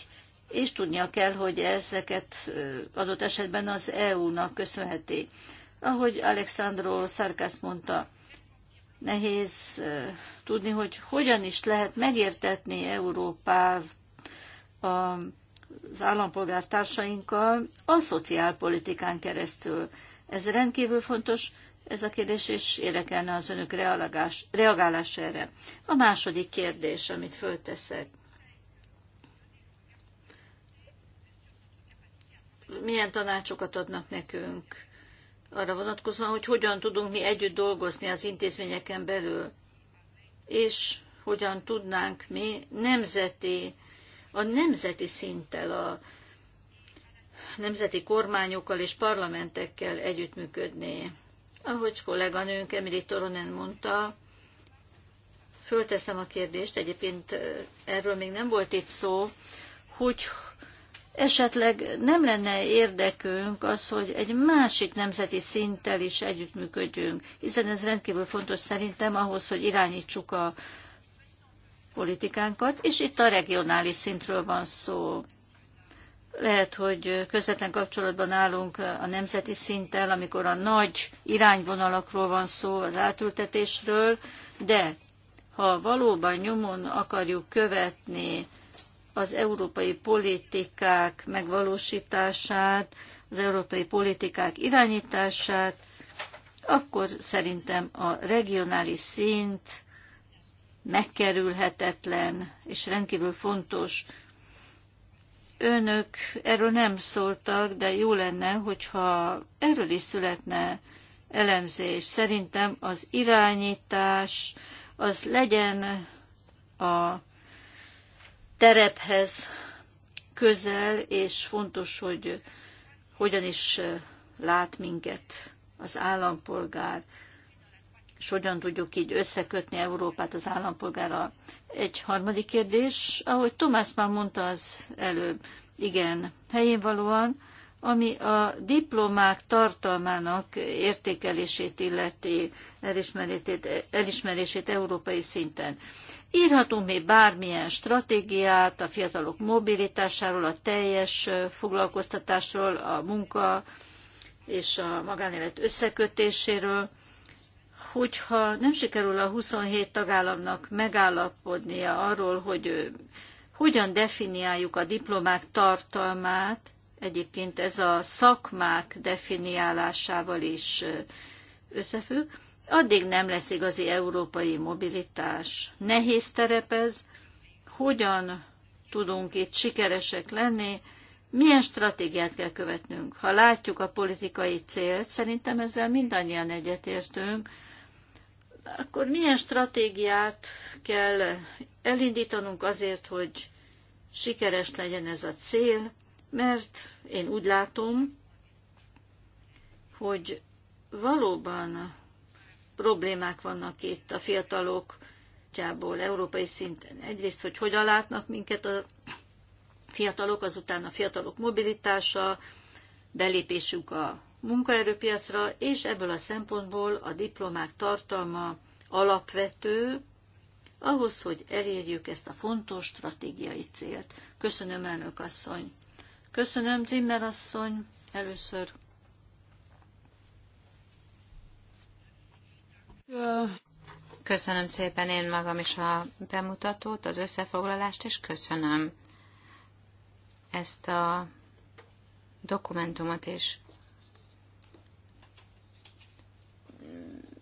és tudnia kell, hogy ezeket adott esetben az EU-nak köszönheti. Ahogy Alexandro Sarkász mondta, nehéz tudni, hogy hogyan is lehet megértetni Európát az állampolgártársainkkal a szociálpolitikán keresztül. Ez rendkívül fontos, ez a kérdés, és érdekelne az önök reagálás, erre. A második kérdés, amit fölteszek. Milyen tanácsokat adnak nekünk arra vonatkozóan, hogy hogyan tudunk mi együtt dolgozni az intézményeken belül, és hogyan tudnánk mi nemzeti, a nemzeti szinttel, a nemzeti kormányokkal és parlamentekkel együttműködni ahogy kolléganőnk Emily Toronen mondta, fölteszem a kérdést, egyébként erről még nem volt itt szó, hogy esetleg nem lenne érdekünk az, hogy egy másik nemzeti szinttel is együttműködjünk, hiszen ez rendkívül fontos szerintem ahhoz, hogy irányítsuk a politikánkat, és itt a regionális szintről van szó lehet, hogy közvetlen kapcsolatban állunk a nemzeti szinttel, amikor a nagy irányvonalakról van szó, az átültetésről, de ha valóban nyomon akarjuk követni az európai politikák megvalósítását, az európai politikák irányítását, akkor szerintem a regionális szint megkerülhetetlen és rendkívül fontos önök erről nem szóltak, de jó lenne, hogyha erről is születne elemzés. Szerintem az irányítás az legyen a terephez közel, és fontos, hogy hogyan is lát minket az állampolgár és hogyan tudjuk így összekötni Európát az állampolgárral. Egy harmadik kérdés, ahogy Tomás már mondta az előbb, igen, helyén valóan, ami a diplomák tartalmának értékelését illeti elismerését, elismerését európai szinten. Írhatunk még bármilyen stratégiát a fiatalok mobilitásáról, a teljes foglalkoztatásról, a munka és a magánélet összekötéséről, hogyha nem sikerül a 27 tagállamnak megállapodnia arról, hogy hogyan definiáljuk a diplomák tartalmát, egyébként ez a szakmák definiálásával is összefügg, addig nem lesz igazi európai mobilitás. Nehéz terepez, hogyan tudunk itt sikeresek lenni, milyen stratégiát kell követnünk. Ha látjuk a politikai célt, szerintem ezzel mindannyian egyetértünk, akkor milyen stratégiát kell elindítanunk azért, hogy sikeres legyen ez a cél, mert én úgy látom, hogy valóban problémák vannak itt a fiatalok gyából, európai szinten. Egyrészt, hogy hogyan látnak minket a fiatalok, azután a fiatalok mobilitása, belépésük a munkaerőpiacra, és ebből a szempontból a diplomák tartalma alapvető, ahhoz, hogy elérjük ezt a fontos stratégiai célt. Köszönöm, elnök asszony. Köszönöm, Zimmer asszony, először. Köszönöm szépen én magam is a bemutatót, az összefoglalást, és köszönöm ezt a dokumentumot is.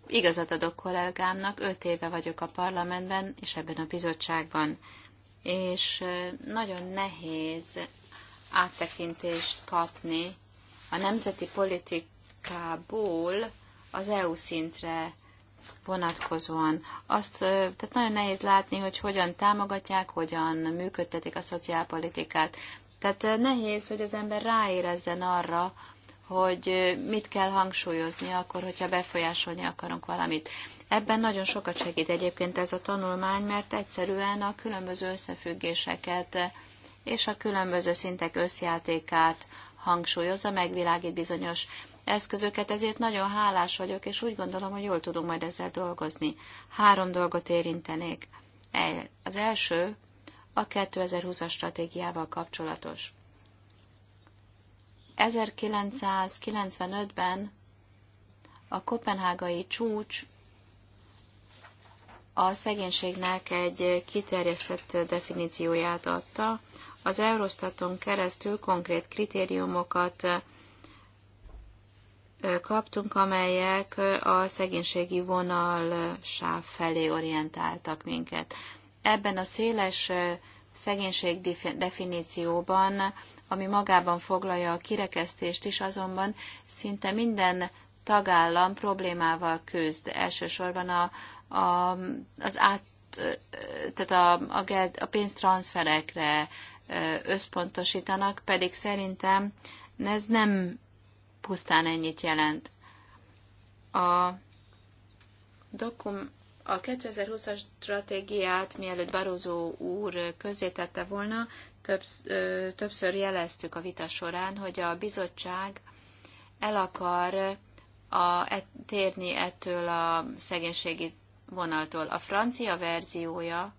Igazat adok kollégámnak, öt éve vagyok a parlamentben és ebben a bizottságban, és nagyon nehéz áttekintést kapni a nemzeti politikából az EU szintre vonatkozóan. Azt, tehát nagyon nehéz látni, hogy hogyan támogatják, hogyan működtetik a szociálpolitikát. Tehát nehéz, hogy az ember ráérezzen arra, hogy mit kell hangsúlyozni akkor, hogyha befolyásolni akarunk valamit. Ebben nagyon sokat segít egyébként ez a tanulmány, mert egyszerűen a különböző összefüggéseket és a különböző szintek összjátékát hangsúlyozza, megvilágít bizonyos eszközöket, ezért nagyon hálás vagyok, és úgy gondolom, hogy jól tudunk majd ezzel dolgozni. Három dolgot érintenék. Az első a 2020-as stratégiával kapcsolatos. 1995-ben a kopenhágai csúcs a szegénységnek egy kiterjesztett definícióját adta. Az Eurostaton keresztül konkrét kritériumokat kaptunk, amelyek a szegénységi vonal sáv felé orientáltak minket. Ebben a széles szegénység definícióban, ami magában foglalja a kirekesztést is, azonban szinte minden tagállam problémával küzd. Elsősorban a, a, az át, tehát a, a, a pénztranszferekre összpontosítanak, pedig szerintem ez nem pusztán ennyit jelent. A dokum, a 2020-as stratégiát, mielőtt Barózó úr közzétette volna, többször jeleztük a vita során, hogy a bizottság el akar a, et, térni ettől a szegénységi vonaltól. A francia verziója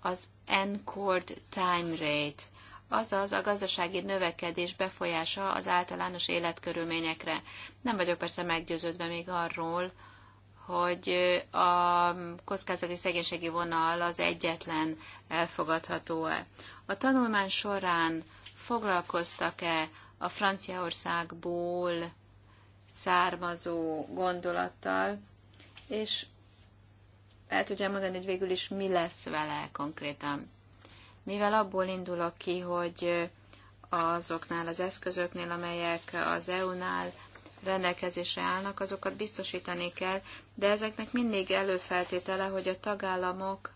az n time rate azaz a gazdasági növekedés befolyása az általános életkörülményekre. Nem vagyok persze meggyőződve még arról, hogy a kockázati szegénységi vonal az egyetlen elfogadható-e. A tanulmány során foglalkoztak-e a Franciaországból származó gondolattal, és el tudja mondani, hogy végül is mi lesz vele konkrétan. Mivel abból indulok ki, hogy azoknál az eszközöknél, amelyek az EU-nál rendelkezésre állnak, azokat biztosítani kell, de ezeknek mindig előfeltétele, hogy a tagállamok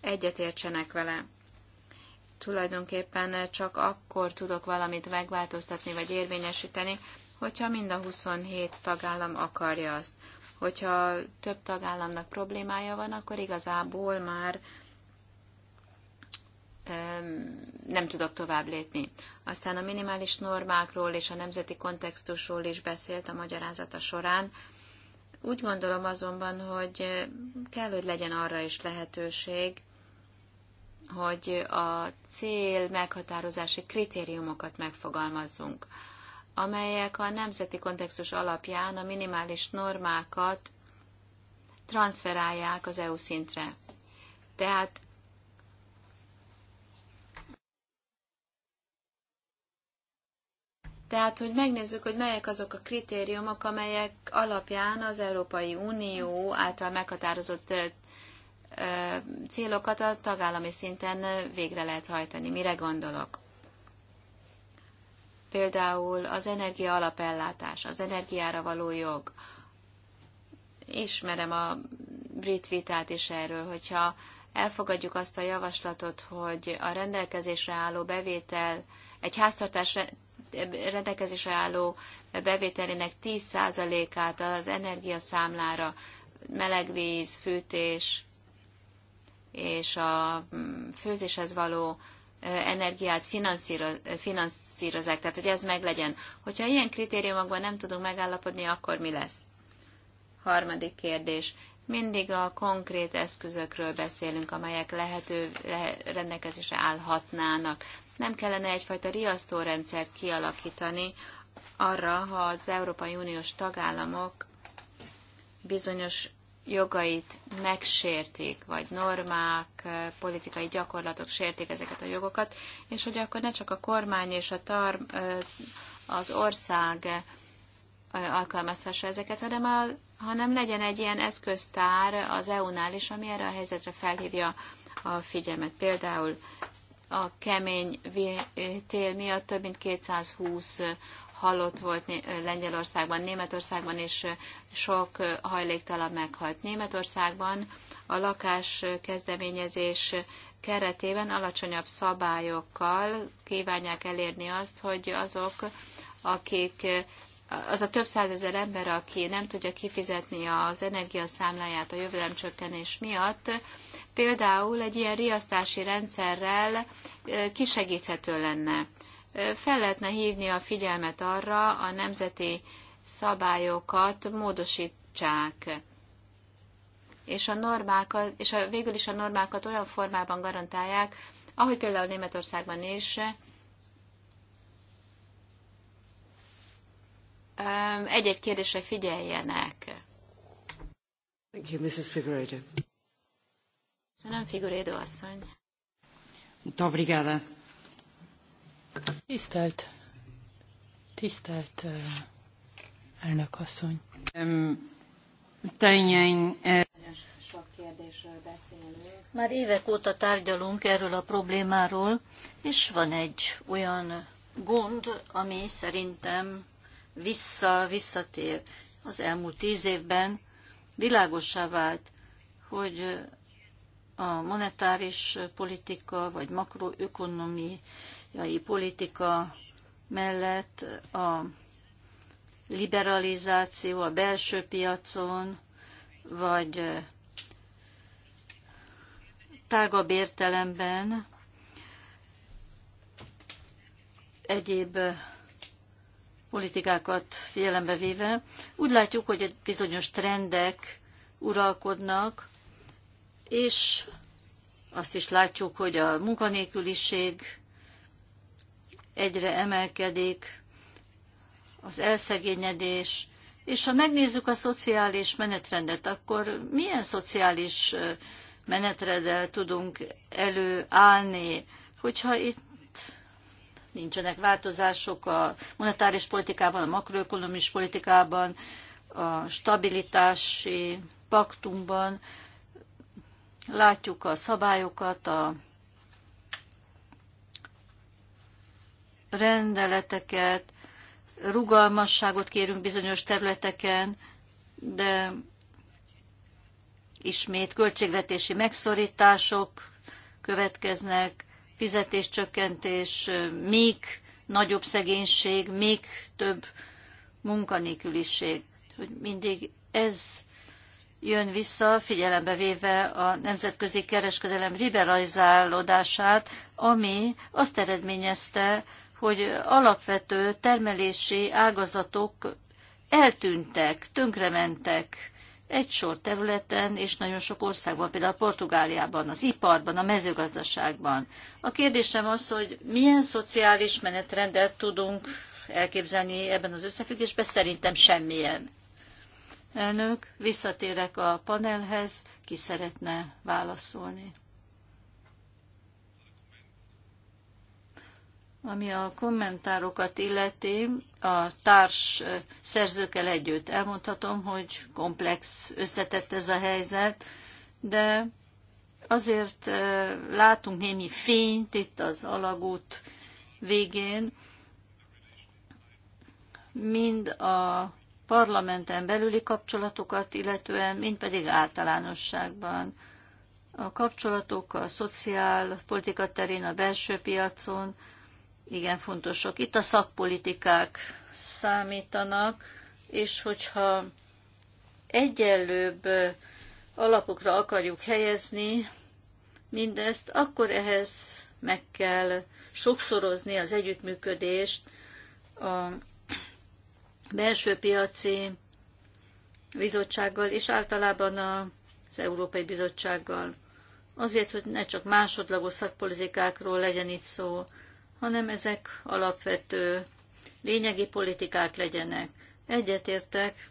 egyetértsenek vele. Tulajdonképpen csak akkor tudok valamit megváltoztatni vagy érvényesíteni, hogyha mind a 27 tagállam akarja azt. Hogyha több tagállamnak problémája van, akkor igazából már nem tudok tovább lépni. Aztán a minimális normákról és a nemzeti kontextusról is beszélt a magyarázata során. Úgy gondolom azonban, hogy kell, hogy legyen arra is lehetőség, hogy a cél meghatározási kritériumokat megfogalmazzunk, amelyek a nemzeti kontextus alapján a minimális normákat transferálják az EU szintre. Tehát Tehát, hogy megnézzük, hogy melyek azok a kritériumok, amelyek alapján az Európai Unió által meghatározott célokat a tagállami szinten végre lehet hajtani. Mire gondolok? Például az energia alapellátás, az energiára való jog. Ismerem a brit vitát is erről, hogyha elfogadjuk azt a javaslatot, hogy a rendelkezésre álló bevétel, egy háztartás rendelkezésre álló bevételének 10%-át az energiaszámlára, melegvíz, fűtés és a mm, főzéshez való energiát finanszírozák. tehát hogy ez meglegyen. Hogyha ilyen kritériumokban nem tudunk megállapodni, akkor mi lesz? Harmadik kérdés. Mindig a konkrét eszközökről beszélünk, amelyek lehető rendelkezésre állhatnának nem kellene egyfajta riasztórendszert kialakítani arra, ha az Európai Uniós tagállamok bizonyos jogait megsértik, vagy normák, politikai gyakorlatok sértik ezeket a jogokat, és hogy akkor ne csak a kormány és a tar, az ország alkalmazhassa ezeket, hanem, a, hanem legyen egy ilyen eszköztár az EU-nál is, ami erre a helyzetre felhívja a figyelmet. Például a kemény tél miatt több mint 220 halott volt Lengyelországban, Németországban, és sok hajléktalan meghalt. Németországban a lakás kezdeményezés keretében alacsonyabb szabályokkal kívánják elérni azt, hogy azok, akik az a több százezer ember, aki nem tudja kifizetni az energiaszámláját a jövedelemcsökkenés miatt, Például egy ilyen riasztási rendszerrel kisegíthető lenne. Fel lehetne hívni a figyelmet arra, a nemzeti szabályokat módosítsák, és a normákat, és a, végül is a normákat olyan formában garantálják, ahogy például Németországban is, egy-egy kérdésre figyeljenek. Thank you, Mrs. Figueredo. Köszönöm, Figurédő asszony. Obrigada. Tisztelt, tisztelt uh, elnök asszony. Um, tenyen, uh... Már évek óta tárgyalunk erről a problémáról, és van egy olyan gond, ami szerintem vissza-visszatér. Az elmúlt tíz évben világosá vált, hogy a monetáris politika vagy makroökonomiai politika mellett a liberalizáció a belső piacon, vagy tágabb értelemben egyéb politikákat figyelembe véve, úgy látjuk, hogy bizonyos trendek uralkodnak, és azt is látjuk, hogy a munkanélküliség egyre emelkedik, az elszegényedés, és ha megnézzük a szociális menetrendet, akkor milyen szociális menetreddel tudunk előállni, hogyha itt nincsenek változások a monetáris politikában, a makroökonomis politikában, a stabilitási paktumban, Látjuk a szabályokat, a rendeleteket, rugalmasságot kérünk bizonyos területeken, de ismét költségvetési megszorítások következnek, fizetéscsökkentés, még nagyobb szegénység, még több munkanélküliség. Hogy mindig ez jön vissza, figyelembe véve a nemzetközi kereskedelem liberalizálódását, ami azt eredményezte, hogy alapvető termelési ágazatok eltűntek, tönkrementek egy sor területen és nagyon sok országban, például Portugáliában, az iparban, a mezőgazdaságban. A kérdésem az, hogy milyen szociális menetrendet tudunk elképzelni ebben az összefüggésben, szerintem semmilyen. Elnök, visszatérek a panelhez, ki szeretne válaszolni. Ami a kommentárokat illeti, a társ szerzőkkel együtt elmondhatom, hogy komplex, összetett ez a helyzet, de azért látunk némi fényt itt az alagút végén, mind a parlamenten belüli kapcsolatokat, illetően mind pedig általánosságban. A kapcsolatok a politika terén, a belső piacon igen fontosak. Itt a szakpolitikák számítanak, és hogyha egyenlőbb alapokra akarjuk helyezni mindezt, akkor ehhez meg kell sokszorozni az együttműködést a belső piaci bizottsággal, és általában az Európai Bizottsággal. Azért, hogy ne csak másodlagos szakpolitikákról legyen itt szó, hanem ezek alapvető, lényegi politikák legyenek. Egyetértek,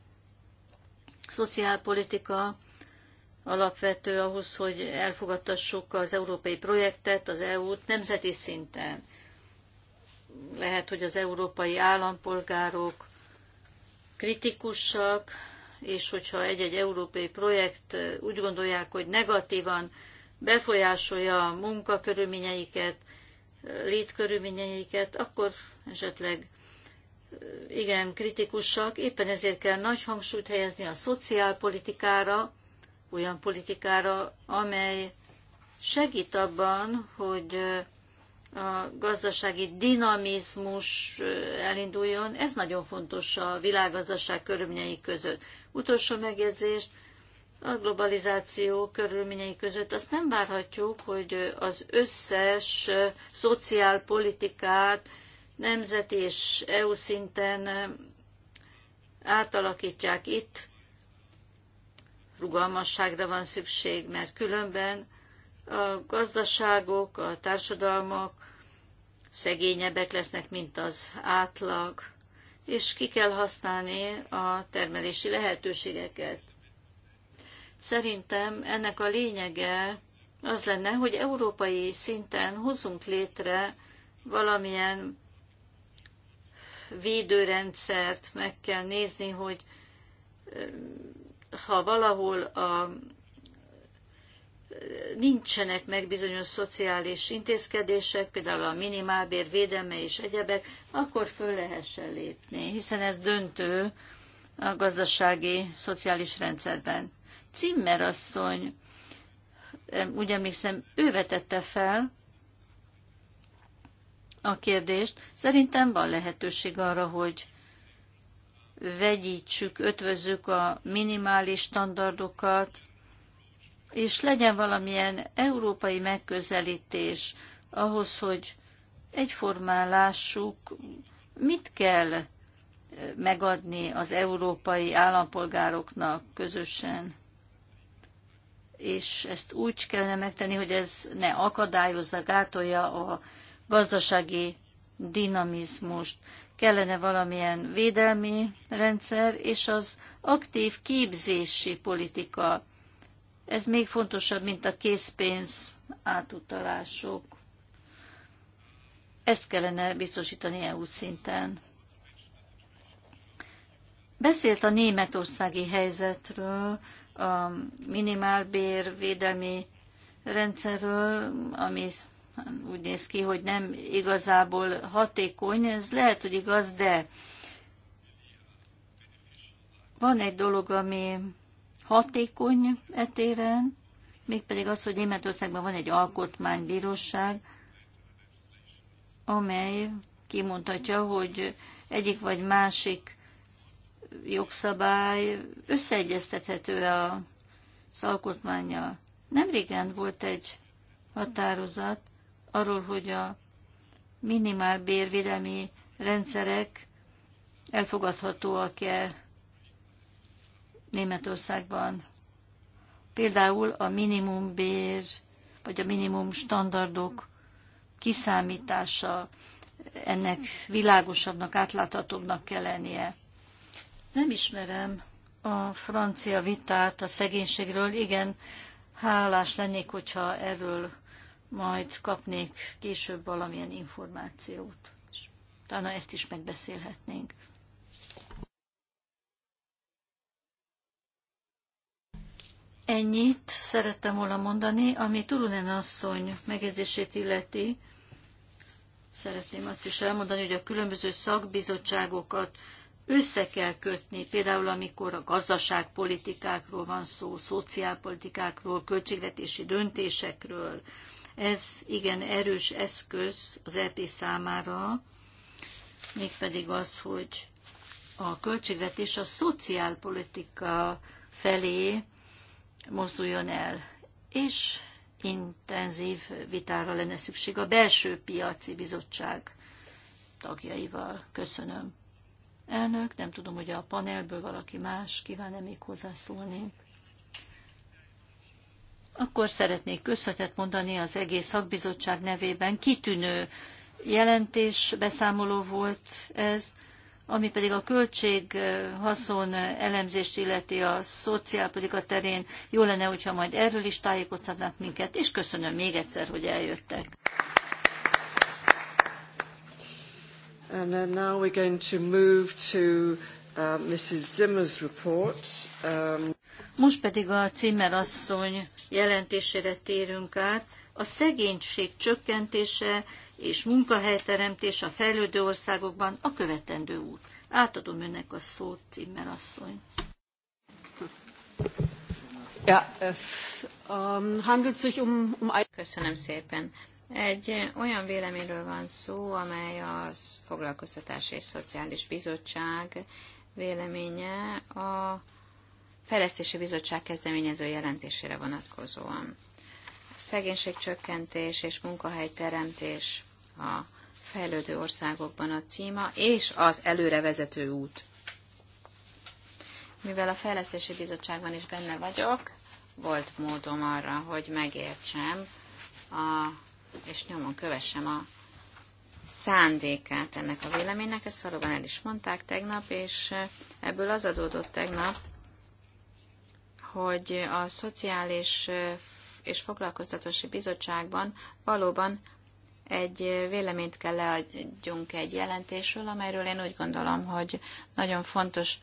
szociálpolitika alapvető ahhoz, hogy elfogadtassuk az európai projektet, az EU-t nemzeti szinten. Lehet, hogy az európai állampolgárok kritikusak, és hogyha egy-egy európai projekt úgy gondolják, hogy negatívan befolyásolja a munkakörülményeiket, létkörülményeiket, akkor esetleg igen kritikusak. Éppen ezért kell nagy hangsúlyt helyezni a szociálpolitikára, olyan politikára, amely segít abban, hogy a gazdasági dinamizmus elinduljon. Ez nagyon fontos a világgazdaság körülményei között. Utolsó megjegyzést, a globalizáció körülményei között azt nem várhatjuk, hogy az összes szociálpolitikát nemzeti és EU szinten átalakítják itt. Rugalmasságra van szükség, mert különben a gazdaságok, a társadalmak szegényebbek lesznek, mint az átlag, és ki kell használni a termelési lehetőségeket. Szerintem ennek a lényege az lenne, hogy európai szinten hozzunk létre valamilyen védőrendszert, meg kell nézni, hogy ha valahol a nincsenek meg bizonyos szociális intézkedések, például a minimálbér védelme és egyebek, akkor föl lehessen lépni, hiszen ez döntő a gazdasági, szociális rendszerben. Cimmer asszony, úgy emlékszem, ő vetette fel a kérdést. Szerintem van lehetőség arra, hogy vegyítsük, ötvözzük a minimális standardokat, és legyen valamilyen európai megközelítés ahhoz, hogy lássuk, mit kell eh, megadni az európai állampolgároknak közösen. És ezt úgy kellene megtenni, hogy ez ne akadályozza, gátolja a gazdasági dinamizmust. Kellene valamilyen védelmi rendszer, és az aktív képzési politika ez még fontosabb, mint a készpénz átutalások. Ezt kellene biztosítani EU szinten. Beszélt a németországi helyzetről, a minimálbér védelmi rendszerről, ami úgy néz ki, hogy nem igazából hatékony, ez lehet, hogy igaz, de van egy dolog, ami hatékony etéren, mégpedig az, hogy Németországban van egy alkotmánybíróság, amely kimutatja, hogy egyik vagy másik jogszabály összeegyeztethető az alkotmányjal. Nemrégen volt egy határozat arról, hogy a minimál bérvédelmi rendszerek elfogadhatóak-e Németországban. Például a minimumbér vagy a minimum standardok kiszámítása ennek világosabbnak, átláthatóbbnak kell lennie. Nem ismerem a francia vitát a szegénységről. Igen, hálás lennék, hogyha erről majd kapnék később valamilyen információt. És talán ezt is megbeszélhetnénk. Ennyit szerettem volna mondani, ami Turunen asszony megjegyzését illeti. Szeretném azt is elmondani, hogy a különböző szakbizottságokat össze kell kötni, például amikor a gazdaságpolitikákról van szó, szociálpolitikákról, költségvetési döntésekről. Ez igen erős eszköz az EP számára, mégpedig az, hogy a költségvetés a szociálpolitika felé mozduljon el, és intenzív vitára lenne szükség a belső piaci bizottság tagjaival. Köszönöm. Elnök, nem tudom, hogy a panelből valaki más kíván-e még hozzászólni. Akkor szeretnék köszönetet mondani az egész szakbizottság nevében. Kitűnő jelentés beszámoló volt ez. Ami pedig a költség haszon elemzést illeti a szociálpolitika terén, jó lenne, hogyha majd erről is tájékoztatnak minket, és köszönöm még egyszer, hogy eljöttek. And then now we're going to move to uh, Mrs. Zimmer's report. Um... Most pedig a Zimmer asszony jelentésére térünk át. A szegénység csökkentése és munkahelyteremtés a fejlődő országokban a követendő út. Átadom önnek a szót, Cimmer asszony. Ja, es, um, handelt sich um, um... Köszönöm szépen. Egy olyan véleményről van szó, amely az Foglalkoztatási és Szociális Bizottság véleménye a Fejlesztési Bizottság kezdeményező jelentésére vonatkozóan. csökkentés és munkahelyteremtés a fejlődő országokban a címa, és az előrevezető út. Mivel a Fejlesztési Bizottságban is benne vagyok, volt módom arra, hogy megértsem, a, és nyomon kövessem a szándékát ennek a véleménynek. Ezt valóban el is mondták tegnap, és ebből az adódott tegnap, hogy a Szociális és Foglalkoztatási Bizottságban valóban egy véleményt kell leadjunk egy jelentésről, amelyről én úgy gondolom, hogy nagyon fontos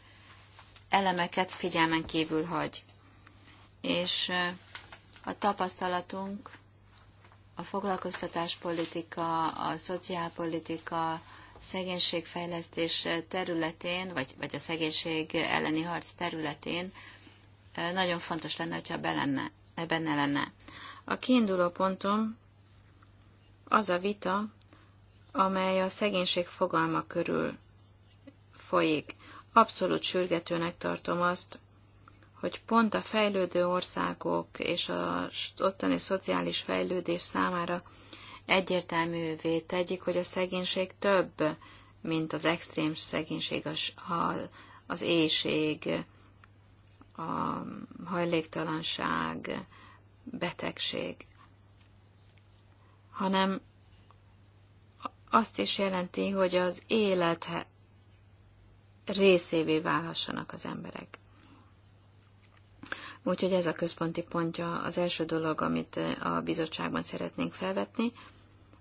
elemeket figyelmen kívül hagy. És eh, a tapasztalatunk, a foglalkoztatáspolitika, a szociálpolitika, szegénységfejlesztés területén, vagy, vagy a szegénység elleni harc területén eh, nagyon fontos lenne, hogyha be lenne, benne lenne. A kiinduló pontom az a vita, amely a szegénység fogalma körül folyik. Abszolút sürgetőnek tartom azt, hogy pont a fejlődő országok és az ottani szociális fejlődés számára egyértelművé tegyik, hogy a szegénység több, mint az extrém szegénység, az, az éjség, a hajléktalanság, betegség hanem azt is jelenti, hogy az élet részévé válhassanak az emberek. Úgyhogy ez a központi pontja az első dolog, amit eh, a bizottságban szeretnénk felvetni,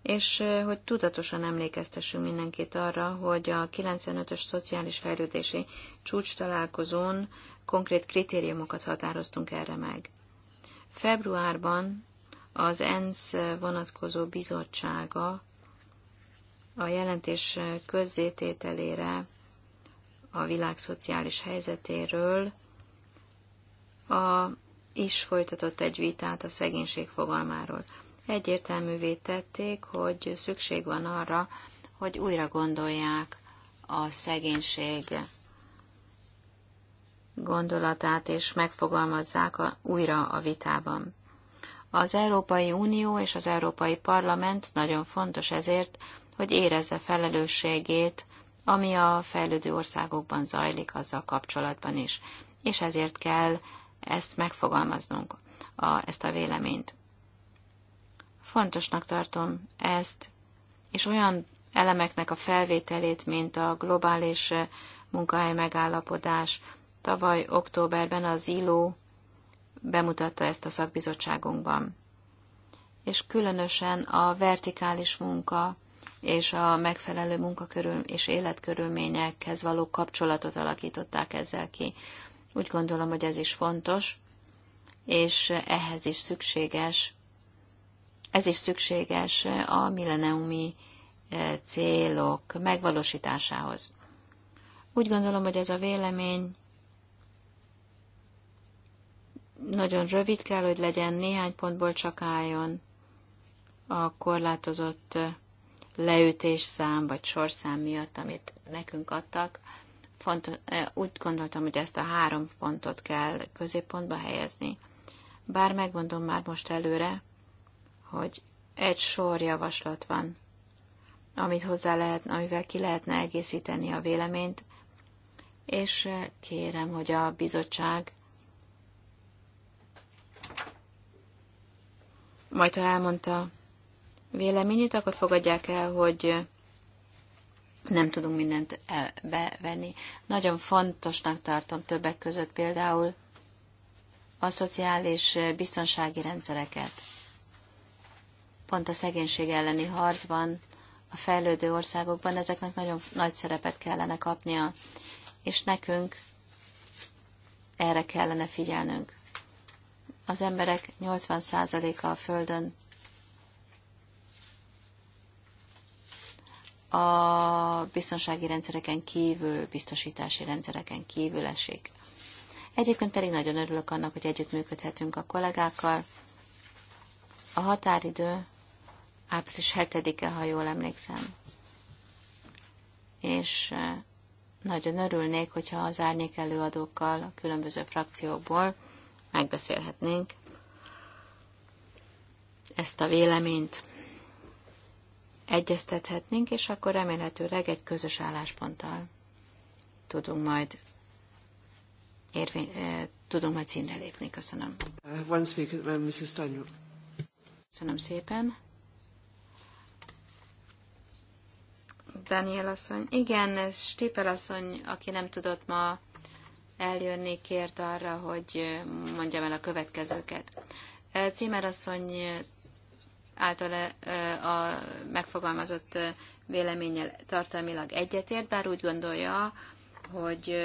és eh, hogy tudatosan emlékeztessünk mindenkit arra, hogy a 95-ös szociális fejlődési csúcs találkozón konkrét kritériumokat határoztunk erre meg. Februárban az ENSZ vonatkozó bizottsága a jelentés közzétételére a világ szociális helyzetéről a, is folytatott egy vitát a szegénység fogalmáról. Egyértelművé tették, hogy szükség van arra, hogy újra gondolják a szegénység gondolatát, és megfogalmazzák a, újra a vitában. Az Európai Unió és az Európai Parlament nagyon fontos ezért, hogy érezze felelősségét, ami a fejlődő országokban zajlik azzal kapcsolatban is. És ezért kell ezt megfogalmaznunk, a, ezt a véleményt. Fontosnak tartom ezt, és olyan elemeknek a felvételét, mint a globális eh, munkahely megállapodás. Tavaly októberben az ILO bemutatta ezt a szakbizottságunkban. És különösen a vertikális munka és a megfelelő munkakörül és életkörülményekhez való kapcsolatot alakították ezzel ki. Úgy gondolom, hogy ez is fontos, és ehhez is szükséges, ez is szükséges a milleniumi e, célok megvalósításához. Úgy gondolom, hogy ez a vélemény nagyon rövid kell, hogy legyen, néhány pontból csak álljon a korlátozott leütés szám vagy sorszám miatt, amit nekünk adtak. Font, úgy gondoltam, hogy ezt a három pontot kell középpontba helyezni. Bár megmondom már most előre, hogy egy sor javaslat van, amit hozzá lehet, amivel ki lehetne egészíteni a véleményt, és kérem, hogy a bizottság majd ha elmondta véleményét, akkor fogadják el, hogy nem tudunk mindent e, bevenni. Nagyon fontosnak tartom többek között például a szociális biztonsági rendszereket. Pont a szegénység elleni harcban, a fejlődő országokban ezeknek nagyon nagy szerepet kellene kapnia, és nekünk erre kellene figyelnünk az emberek 80%-a a Földön a biztonsági rendszereken kívül, biztosítási rendszereken kívül esik. Egyébként pedig nagyon örülök annak, hogy együttműködhetünk a kollégákkal. A határidő április 7-e, ha jól emlékszem. És eh, nagyon örülnék, hogyha az árnyék előadókkal a különböző frakciókból megbeszélhetnénk ezt a véleményt. Egyeztethetnénk, és akkor remélhetőleg egy közös állásponttal tudunk majd érvény, eh, tudunk majd színre lépni. Köszönöm. One speaker, uh, Mrs. Tanyu. Köszönöm szépen. Daniel asszony. Igen, ez Stipel asszony, aki nem tudott ma eljönni, kért arra, hogy mondjam el a következőket. Eh, Címerasszony által eh, a megfogalmazott eh, véleménnyel tartalmilag egyetért, bár úgy gondolja, hogy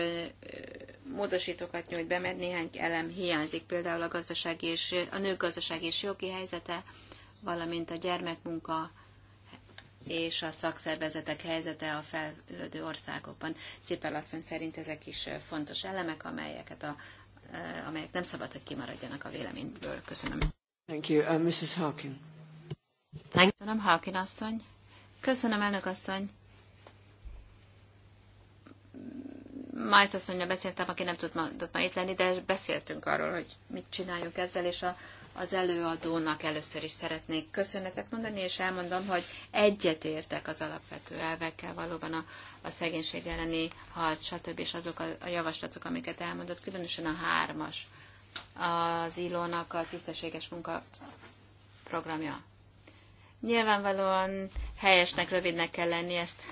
módosítókat nyújt be, mert néhány elem hiányzik, például a, gazdasági és, a nők gazdasági és jogi helyzete, valamint a gyermekmunka és a szakszervezetek helyzete a fejlődő országokban. Szépen asszony szerint ezek is fontos elemek, amelyeket a, amelyek nem szabad, hogy kimaradjanak a véleményből. Köszönöm. Thank you. Uh, Mrs. Harkin. Thank Köszönöm, Harkin asszony. Köszönöm, elnök asszony. Májsz asszonyra beszéltem, aki nem tudott ma, tud ma itt lenni, de beszéltünk arról, hogy mit csináljuk ezzel, és a az előadónak először is szeretnék köszönetet mondani, és elmondom, hogy egyetértek az alapvető elvekkel valóban a, a szegénység elleni harc, stb. és azok a, a javaslatok, amiket elmondott, különösen a hármas, az ilónak a tisztességes munka programja. Nyilvánvalóan helyesnek, rövidnek kell lenni ezt.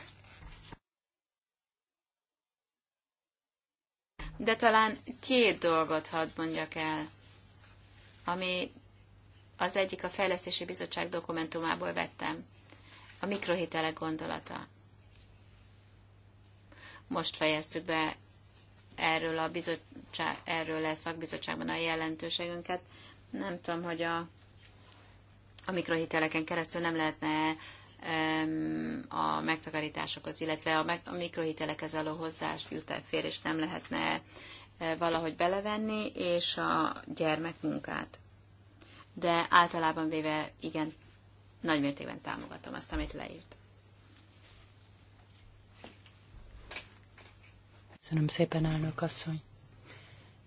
De talán két dolgot hadd mondjak el ami az egyik a Fejlesztési Bizottság dokumentumából vettem, a mikrohitelek gondolata. Most fejeztük be erről a, bizottság, erről a szakbizottságban a jelentőségünket. Nem tudom, hogy a, a mikrohiteleken keresztül nem lehetne a megtakarításokhoz, illetve a, a mikrohitelekhez való hozzáférés nem lehetne Eh, valahogy belevenni, és a gyermek munkát. De általában véve igen, nagymértékben támogatom azt, amit leírt. Köszönöm szépen, elnök asszony.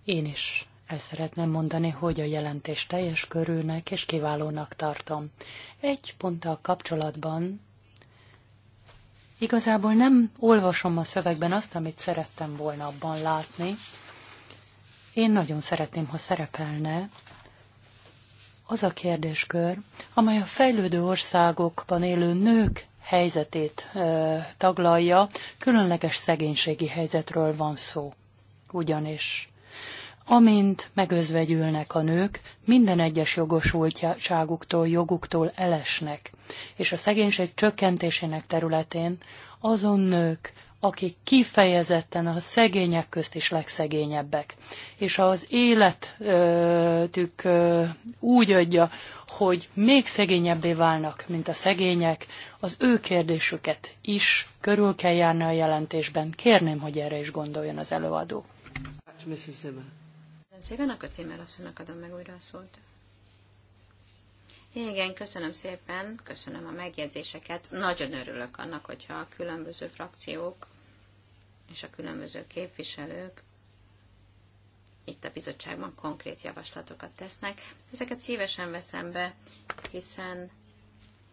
Én is el szeretném mondani, hogy a jelentés teljes körülnek és kiválónak tartom. Egy ponttal kapcsolatban igazából nem olvasom a szövegben azt, amit szerettem volna abban látni, én nagyon szeretném, ha szerepelne az a kérdéskör, amely a fejlődő országokban élő nők helyzetét e, taglalja, különleges szegénységi helyzetről van szó. Ugyanis amint megözvegyülnek a nők, minden egyes jogosultságuktól, joguktól elesnek, és a szegénység csökkentésének területén azon nők, akik kifejezetten a szegények közt is legszegényebbek. És ha az életük úgy adja, hogy még szegényebbé válnak, mint a szegények, az ő kérdésüket is körül kell járni a jelentésben. Kérném, hogy erre is gondoljon az előadó. Köszönöm szépen, akkor Címer asszonynak adom meg újra a szót. Igen, köszönöm szépen, köszönöm a megjegyzéseket. Nagyon örülök annak, hogyha a különböző frakciók és a különböző képviselők itt a bizottságban konkrét javaslatokat tesznek. Ezeket szívesen veszem be, hiszen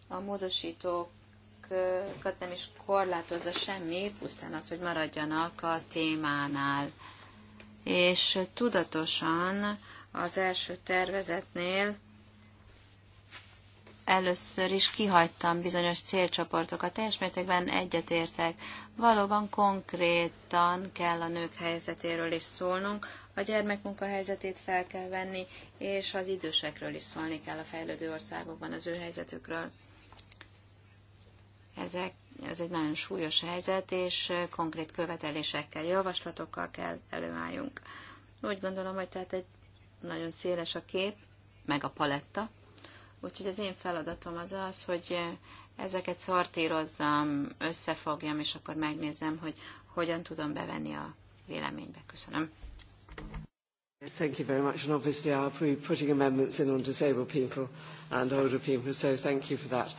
a módosítókat nem is korlátozza semmi, pusztán az, hogy maradjanak a témánál. És tudatosan az első tervezetnél először is kihagytam bizonyos célcsoportokat, teljes mértékben egyetértek. Valóban konkrétan kell a nők helyzetéről is szólnunk, a gyermekmunka helyzetét fel kell venni, és az idősekről is szólni kell a fejlődő országokban az ő helyzetükről. Ezek, ez egy nagyon súlyos helyzet, és konkrét követelésekkel, javaslatokkal kell előálljunk. Úgy gondolom, hogy tehát egy nagyon széles a kép, meg a paletta, Úgyhogy az én feladatom az az, hogy eh, ezeket szortírozzam, összefogjam, és akkor megnézem, hogy hogyan tudom bevenni a véleménybe. Köszönöm. Thank you very much, and obviously I'll be putting amendments in on disabled people and older people, so thank you for that.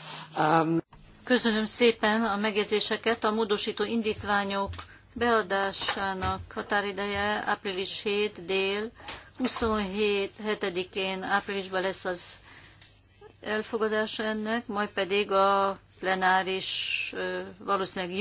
Um... Köszönöm szépen a megjegyzéseket. A módosító indítványok beadásának határideje április 7 dél, 27-én áprilisban lesz az elfogadása ennek, majd pedig a plenáris valószínűleg